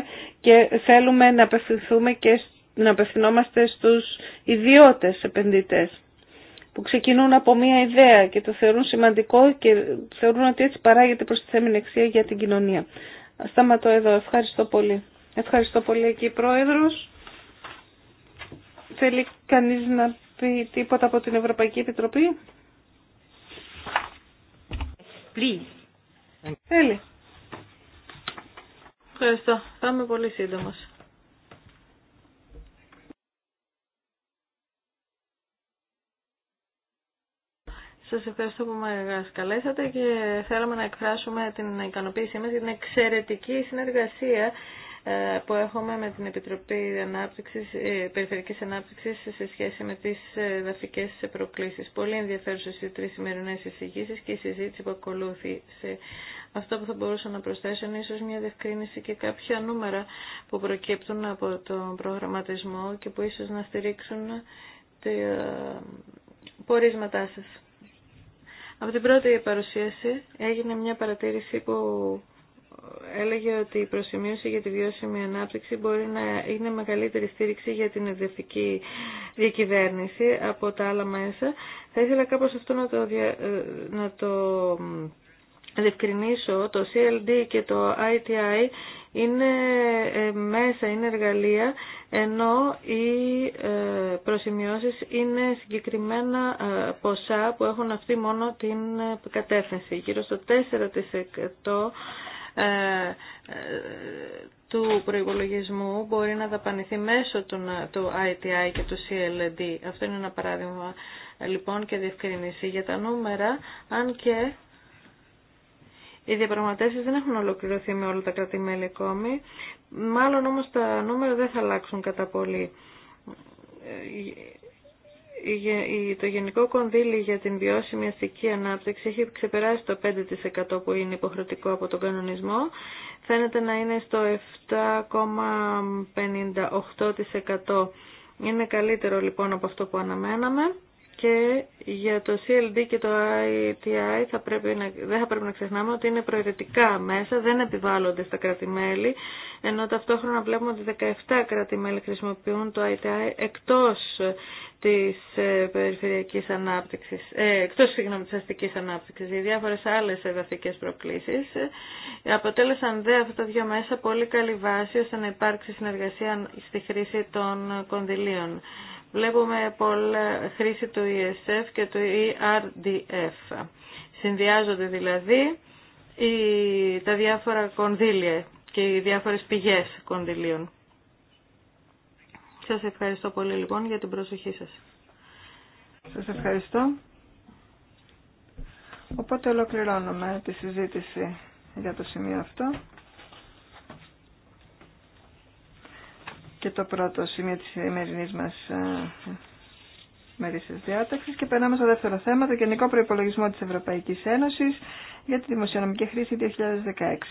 και θέλουμε να απευθυνθούμε και να απευθυνόμαστε στους ιδιώτες επενδυτές που ξεκινούν από μία ιδέα και το θεωρούν σημαντικό και θεωρούν ότι έτσι παράγεται προς τη θέμενη αξία για την κοινωνία. Σταματώ εδώ. Ευχαριστώ πολύ. Ευχαριστώ πολύ εκεί Πρόεδρος. Θέλει κανείς να πει τίποτα από την Ευρωπαϊκή Επιτροπή. Please. Θέλει. Ευχαριστώ. Θα είμαι πολύ σύντομος. Σας ευχαριστώ που μας καλέσατε και θέλαμε να εκφράσουμε την ικανοποίησή μας για την εξαιρετική συνεργασία ε, που έχουμε με την Επιτροπή Ανάπτυξης, ε, Περιφερικής Ανάπτυξης σε σχέση με τις ε, δαφικές προκλήσεις. Πολύ ενδιαφέρουσες οι τρεις σημερινές εισηγήσεις και η συζήτηση που ακολούθησε. Αυτό που θα μπορούσα να προσθέσω είναι ίσως μια διευκρίνηση και κάποια νούμερα που προκύπτουν από τον προγραμματισμό και που ίσως να στηρίξουν τα πορίσματά σας. Από την πρώτη παρουσίαση έγινε μια παρατήρηση που έλεγε ότι η προσημείωση για τη βιώσιμη ανάπτυξη μπορεί να είναι μεγαλύτερη στήριξη για την ευδευτική διακυβέρνηση από τα άλλα μέσα. Θα ήθελα κάπως αυτό να το, ε, να το διευκρινίσω. Το CLD και το ITI είναι ε, μέσα, είναι εργαλεία, ενώ οι ε, είναι συγκεκριμένα ποσά που έχουν αυτή μόνο την κατεύθυνση. Γύρω στο 4% ε, ε, του προϋπολογισμού μπορεί να δαπανηθεί μέσω του ITI και του CLD. Αυτό είναι ένα παράδειγμα ε, λοιπόν και διευκρίνηση για τα νούμερα, αν και οι διαπραγματεύσεις δεν έχουν ολοκληρωθεί με όλα τα κρατημέλη ακόμη. Μάλλον όμως τα νούμερα δεν θα αλλάξουν κατά πολύ το Γενικό Κονδύλι για την Βιώσιμη Αστική Ανάπτυξη έχει ξεπεράσει το 5% που είναι υποχρεωτικό από τον κανονισμό. Φαίνεται να είναι στο 7,58%. Είναι καλύτερο λοιπόν από αυτό που αναμέναμε και για το CLD και το ITI θα πρέπει να, δεν θα πρέπει να ξεχνάμε ότι είναι προαιρετικά μέσα, δεν επιβάλλονται στα κρατημέλη, ενώ ταυτόχρονα βλέπουμε ότι 17 κρατημέλη χρησιμοποιούν το ITI εκτός της ε, περιφερειακής ανάπτυξης, ε, εκτός συγγνώμη της αστικής ανάπτυξης, οι διάφορες άλλες εδαφικές προκλήσεις, ε, αποτέλεσαν δε αυτά τα δύο μέσα πολύ καλή βάση ώστε να υπάρξει συνεργασία στη χρήση των κονδυλίων. Βλέπουμε πολλά χρήση του ESF και του ERDF. Συνδυάζονται δηλαδή οι, τα διάφορα κονδύλια και οι διάφορες πηγές κονδυλίων. Σας ευχαριστώ πολύ λοιπόν για την προσοχή σας. Σας ευχαριστώ. Οπότε ολοκληρώνουμε τη συζήτηση για το σημείο αυτό. Και το πρώτο σημείο της ημερινής μας ε, μερίσης διάταξης και περνάμε στο δεύτερο θέμα, το Γενικό Προϋπολογισμό της Ευρωπαϊκής Ένωσης για τη Δημοσιονομική Χρήση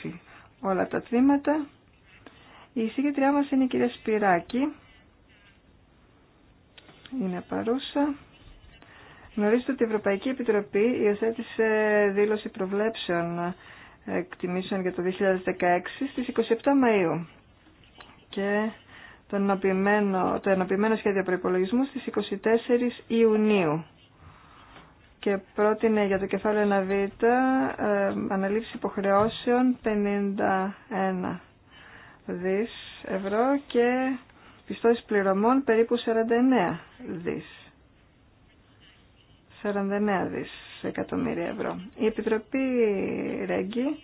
2016. Όλα τα τμήματα. Η συγκεκριά μας είναι η κυρία Σπυράκη είναι παρούσα. Γνωρίζετε ότι η Ευρωπαϊκή Επιτροπή υιοθέτησε δήλωση προβλέψεων ε, εκτιμήσεων για το 2016 στις 27 Μαΐου και το ενοποιημένο, το σχέδιο προϋπολογισμού στις 24 Ιουνίου και πρότεινε για το κεφάλαιο 1β ε, αναλήψη υποχρεώσεων 51 δις ευρώ και πιστώσεις πληρωμών περίπου 49 δις. 49 δις εκατομμύρια ευρώ. Η Επιτροπή Ρέγγι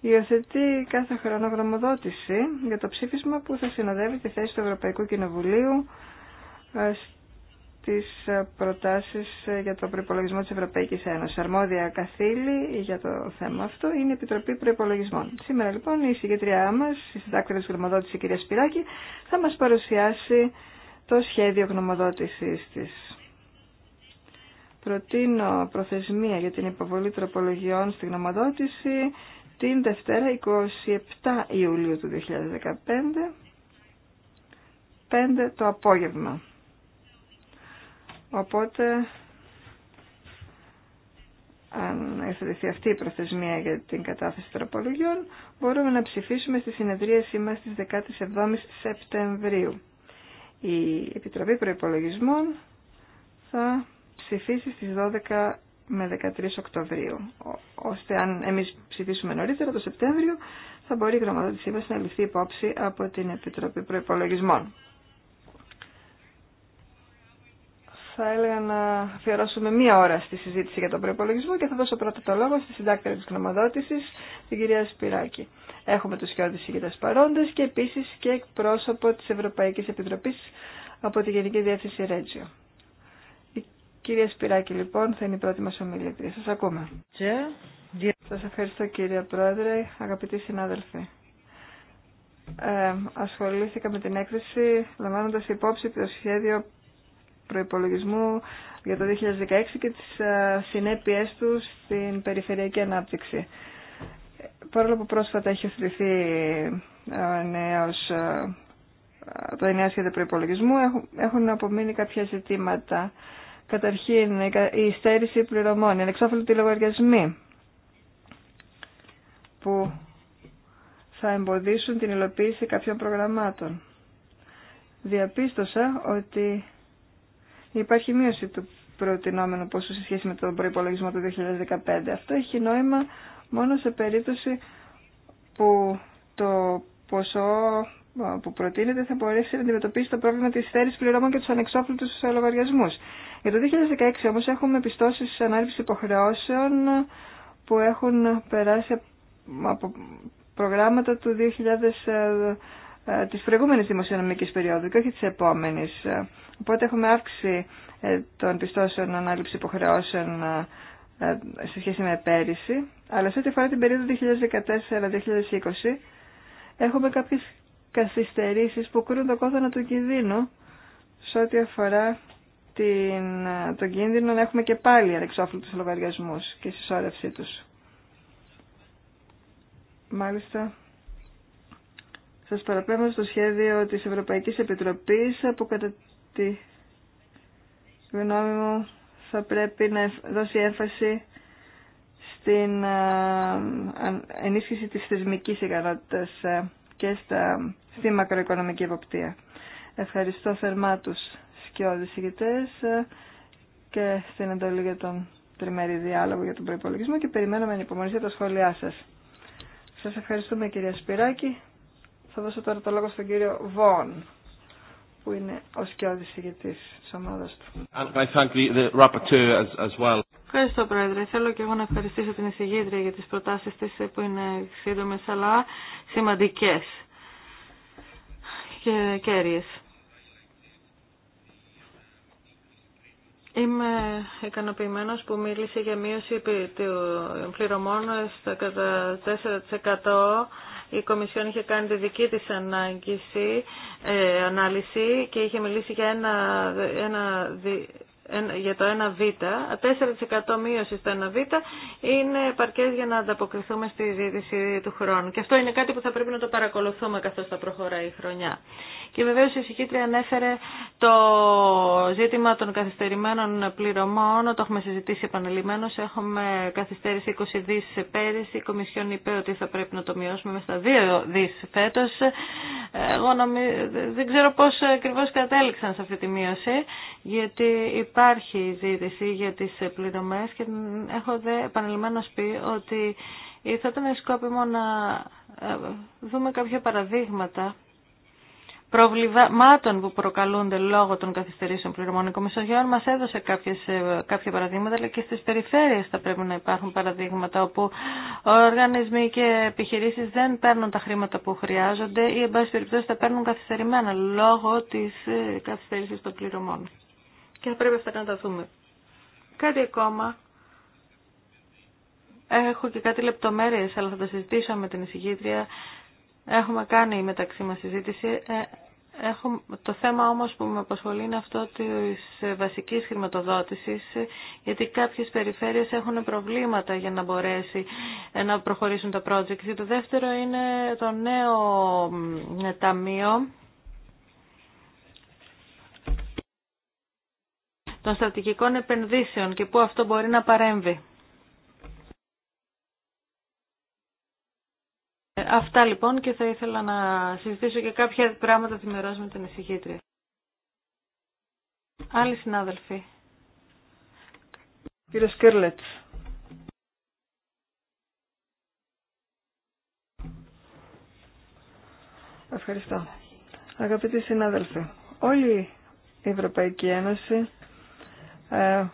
υιοθετεί κάθε χρόνο γραμμοδότηση για το ψήφισμα που θα συνοδεύει τη θέση του Ευρωπαϊκού Κοινοβουλίου ε, τι προτάσει για το προπολογισμό τη Ευρωπαϊκή Ένωση. Αρμόδια καθήλη για το θέμα αυτό είναι η Επιτροπή προπολογισμών. Σήμερα λοιπόν η συγκεκριά μα, η συντάκτρια τη γνωμοδότησης η κυρία Σπυράκη, θα μα παρουσιάσει το σχέδιο γνωμοδότησης τη. Προτείνω προθεσμία για την υποβολή τροπολογιών στη γνωμοδότηση την Δευτέρα 27 Ιουλίου του 2015, 5 το απόγευμα. Οπότε, αν εξαρτηθεί αυτή η προθεσμία για την κατάθεση τροπολογιών, μπορούμε να ψηφίσουμε στη συνεδρίασή μας στις 17 Σεπτεμβρίου. Η Επιτροπή Προϋπολογισμών θα ψηφίσει στις 12 με 13 Οκτωβρίου, ώστε αν εμείς ψηφίσουμε νωρίτερα το Σεπτέμβριο, θα μπορεί η γραμματοδοτησή μας να ληφθεί υπόψη από την Επιτροπή Προϋπολογισμών. θα έλεγα να αφιερώσουμε μία ώρα στη συζήτηση για τον προπολογισμό και θα δώσω πρώτα το λόγο στη συντάκτρια της γνωμοδότησης, την κυρία Σπυράκη. Έχουμε τους και ηγητές παρόντες και επίσης και εκπρόσωπο της Ευρωπαϊκής Επιτροπής από τη Γενική Διεύθυνση Ρέτζιο. Η κυρία Σπυράκη λοιπόν θα είναι η πρώτη μας ομιλητή. Σας ακούμε. Σας ευχαριστώ κύριε Πρόεδρε, αγαπητοί συνάδελφοι. Ε, ασχολήθηκα με την έκθεση λαμβάνοντα υπόψη το σχέδιο προϋπολογισμού για το 2016 και τις ε, συνέπειές του στην περιφερειακή ανάπτυξη. Παρόλο που πρόσφατα έχει οθρηθεί ε, νέος, ε, το νέο σχέδιο προϋπολογισμού, έχουν απομείνει κάποια ζητήματα. Καταρχήν, η στέρηση πληρωμών, οι ανεξόφελτοι λογαριασμοί που θα εμποδίσουν την υλοποίηση κάποιων προγραμμάτων. Διαπίστωσα ότι υπάρχει μείωση του προτινόμενου ποσού σε σχέση με τον προϋπολογισμό του 2015. Αυτό έχει νόημα μόνο σε περίπτωση που το ποσό που προτείνεται θα μπορέσει να αντιμετωπίσει το πρόβλημα της στέρης πληρώμων και τους ανεξόφλητους λογαριασμού. Για το 2016 όμως έχουμε πιστώσεις ανάλυση υποχρεώσεων που έχουν περάσει από προγράμματα του ε, της προηγούμενης δημοσιονομικής περίοδου και όχι της επόμενης. Ε, οπότε έχουμε αύξηση ε, των πιστώσεων ανάληψη υποχρεώσεων σε σχέση με πέρυσι, αλλά σε ό,τι αφορά την περίοδο 2014-2020 έχουμε κάποιες καθυστερήσεις που κρούν το κόδωνα του κινδύνου σε ό,τι αφορά την, τον κίνδυνο να έχουμε και πάλι ανεξόφλητους λογαριασμούς και συσσόρευσή τους. Μάλιστα, σας παραπέμπω στο σχέδιο της Ευρωπαϊκής Επιτροπής που κατά τη γνώμη μου θα πρέπει να δώσει έμφαση στην ενίσχυση της θεσμικής ικανότητας και στη μακροοικονομική εποπτεία. Ευχαριστώ θερμά τους σκιώδης ηγητές και στην εντολή για τον τριμερή διάλογο για τον προϋπολογισμό και περιμένουμε να ανυπομονησία τα σχόλιά σας. Σας ευχαριστούμε κυρία Σπυράκη. Θα δώσω τώρα το λόγο στον κύριο Βόν, που είναι ο σκιώδης ηγετής της ομάδας του. Ευχαριστώ, Πρόεδρε. Θέλω και εγώ να ευχαριστήσω την εισηγήτρια για τις προτάσεις της που είναι σύντομες αλλά σημαντικές και κέρυες. Είμαι ικανοποιημένος που μίλησε για μείωση των πληρωμών στα κατά 4% η Κομισιόν είχε κάνει τη δική της ανάγκηση, ε, ανάλυση και είχε μιλήσει για ένα, ένα για το 1β, 4% μείωση στο 1β είναι παρκές για να ανταποκριθούμε στη ζήτηση του χρόνου. Και αυτό είναι κάτι που θα πρέπει να το παρακολουθούμε καθώς θα προχωράει η χρονιά. Και βεβαίως η συγκήτρια ανέφερε το ζήτημα των καθυστερημένων πληρωμών το έχουμε συζητήσει επανελειμμένως. Έχουμε καθυστέρηση 20 δις πέρυσι. Η Κομισιόν είπε ότι θα πρέπει να το μειώσουμε με στα 2 δις φέτος. Εγώ δεν ξέρω πώς ακριβώ κατέληξαν σε αυτή τη μείωση, γιατί υπάρχει ζήτηση για τις πληρωμέ και έχω δε επανελειμμένως πει ότι θα ήταν σκόπιμο να ε, δούμε κάποια παραδείγματα προβλημάτων που προκαλούνται λόγω των καθυστερήσεων πληρωμών. Η Κομισογιόν μας έδωσε κάποιες, ε, κάποια παραδείγματα, αλλά και στις περιφέρειες θα πρέπει να υπάρχουν παραδείγματα όπου οργανισμοί και επιχειρήσεις δεν παίρνουν τα χρήματα που χρειάζονται ή, εν πάση περιπτώσει, τα παίρνουν καθυστερημένα λόγω της ε, καθυστέρησης των πληρωμών. Και θα πρέπει αυτά να τα δούμε. Κάτι ακόμα. Έχω και κάτι λεπτομέρειες, αλλά θα τα συζητήσω με την εισηγήτρια. Έχουμε κάνει μεταξύ μας συζήτηση. Ε, Έχω, το θέμα όμως που με απασχολεί είναι αυτό της βασικής χρηματοδότησης, γιατί κάποιες περιφέρειες έχουν προβλήματα για να μπορέσει ε, να προχωρήσουν τα project. Το δεύτερο είναι το νέο ταμείο των στρατηγικών επενδύσεων και πού αυτό μπορεί να παρέμβει. Αυτά λοιπόν και θα ήθελα να συζητήσω και κάποια πράγματα τη με την εισηγήτρια. Άλλοι συνάδελφοι. Κύριε Σκέρλετς. Ευχαριστώ. Αγαπητοί συνάδελφοι, όλη η Ευρωπαϊκή Ένωση ε,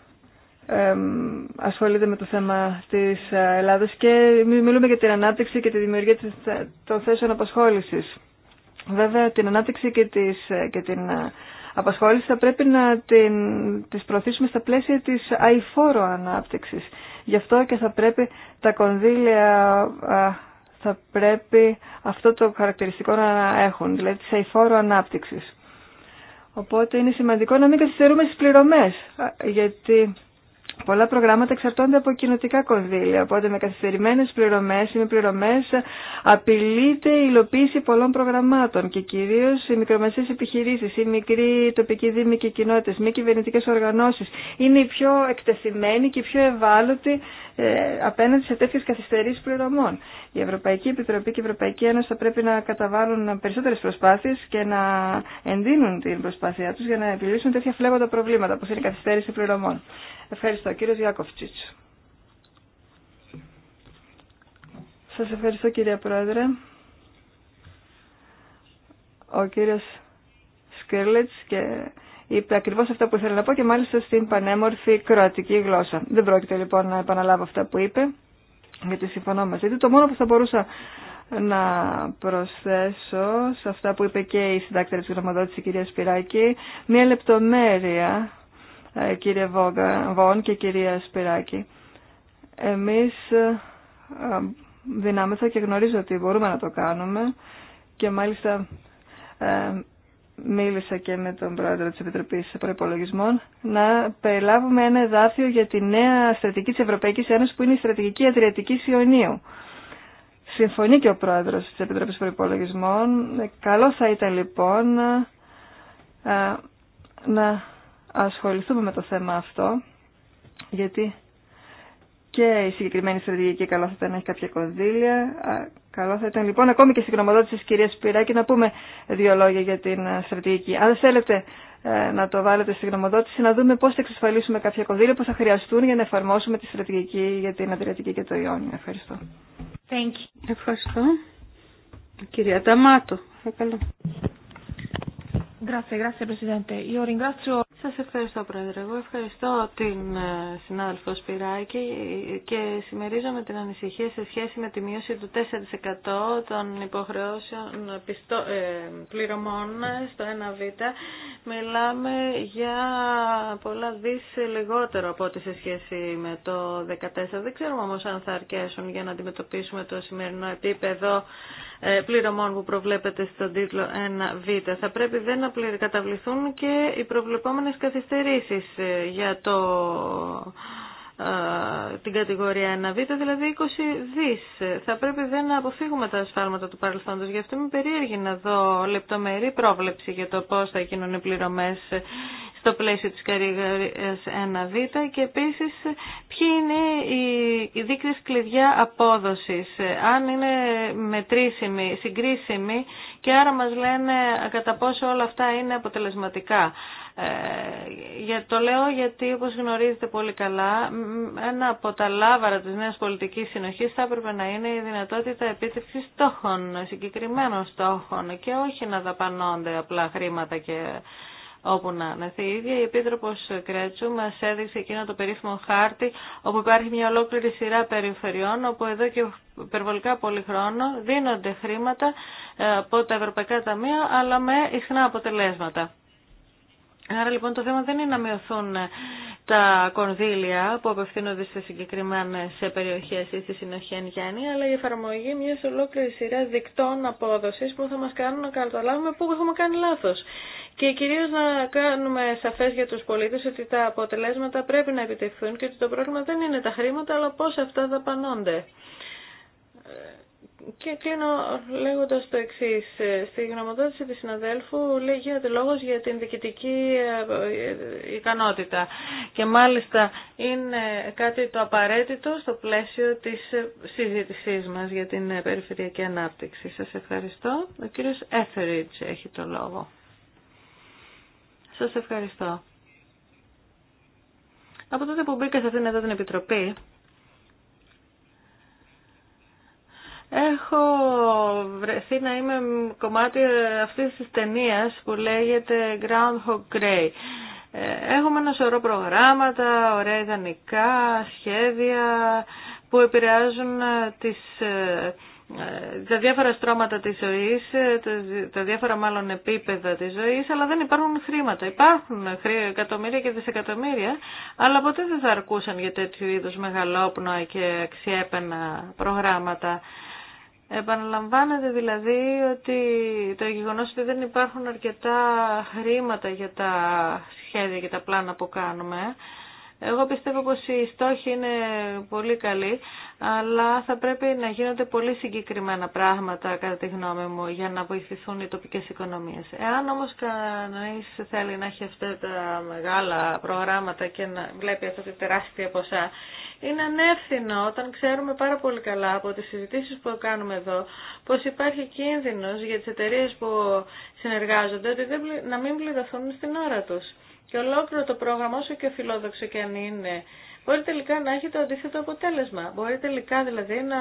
ασχολείται με το θέμα της ε, Ελλάδος και μιλούμε για την ανάπτυξη και τη δημιουργία ε, των θέσεων απασχόλησης. Βέβαια την ανάπτυξη και, ε, και την απασχόληση θα πρέπει να την, τις προωθήσουμε στα πλαίσια της αηφόρου ανάπτυξης. Γι' αυτό και θα πρέπει τα κονδύλια θα πρέπει αυτό το χαρακτηριστικό να έχουν, δηλαδή της αηφόρου ανάπτυξης. Οπότε είναι σημαντικό να μην καθυστερούμε στις πληρωμές, γιατί Πολλά προγράμματα εξαρτώνται από κοινοτικά κονδύλια, οπότε με καθυστερημένε πληρωμέ ή με πληρωμέ απειλείται η υλοποίηση πολλών προγραμμάτων και κυρίω οι μικρομεσαίε επιχειρήσει, οι μικροί τοπικοί δήμοι και κοινότητε, μη κυβερνητικέ οργανώσει είναι οι πιο εκτεθειμένοι και οι πιο ευάλωτοι ε, απέναντι σε τέτοιε καθυστερήσει πληρωμών. Η Ευρωπαϊκή Επιτροπή και η Ευρωπαϊκή Ένωση θα πρέπει να καταβάλουν περισσότερε προσπάθειε και να ενδύνουν την προσπάθειά του για να επιλύσουν τέτοια φλέγοντα προβλήματα, όπω είναι η καθυστέρηση πληρωμών. Ευχαριστώ, κύριο Γιάκοφτσιτ. Σα ευχαριστώ, κύριε Πρόεδρε. Ο κύριο Σκέρλετ και είπε ακριβώ αυτά που ήθελα να πω και μάλιστα στην πανέμορφη κροατική γλώσσα. Δεν πρόκειται λοιπόν να επαναλάβω αυτά που είπε γιατί συμφωνώ μαζί του. Το μόνο που θα μπορούσα να προσθέσω σε αυτά που είπε και η συντάκτρια της γραμματότησης η κυρία Σπυράκη, μία λεπτομέρεια ε, κύριε Βόν και κυρία Σπυράκη. Εμείς ε, ε, δυνάμεθα και γνωρίζω ότι μπορούμε να το κάνουμε και μάλιστα μίλησα και με τον πρόεδρο της Επιτροπής Προπολογισμών, να περιλάβουμε ένα εδάφιο για τη νέα στρατηγική της Ευρωπαϊκής Ένωσης που είναι η στρατηγική Αδριατικής Ιωνίου. Συμφωνεί και ο πρόεδρος της Επιτροπής Προπολογισμών. Καλό θα ήταν λοιπόν να ασχοληθούμε με το θέμα αυτό, γιατί και η συγκεκριμένη στρατηγική καλό θα ήταν να έχει κάποια κονδύλια Καλό θα ήταν λοιπόν ακόμη και στην γνωμοδότηση της κυρίας Σπυράκη να πούμε δύο λόγια για την ε, στρατηγική. Αν θέλετε ε, να το βάλετε στην γνωμοδότηση, να δούμε πώς θα εξασφαλίσουμε κάποια κονδύλια που θα χρειαστούν για να εφαρμόσουμε τη στρατηγική για την Αδριατική και το Ιόνιο. Ευχαριστώ. Thank you. Ευχαριστώ. Κυρία Ταμάτο, σας ευχαριστώ Πρόεδρε. Εγώ ευχαριστώ την ε, συνάδελφο Σπυράκη και συμμερίζομαι την ανησυχία σε σχέση με τη μείωση του 4% των υποχρεώσεων πιστο... Ε, πληρωμών στο 1β. Μιλάμε για πολλά δις λιγότερο από ό,τι σε σχέση με το 14. Δεν ξέρουμε όμως αν θα αρκέσουν για να αντιμετωπίσουμε το σημερινό επίπεδο ε, πληρωμών που προβλέπεται στον τίτλο 1β. Θα πρέπει δεν να καταβληθούν και οι προβλεπόμενες ορισμένες καθυστερήσεις ε, για το, ε, την κατηγορία 1β, δηλαδή 20 δις. Θα πρέπει δεν να αποφύγουμε τα ασφάλματα του παρελθόντος. Γι' αυτό είμαι περίεργη να δω λεπτομερή πρόβλεψη για το πώς θα γίνουν οι πληρωμές ε, στο πλαίσιο της κατηγορίας 1β και επίσης ποιοι είναι οι δείκτες κλειδιά απόδοσης, αν είναι μετρήσιμοι, συγκρίσιμοι και άρα μας λένε κατά πόσο όλα αυτά είναι αποτελεσματικά. Ε, για, το λέω γιατί όπως γνωρίζετε πολύ καλά ένα από τα λάβαρα της νέας πολιτικής συνοχής θα έπρεπε να είναι η δυνατότητα επίτευξης στόχων, συγκεκριμένων στόχων και όχι να δαπανώνται απλά χρήματα και όπου να είναι. Η ίδια η Επίτροπος Κρέτσου μας έδειξε εκείνο το περίφημο χάρτη όπου υπάρχει μια ολόκληρη σειρά περιφερειών όπου εδώ και υπερβολικά πολύ χρόνο δίνονται χρήματα ε, από τα Ευρωπαϊκά Ταμεία αλλά με ισχνά αποτελέσματα. Άρα λοιπόν το θέμα δεν είναι να μειωθούν ε, τα κονδύλια που απευθύνονται σε συγκεκριμένε ε, περιοχέ ή στη στη Συνοχή Ανιγιάννη, αλλά η στη συνοχη εν αλλα η εφαρμογη μια ολόκληρη σειρά δικτών απόδοση που θα μα κάνουν να καταλάβουμε πού έχουμε κάνει λάθο. Και κυρίω να κάνουμε σαφέ για του πολίτε ότι τα αποτελέσματα πρέπει να επιτευχθούν και ότι το πρόβλημα δεν είναι τα χρήματα, αλλά πώ αυτά δαπανώνται. Ε, και κλείνω λέγοντα το εξή. Ε, στη γνωμοδότηση τη συναδέλφου λέει, γίνεται λόγο για την διοικητική ε, ε, ικανότητα. Και μάλιστα είναι κάτι το απαραίτητο στο πλαίσιο τη συζήτησή μα για την περιφερειακή ανάπτυξη. Σα ευχαριστώ. Ο κύριο Έθεριτ έχει το λόγο. Σα ευχαριστώ. Από τότε που μπήκα σε αυτήν εδώ την επιτροπή, Έχω βρεθεί να είμαι κομμάτι αυτής της ταινίας που λέγεται Groundhog Grey. Ε, έχουμε ένα σωρό προγράμματα, ωραία ιδανικά, σχέδια που επηρεάζουν ε, τις, ε, τα διάφορα στρώματα της ζωής, τα διάφορα μάλλον επίπεδα της ζωής, αλλά δεν υπάρχουν χρήματα. Υπάρχουν εκατομμύρια και δισεκατομμύρια, αλλά ποτέ δεν θα αρκούσαν για τέτοιου είδους μεγαλόπνοα και αξιέπαινα προγράμματα. Επαναλαμβάνεται δηλαδή ότι το γεγονός ότι δεν υπάρχουν αρκετά χρήματα για τα σχέδια και τα πλάνα που κάνουμε εγώ πιστεύω πως οι στόχοι είναι πολύ καλοί, αλλά θα πρέπει να γίνονται πολύ συγκεκριμένα πράγματα, κατά τη γνώμη μου, για να βοηθηθούν οι τοπικές οικονομίες. Εάν όμως κανείς θέλει να έχει αυτά τα μεγάλα προγράμματα και να βλέπει αυτά τα τεράστια ποσά, είναι ανεύθυνο όταν ξέρουμε πάρα πολύ καλά από τις συζητήσεις που κάνουμε εδώ πως υπάρχει κίνδυνος για τις εταιρείες που συνεργάζονται ότι να μην πληρωθούν στην ώρα τους. Και ολόκληρο το πρόγραμμα, όσο και φιλόδοξο και αν είναι, μπορεί τελικά να έχει το αντίθετο αποτέλεσμα. Μπορεί τελικά δηλαδή να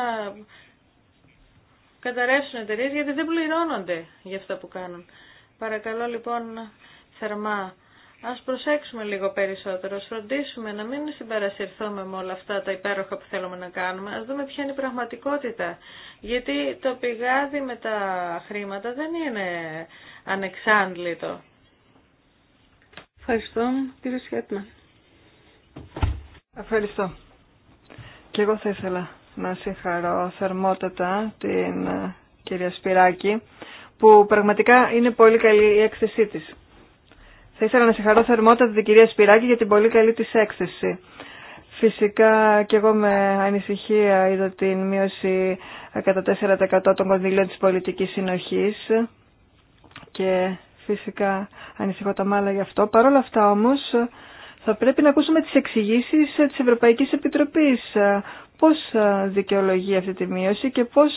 καταρρεύσουν εταιρείε γιατί δεν πληρώνονται για αυτά που κάνουν. Παρακαλώ λοιπόν θερμά. Ας προσέξουμε λίγο περισσότερο, α φροντίσουμε να μην συμπαρασυρθούμε με όλα αυτά τα υπέροχα που θέλουμε να κάνουμε, α δούμε ποια είναι η πραγματικότητα. Γιατί το πηγάδι με τα χρήματα δεν είναι ανεξάντλητο. Ευχαριστώ, κύριε Σχέτμα. Ευχαριστώ. Και εγώ θα ήθελα να συγχαρώ θερμότατα την ε, κυρία Σπυράκη, που πραγματικά είναι πολύ καλή η έκθεσή της. Θα ήθελα να συγχαρώ θερμότατα την κυρία Σπυράκη για την πολύ καλή της έκθεση. Φυσικά και εγώ με ανησυχία είδα την μείωση ε, κατά 4% των κονδυλίων της πολιτικής συνοχής και Φυσικά ανησυχώ τα μάλα γι' αυτό. Παρ' όλα αυτά όμως θα πρέπει να ακούσουμε τις εξηγήσει της Ευρωπαϊκής Επιτροπής. Πώς δικαιολογεί αυτή τη μείωση και πώς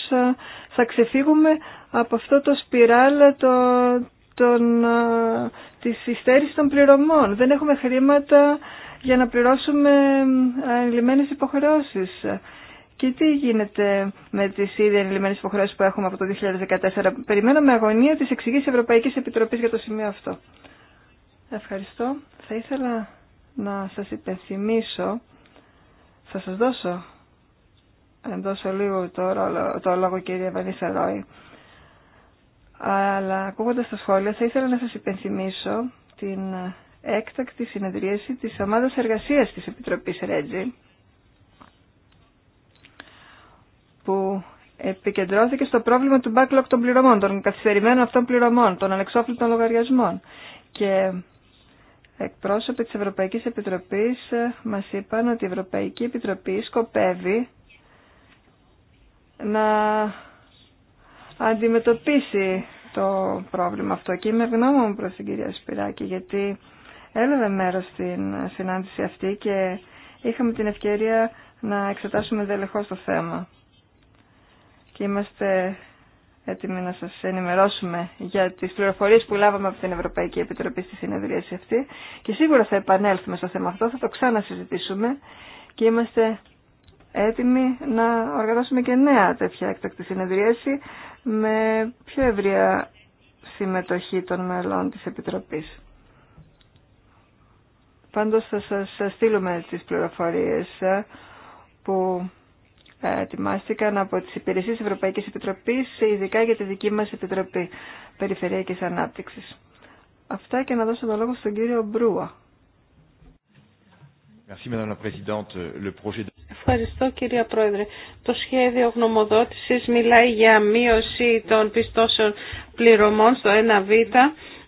θα ξεφύγουμε από αυτό το σπιράλ το, τον της υστέρησης των πληρωμών. Δεν έχουμε χρήματα για να πληρώσουμε ελλημένες υποχρεώσεις. Και τι γίνεται με τι ήδη ενηλυμένε υποχρεώσει που έχουμε από το 2014. Περιμένω με αγωνία τι εξηγήσει Ευρωπαϊκή Επιτροπή για το σημείο αυτό. Ευχαριστώ. Θα ήθελα να σας υπενθυμίσω, θα σας δώσω εντός λίγο το, ρόλο, το λόγο κύριε Βανίσα Ρόι. αλλά ακούγοντας τα σχόλια θα ήθελα να σας υπενθυμίσω την έκτακτη συνεδρίαση της ομάδας εργασίας της Επιτροπής Ρέτζη που επικεντρώθηκε στο πρόβλημα του backlog των πληρωμών, των καθυστερημένων αυτών πληρωμών, των ανεξόφλητων λογαριασμών. Και εκπρόσωποι της Ευρωπαϊκής Επιτροπής ε, μας είπαν ότι η Ευρωπαϊκή Επιτροπή σκοπεύει να αντιμετωπίσει το πρόβλημα αυτό και είμαι γνώμη προς την κυρία Σπυράκη γιατί έλαβε μέρος στην συνάντηση αυτή και είχαμε την ευκαιρία να εξετάσουμε δελεχώς το θέμα και είμαστε έτοιμοι να σας ενημερώσουμε για τις πληροφορίες που λάβαμε από την Ευρωπαϊκή Επιτροπή στη συνεδρίαση αυτή και σίγουρα θα επανέλθουμε στο θέμα αυτό, θα το ξανασυζητήσουμε και είμαστε έτοιμοι να οργανώσουμε και νέα τέτοια έκτακτη συνεδρίαση με πιο ευρία συμμετοχή των μελών της Επιτροπής. Πάντως θα σας στείλουμε τις πληροφορίες ε, που ετοιμάστηκαν από τις υπηρεσίες Ευρωπαϊκής Επιτροπής, ειδικά για τη δική μας Επιτροπή Περιφερειακής Ανάπτυξης. Αυτά και να δώσω το λόγο στον κύριο Μπρούα. Ευχαριστώ κύριε Πρόεδρε. Το σχέδιο γνωμοδότησης μιλάει για μείωση των πιστώσεων πληρωμών στο 1β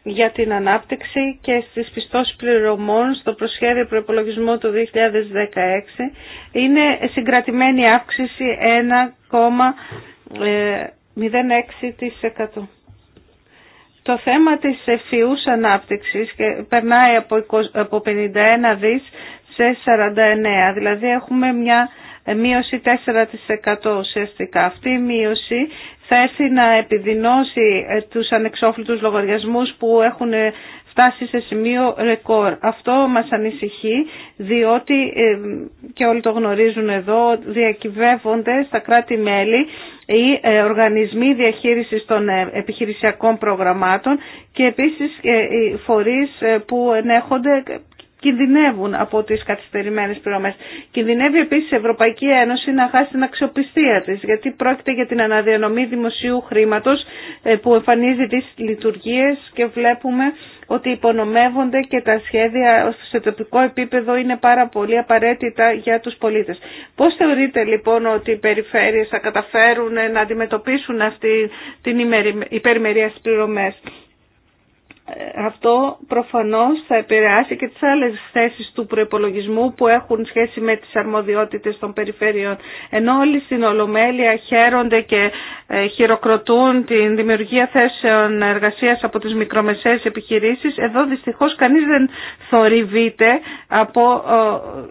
για την ανάπτυξη και στις πιστώσεις πληρωμών στο προσχέδιο προϋπολογισμού του 2016 είναι συγκρατημένη αύξηση 1,06%. Ε, Το θέμα της ευφυούς ανάπτυξης και περνάει από 51 δις σε 49, δηλαδή έχουμε μια ε, μείωση 4% ουσιαστικά. Αυτή η μείωση θα έρθει να επιδεινώσει ε, τους ανεξόφλητους λογαριασμούς που έχουν ε, φτάσει σε σημείο ρεκόρ. Αυτό μας ανησυχεί διότι και όλοι το γνωρίζουν εδώ διακυβεύονται στα κράτη-μέλη οι οργανισμοί διαχείρισης των επιχειρησιακών προγραμμάτων και επίσης οι φορείς που ενέχονται κινδυνεύουν από τις καθυστερημένες πληρωμές. Κινδυνεύει επίσης η Ευρωπαϊκή Ένωση να χάσει την αξιοπιστία της, γιατί πρόκειται για την αναδιανομή δημοσίου χρήματος ε, που εμφανίζει τις λειτουργίες και βλέπουμε ότι υπονομεύονται και τα σχέδια σε τοπικό επίπεδο είναι πάρα πολύ απαραίτητα για τους πολίτες. Πώς θεωρείτε λοιπόν ότι οι περιφέρειες θα καταφέρουν να αντιμετωπίσουν αυτή την υπερημερία στις πληρωμές αυτό προφανώς θα επηρεάσει και τις άλλες θέσεις του προϋπολογισμού που έχουν σχέση με τις αρμοδιότητες των περιφέρειων. Ενώ όλοι στην Ολομέλεια χαίρονται και ε, χειροκροτούν την δημιουργία θέσεων εργασίας από τις μικρομεσαίες επιχειρήσεις, εδώ δυστυχώς κανείς δεν θορυβείται από ε,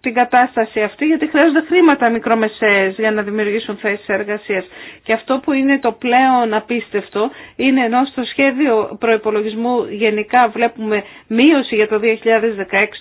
την κατάσταση αυτή γιατί χρειάζονται χρήματα μικρομεσαίες για να δημιουργήσουν θέσεις εργασίας. Και αυτό που είναι το πλέον απίστευτο είναι ενώ στο σχέδιο προϋπολογισμού γενικά βλέπουμε μείωση για το 2016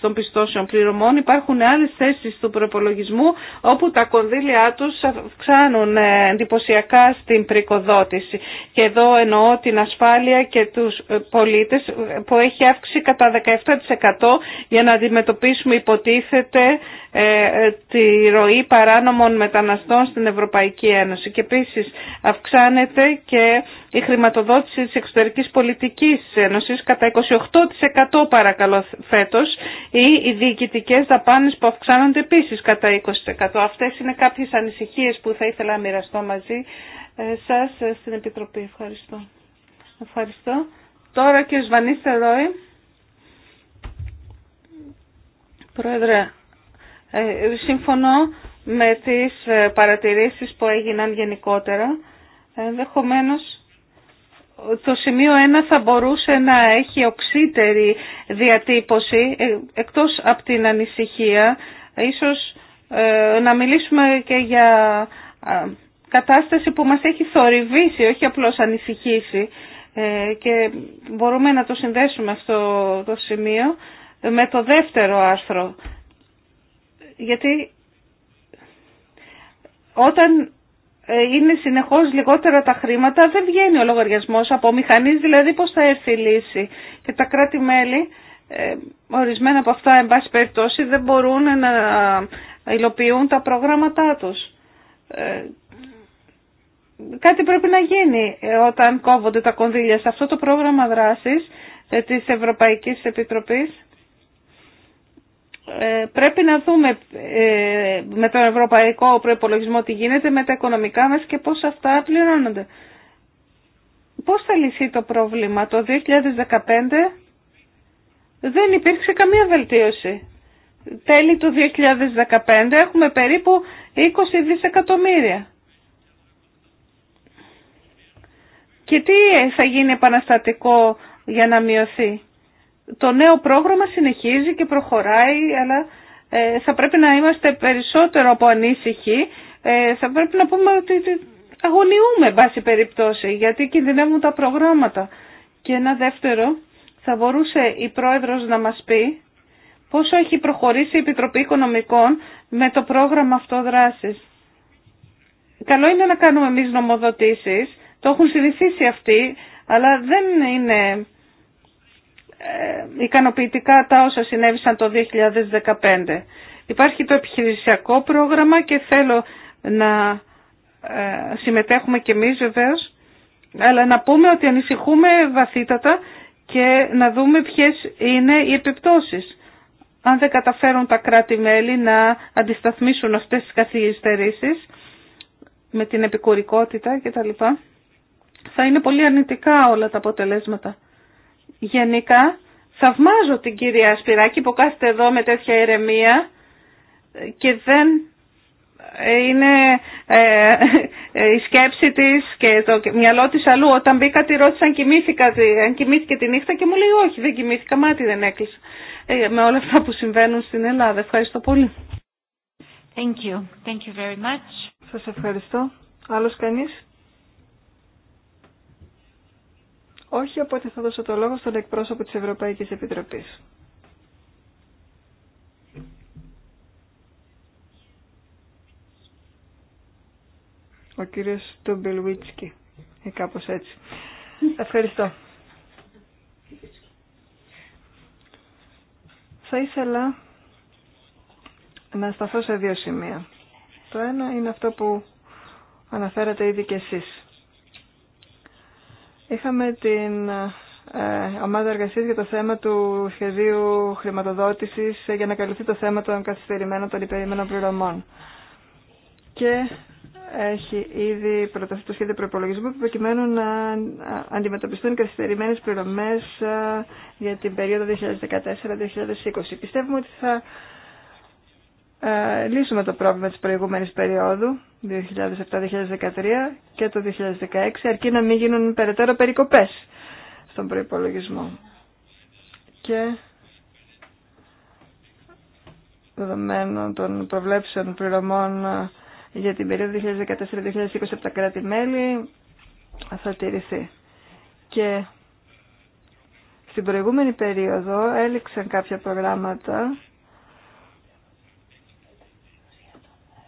των πιστώσεων πληρωμών υπάρχουν άλλες θέσεις του προϋπολογισμού όπου τα κονδύλια τους αυξάνουν ε, εντυπωσιακά στην πρικοδότηση. Και εδώ εννοώ την ασφάλεια και τους ε, πολίτες ε, που έχει αύξηση κατά 17% για να αντιμετωπίσουμε υποτίθεται ε, ε, τη ροή παράνομων μεταναστών στην Ευρωπαϊκή Ένωση και επίσης αυξάνεται και η χρηματοδότηση της εξωτερικής πολιτικής Ένωσης κατά 28% παρακαλώ φέτος ή οι διοικητικές δαπάνες που αυξάνονται επίσης κατά 20%. Αυτές είναι κάποιες ανησυχίες που θα ήθελα να μοιραστώ μαζί ε, σας στην Επιτροπή. Ευχαριστώ. Ευχαριστώ. Τώρα και ο Σβανίστε Ρόη. Πρόεδρε, ε, Σύμφωνο με τις ε, παρατηρήσεις που έγιναν γενικότερα. Ενδεχομένω το σημείο 1 θα μπορούσε να έχει οξύτερη διατύπωση, ε, εκτός από την ανησυχία, ίσως να μιλήσουμε και για κατάσταση που μας έχει θορυβήσει, όχι απλώς ανησυχήσει και μπορούμε να το συνδέσουμε αυτό το σημείο με το δεύτερο άρθρο γιατί όταν ε, είναι συνεχώς λιγότερα τα χρήματα, δεν βγαίνει ο λογαριασμός από μηχανής, δηλαδή πώς θα έρθει η λύση. Και τα κράτη-μέλη, ε, ορισμένα από αυτά, εν πάση περιπτώσει, δεν μπορούν να υλοποιούν τα προγράμματά τους. Ε, κάτι πρέπει να γίνει όταν κόβονται τα κονδύλια σε αυτό το πρόγραμμα δράσης της Ευρωπαϊκής Επιτροπής. Ε, πρέπει να δούμε ε, με τον ευρωπαϊκό προϋπολογισμό τι γίνεται με τα οικονομικά μας και πώς αυτά πληρώνονται. Πώς θα λυθεί το πρόβλημα. Το 2015 δεν υπήρξε καμία βελτίωση. Τέλη του 2015 έχουμε περίπου 20 δισεκατομμύρια. Και τι θα γίνει επαναστατικό για να μειωθεί το νέο πρόγραμμα συνεχίζει και προχωράει, αλλά ε, θα πρέπει να είμαστε περισσότερο από ανήσυχοι. Ε, θα πρέπει να πούμε ότι αγωνιούμε, βάση περιπτώσει, γιατί κινδυνεύουν τα προγράμματα. Και ένα δεύτερο, θα μπορούσε η Πρόεδρος να μας πει πόσο έχει προχωρήσει η Επιτροπή Οικονομικών με το πρόγραμμα αυτό Καλό είναι να κάνουμε εμείς νομοδοτήσεις, το έχουν συνηθίσει αυτοί, αλλά δεν είναι ε, ικανοποιητικά τα όσα συνέβησαν το 2015. Υπάρχει το επιχειρησιακό πρόγραμμα και θέλω να ε, συμμετέχουμε και εμείς βεβαίως, αλλά να πούμε ότι ανησυχούμε βαθύτατα και να δούμε ποιες είναι οι επιπτώσεις. Αν δεν καταφέρουν τα κράτη-μέλη να αντισταθμίσουν αυτές τις καθυστερήσεις με την επικουρικότητα κτλ. Θα είναι πολύ αρνητικά όλα τα αποτελέσματα. Γενικά θαυμάζω την κυρία Σπυράκη που κάθεται εδώ με τέτοια ηρεμία και δεν ε, είναι ε, ε, η σκέψη της και το μυαλό της αλλού. Όταν μπήκα τη ρώτησα αν, κοιμήθηκα, αν κοιμήθηκε τη νύχτα και μου λέει όχι δεν κοιμήθηκα, μάτι δεν έκλεισε με όλα αυτά που συμβαίνουν στην Ελλάδα. Ευχαριστώ πολύ. Thank you. Thank you very much. Σας ευχαριστώ. Άλλος κανείς. Όχι, οπότε θα δώσω το λόγο στον εκπρόσωπο της Ευρωπαϊκής Επιτροπής. Ο κύριος Τουμπελουίτσκι, ή κάπως έτσι. Ευχαριστώ. Θα ήθελα να σταθώ σε δύο σημεία. Το ένα είναι αυτό που αναφέρατε ήδη και εσείς. Είχαμε την ε, ομάδα εργασίας για το θέμα του σχεδίου χρηματοδότησης ε, για να καλυφθεί το θέμα των καθυστερημένων των υπερημένων πληρωμών. Και έχει ήδη προταθεί το σχέδιο προπολογισμού προκειμένου να αντιμετωπιστούν καθυστερημένε πληρωμέ ε, για την περίοδο 2014-2020. Πιστεύουμε ότι θα ε, λύσουμε το πρόβλημα της προηγούμενης περίοδου 2007-2013 και το 2016 αρκεί να μην γίνουν περαιτέρω περικοπές στον προϋπολογισμό. Και δεδομένων των προβλέψεων πληρωμών ε, για την περίοδο 2014-2020 από τα κράτη-μέλη θα τηρηθεί. Και στην προηγούμενη περίοδο έληξαν κάποια προγράμματα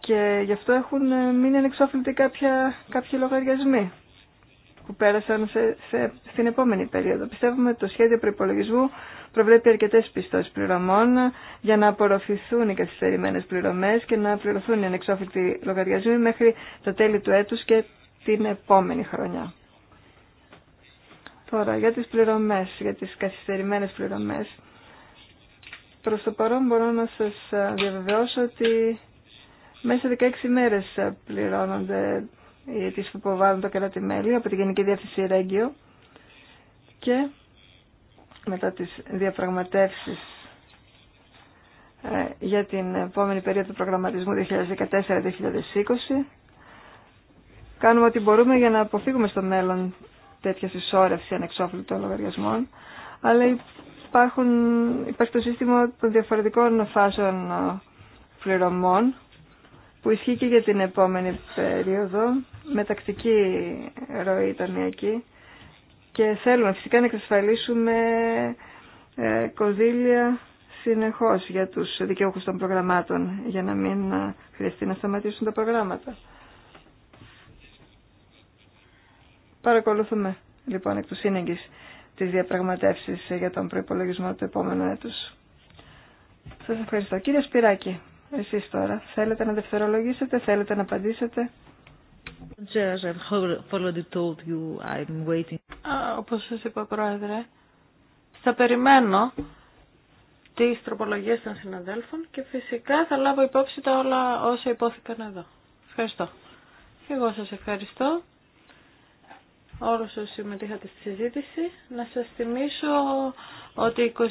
και γι' αυτό έχουν ε, μείνει ανεξόφλητοι κάποια, κάποιοι λογαριασμοί που πέρασαν σε, στην επόμενη περίοδο. Πιστεύουμε ότι το σχέδιο προπολογισμού προβλέπει αρκετέ πιστώσει πληρωμών για να απορροφηθούν οι καθυστερημένε πληρωμέ και να πληρωθούν οι ανεξόφλητοι λογαριασμοί μέχρι το τέλη του έτου και την επόμενη χρονιά. Τώρα, για τις πληρωμές, για τις καθυστερημένες πληρωμές. Προς το παρόν μπορώ να σας ε, διαβεβαιώσω ότι μέσα 16 μέρες ε, πληρώνονται οι αιτήσει που υποβάλλουν το κράτη-μέλη από τη Γενική Διεύθυνση Ρέγγιο και μετά τις διαπραγματεύσει ε, για την επόμενη περίοδο προγραμματισμού 2014-2020 κάνουμε ό,τι μπορούμε για να αποφύγουμε στο μέλλον τέτοια συσσόρευση ανεξόφλητων λογαριασμών αλλά υπάρχουν, υπάρχει το σύστημα των διαφορετικών φάσεων ε, πληρωμών που ισχύει και για την επόμενη περίοδο με τακτική ροή εκεί. και θέλουμε φυσικά να εξασφαλίσουμε ε, κονδύλια συνεχώς για τους δικαιούχους των προγραμμάτων για να μην ε, χρειαστεί να σταματήσουν τα προγράμματα. Παρακολουθούμε λοιπόν εκ του σύνεγγυς τις διαπραγματεύσεις για τον προϋπολογισμό του επόμενου έτους. Σας ευχαριστώ. Κύριε Σπυράκη. Εσείς τώρα θέλετε να δευτερολογήσετε, θέλετε να απαντήσετε. Όπως σας είπα πρόεδρε, θα περιμένω τις τροπολογίες των συναδέλφων και φυσικά θα λάβω υπόψη τα όλα όσα υπόθηκαν εδώ. Ευχαριστώ. εγώ σας ευχαριστώ όλους όσοι συμμετείχατε στη συζήτηση. Να σας θυμίσω ότι 27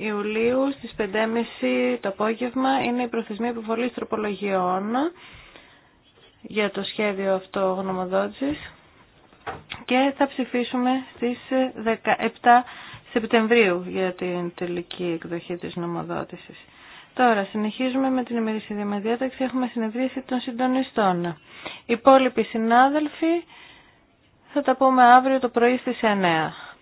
Ιουλίου στις 5.30 το απόγευμα είναι η προθεσμία επιβολής τροπολογιών για το σχέδιο αυτό γνωμοδότησης και θα ψηφίσουμε στις 17 Σεπτεμβρίου για την τελική εκδοχή της νομοδότησης. Τώρα, συνεχίζουμε με την ημερήσια διαμεδιάταξη. Έχουμε συνεδρίαση των συντονιστών. Οι υπόλοιποι συνάδελφοι θα τα πούμε αύριο το πρωί στις 9.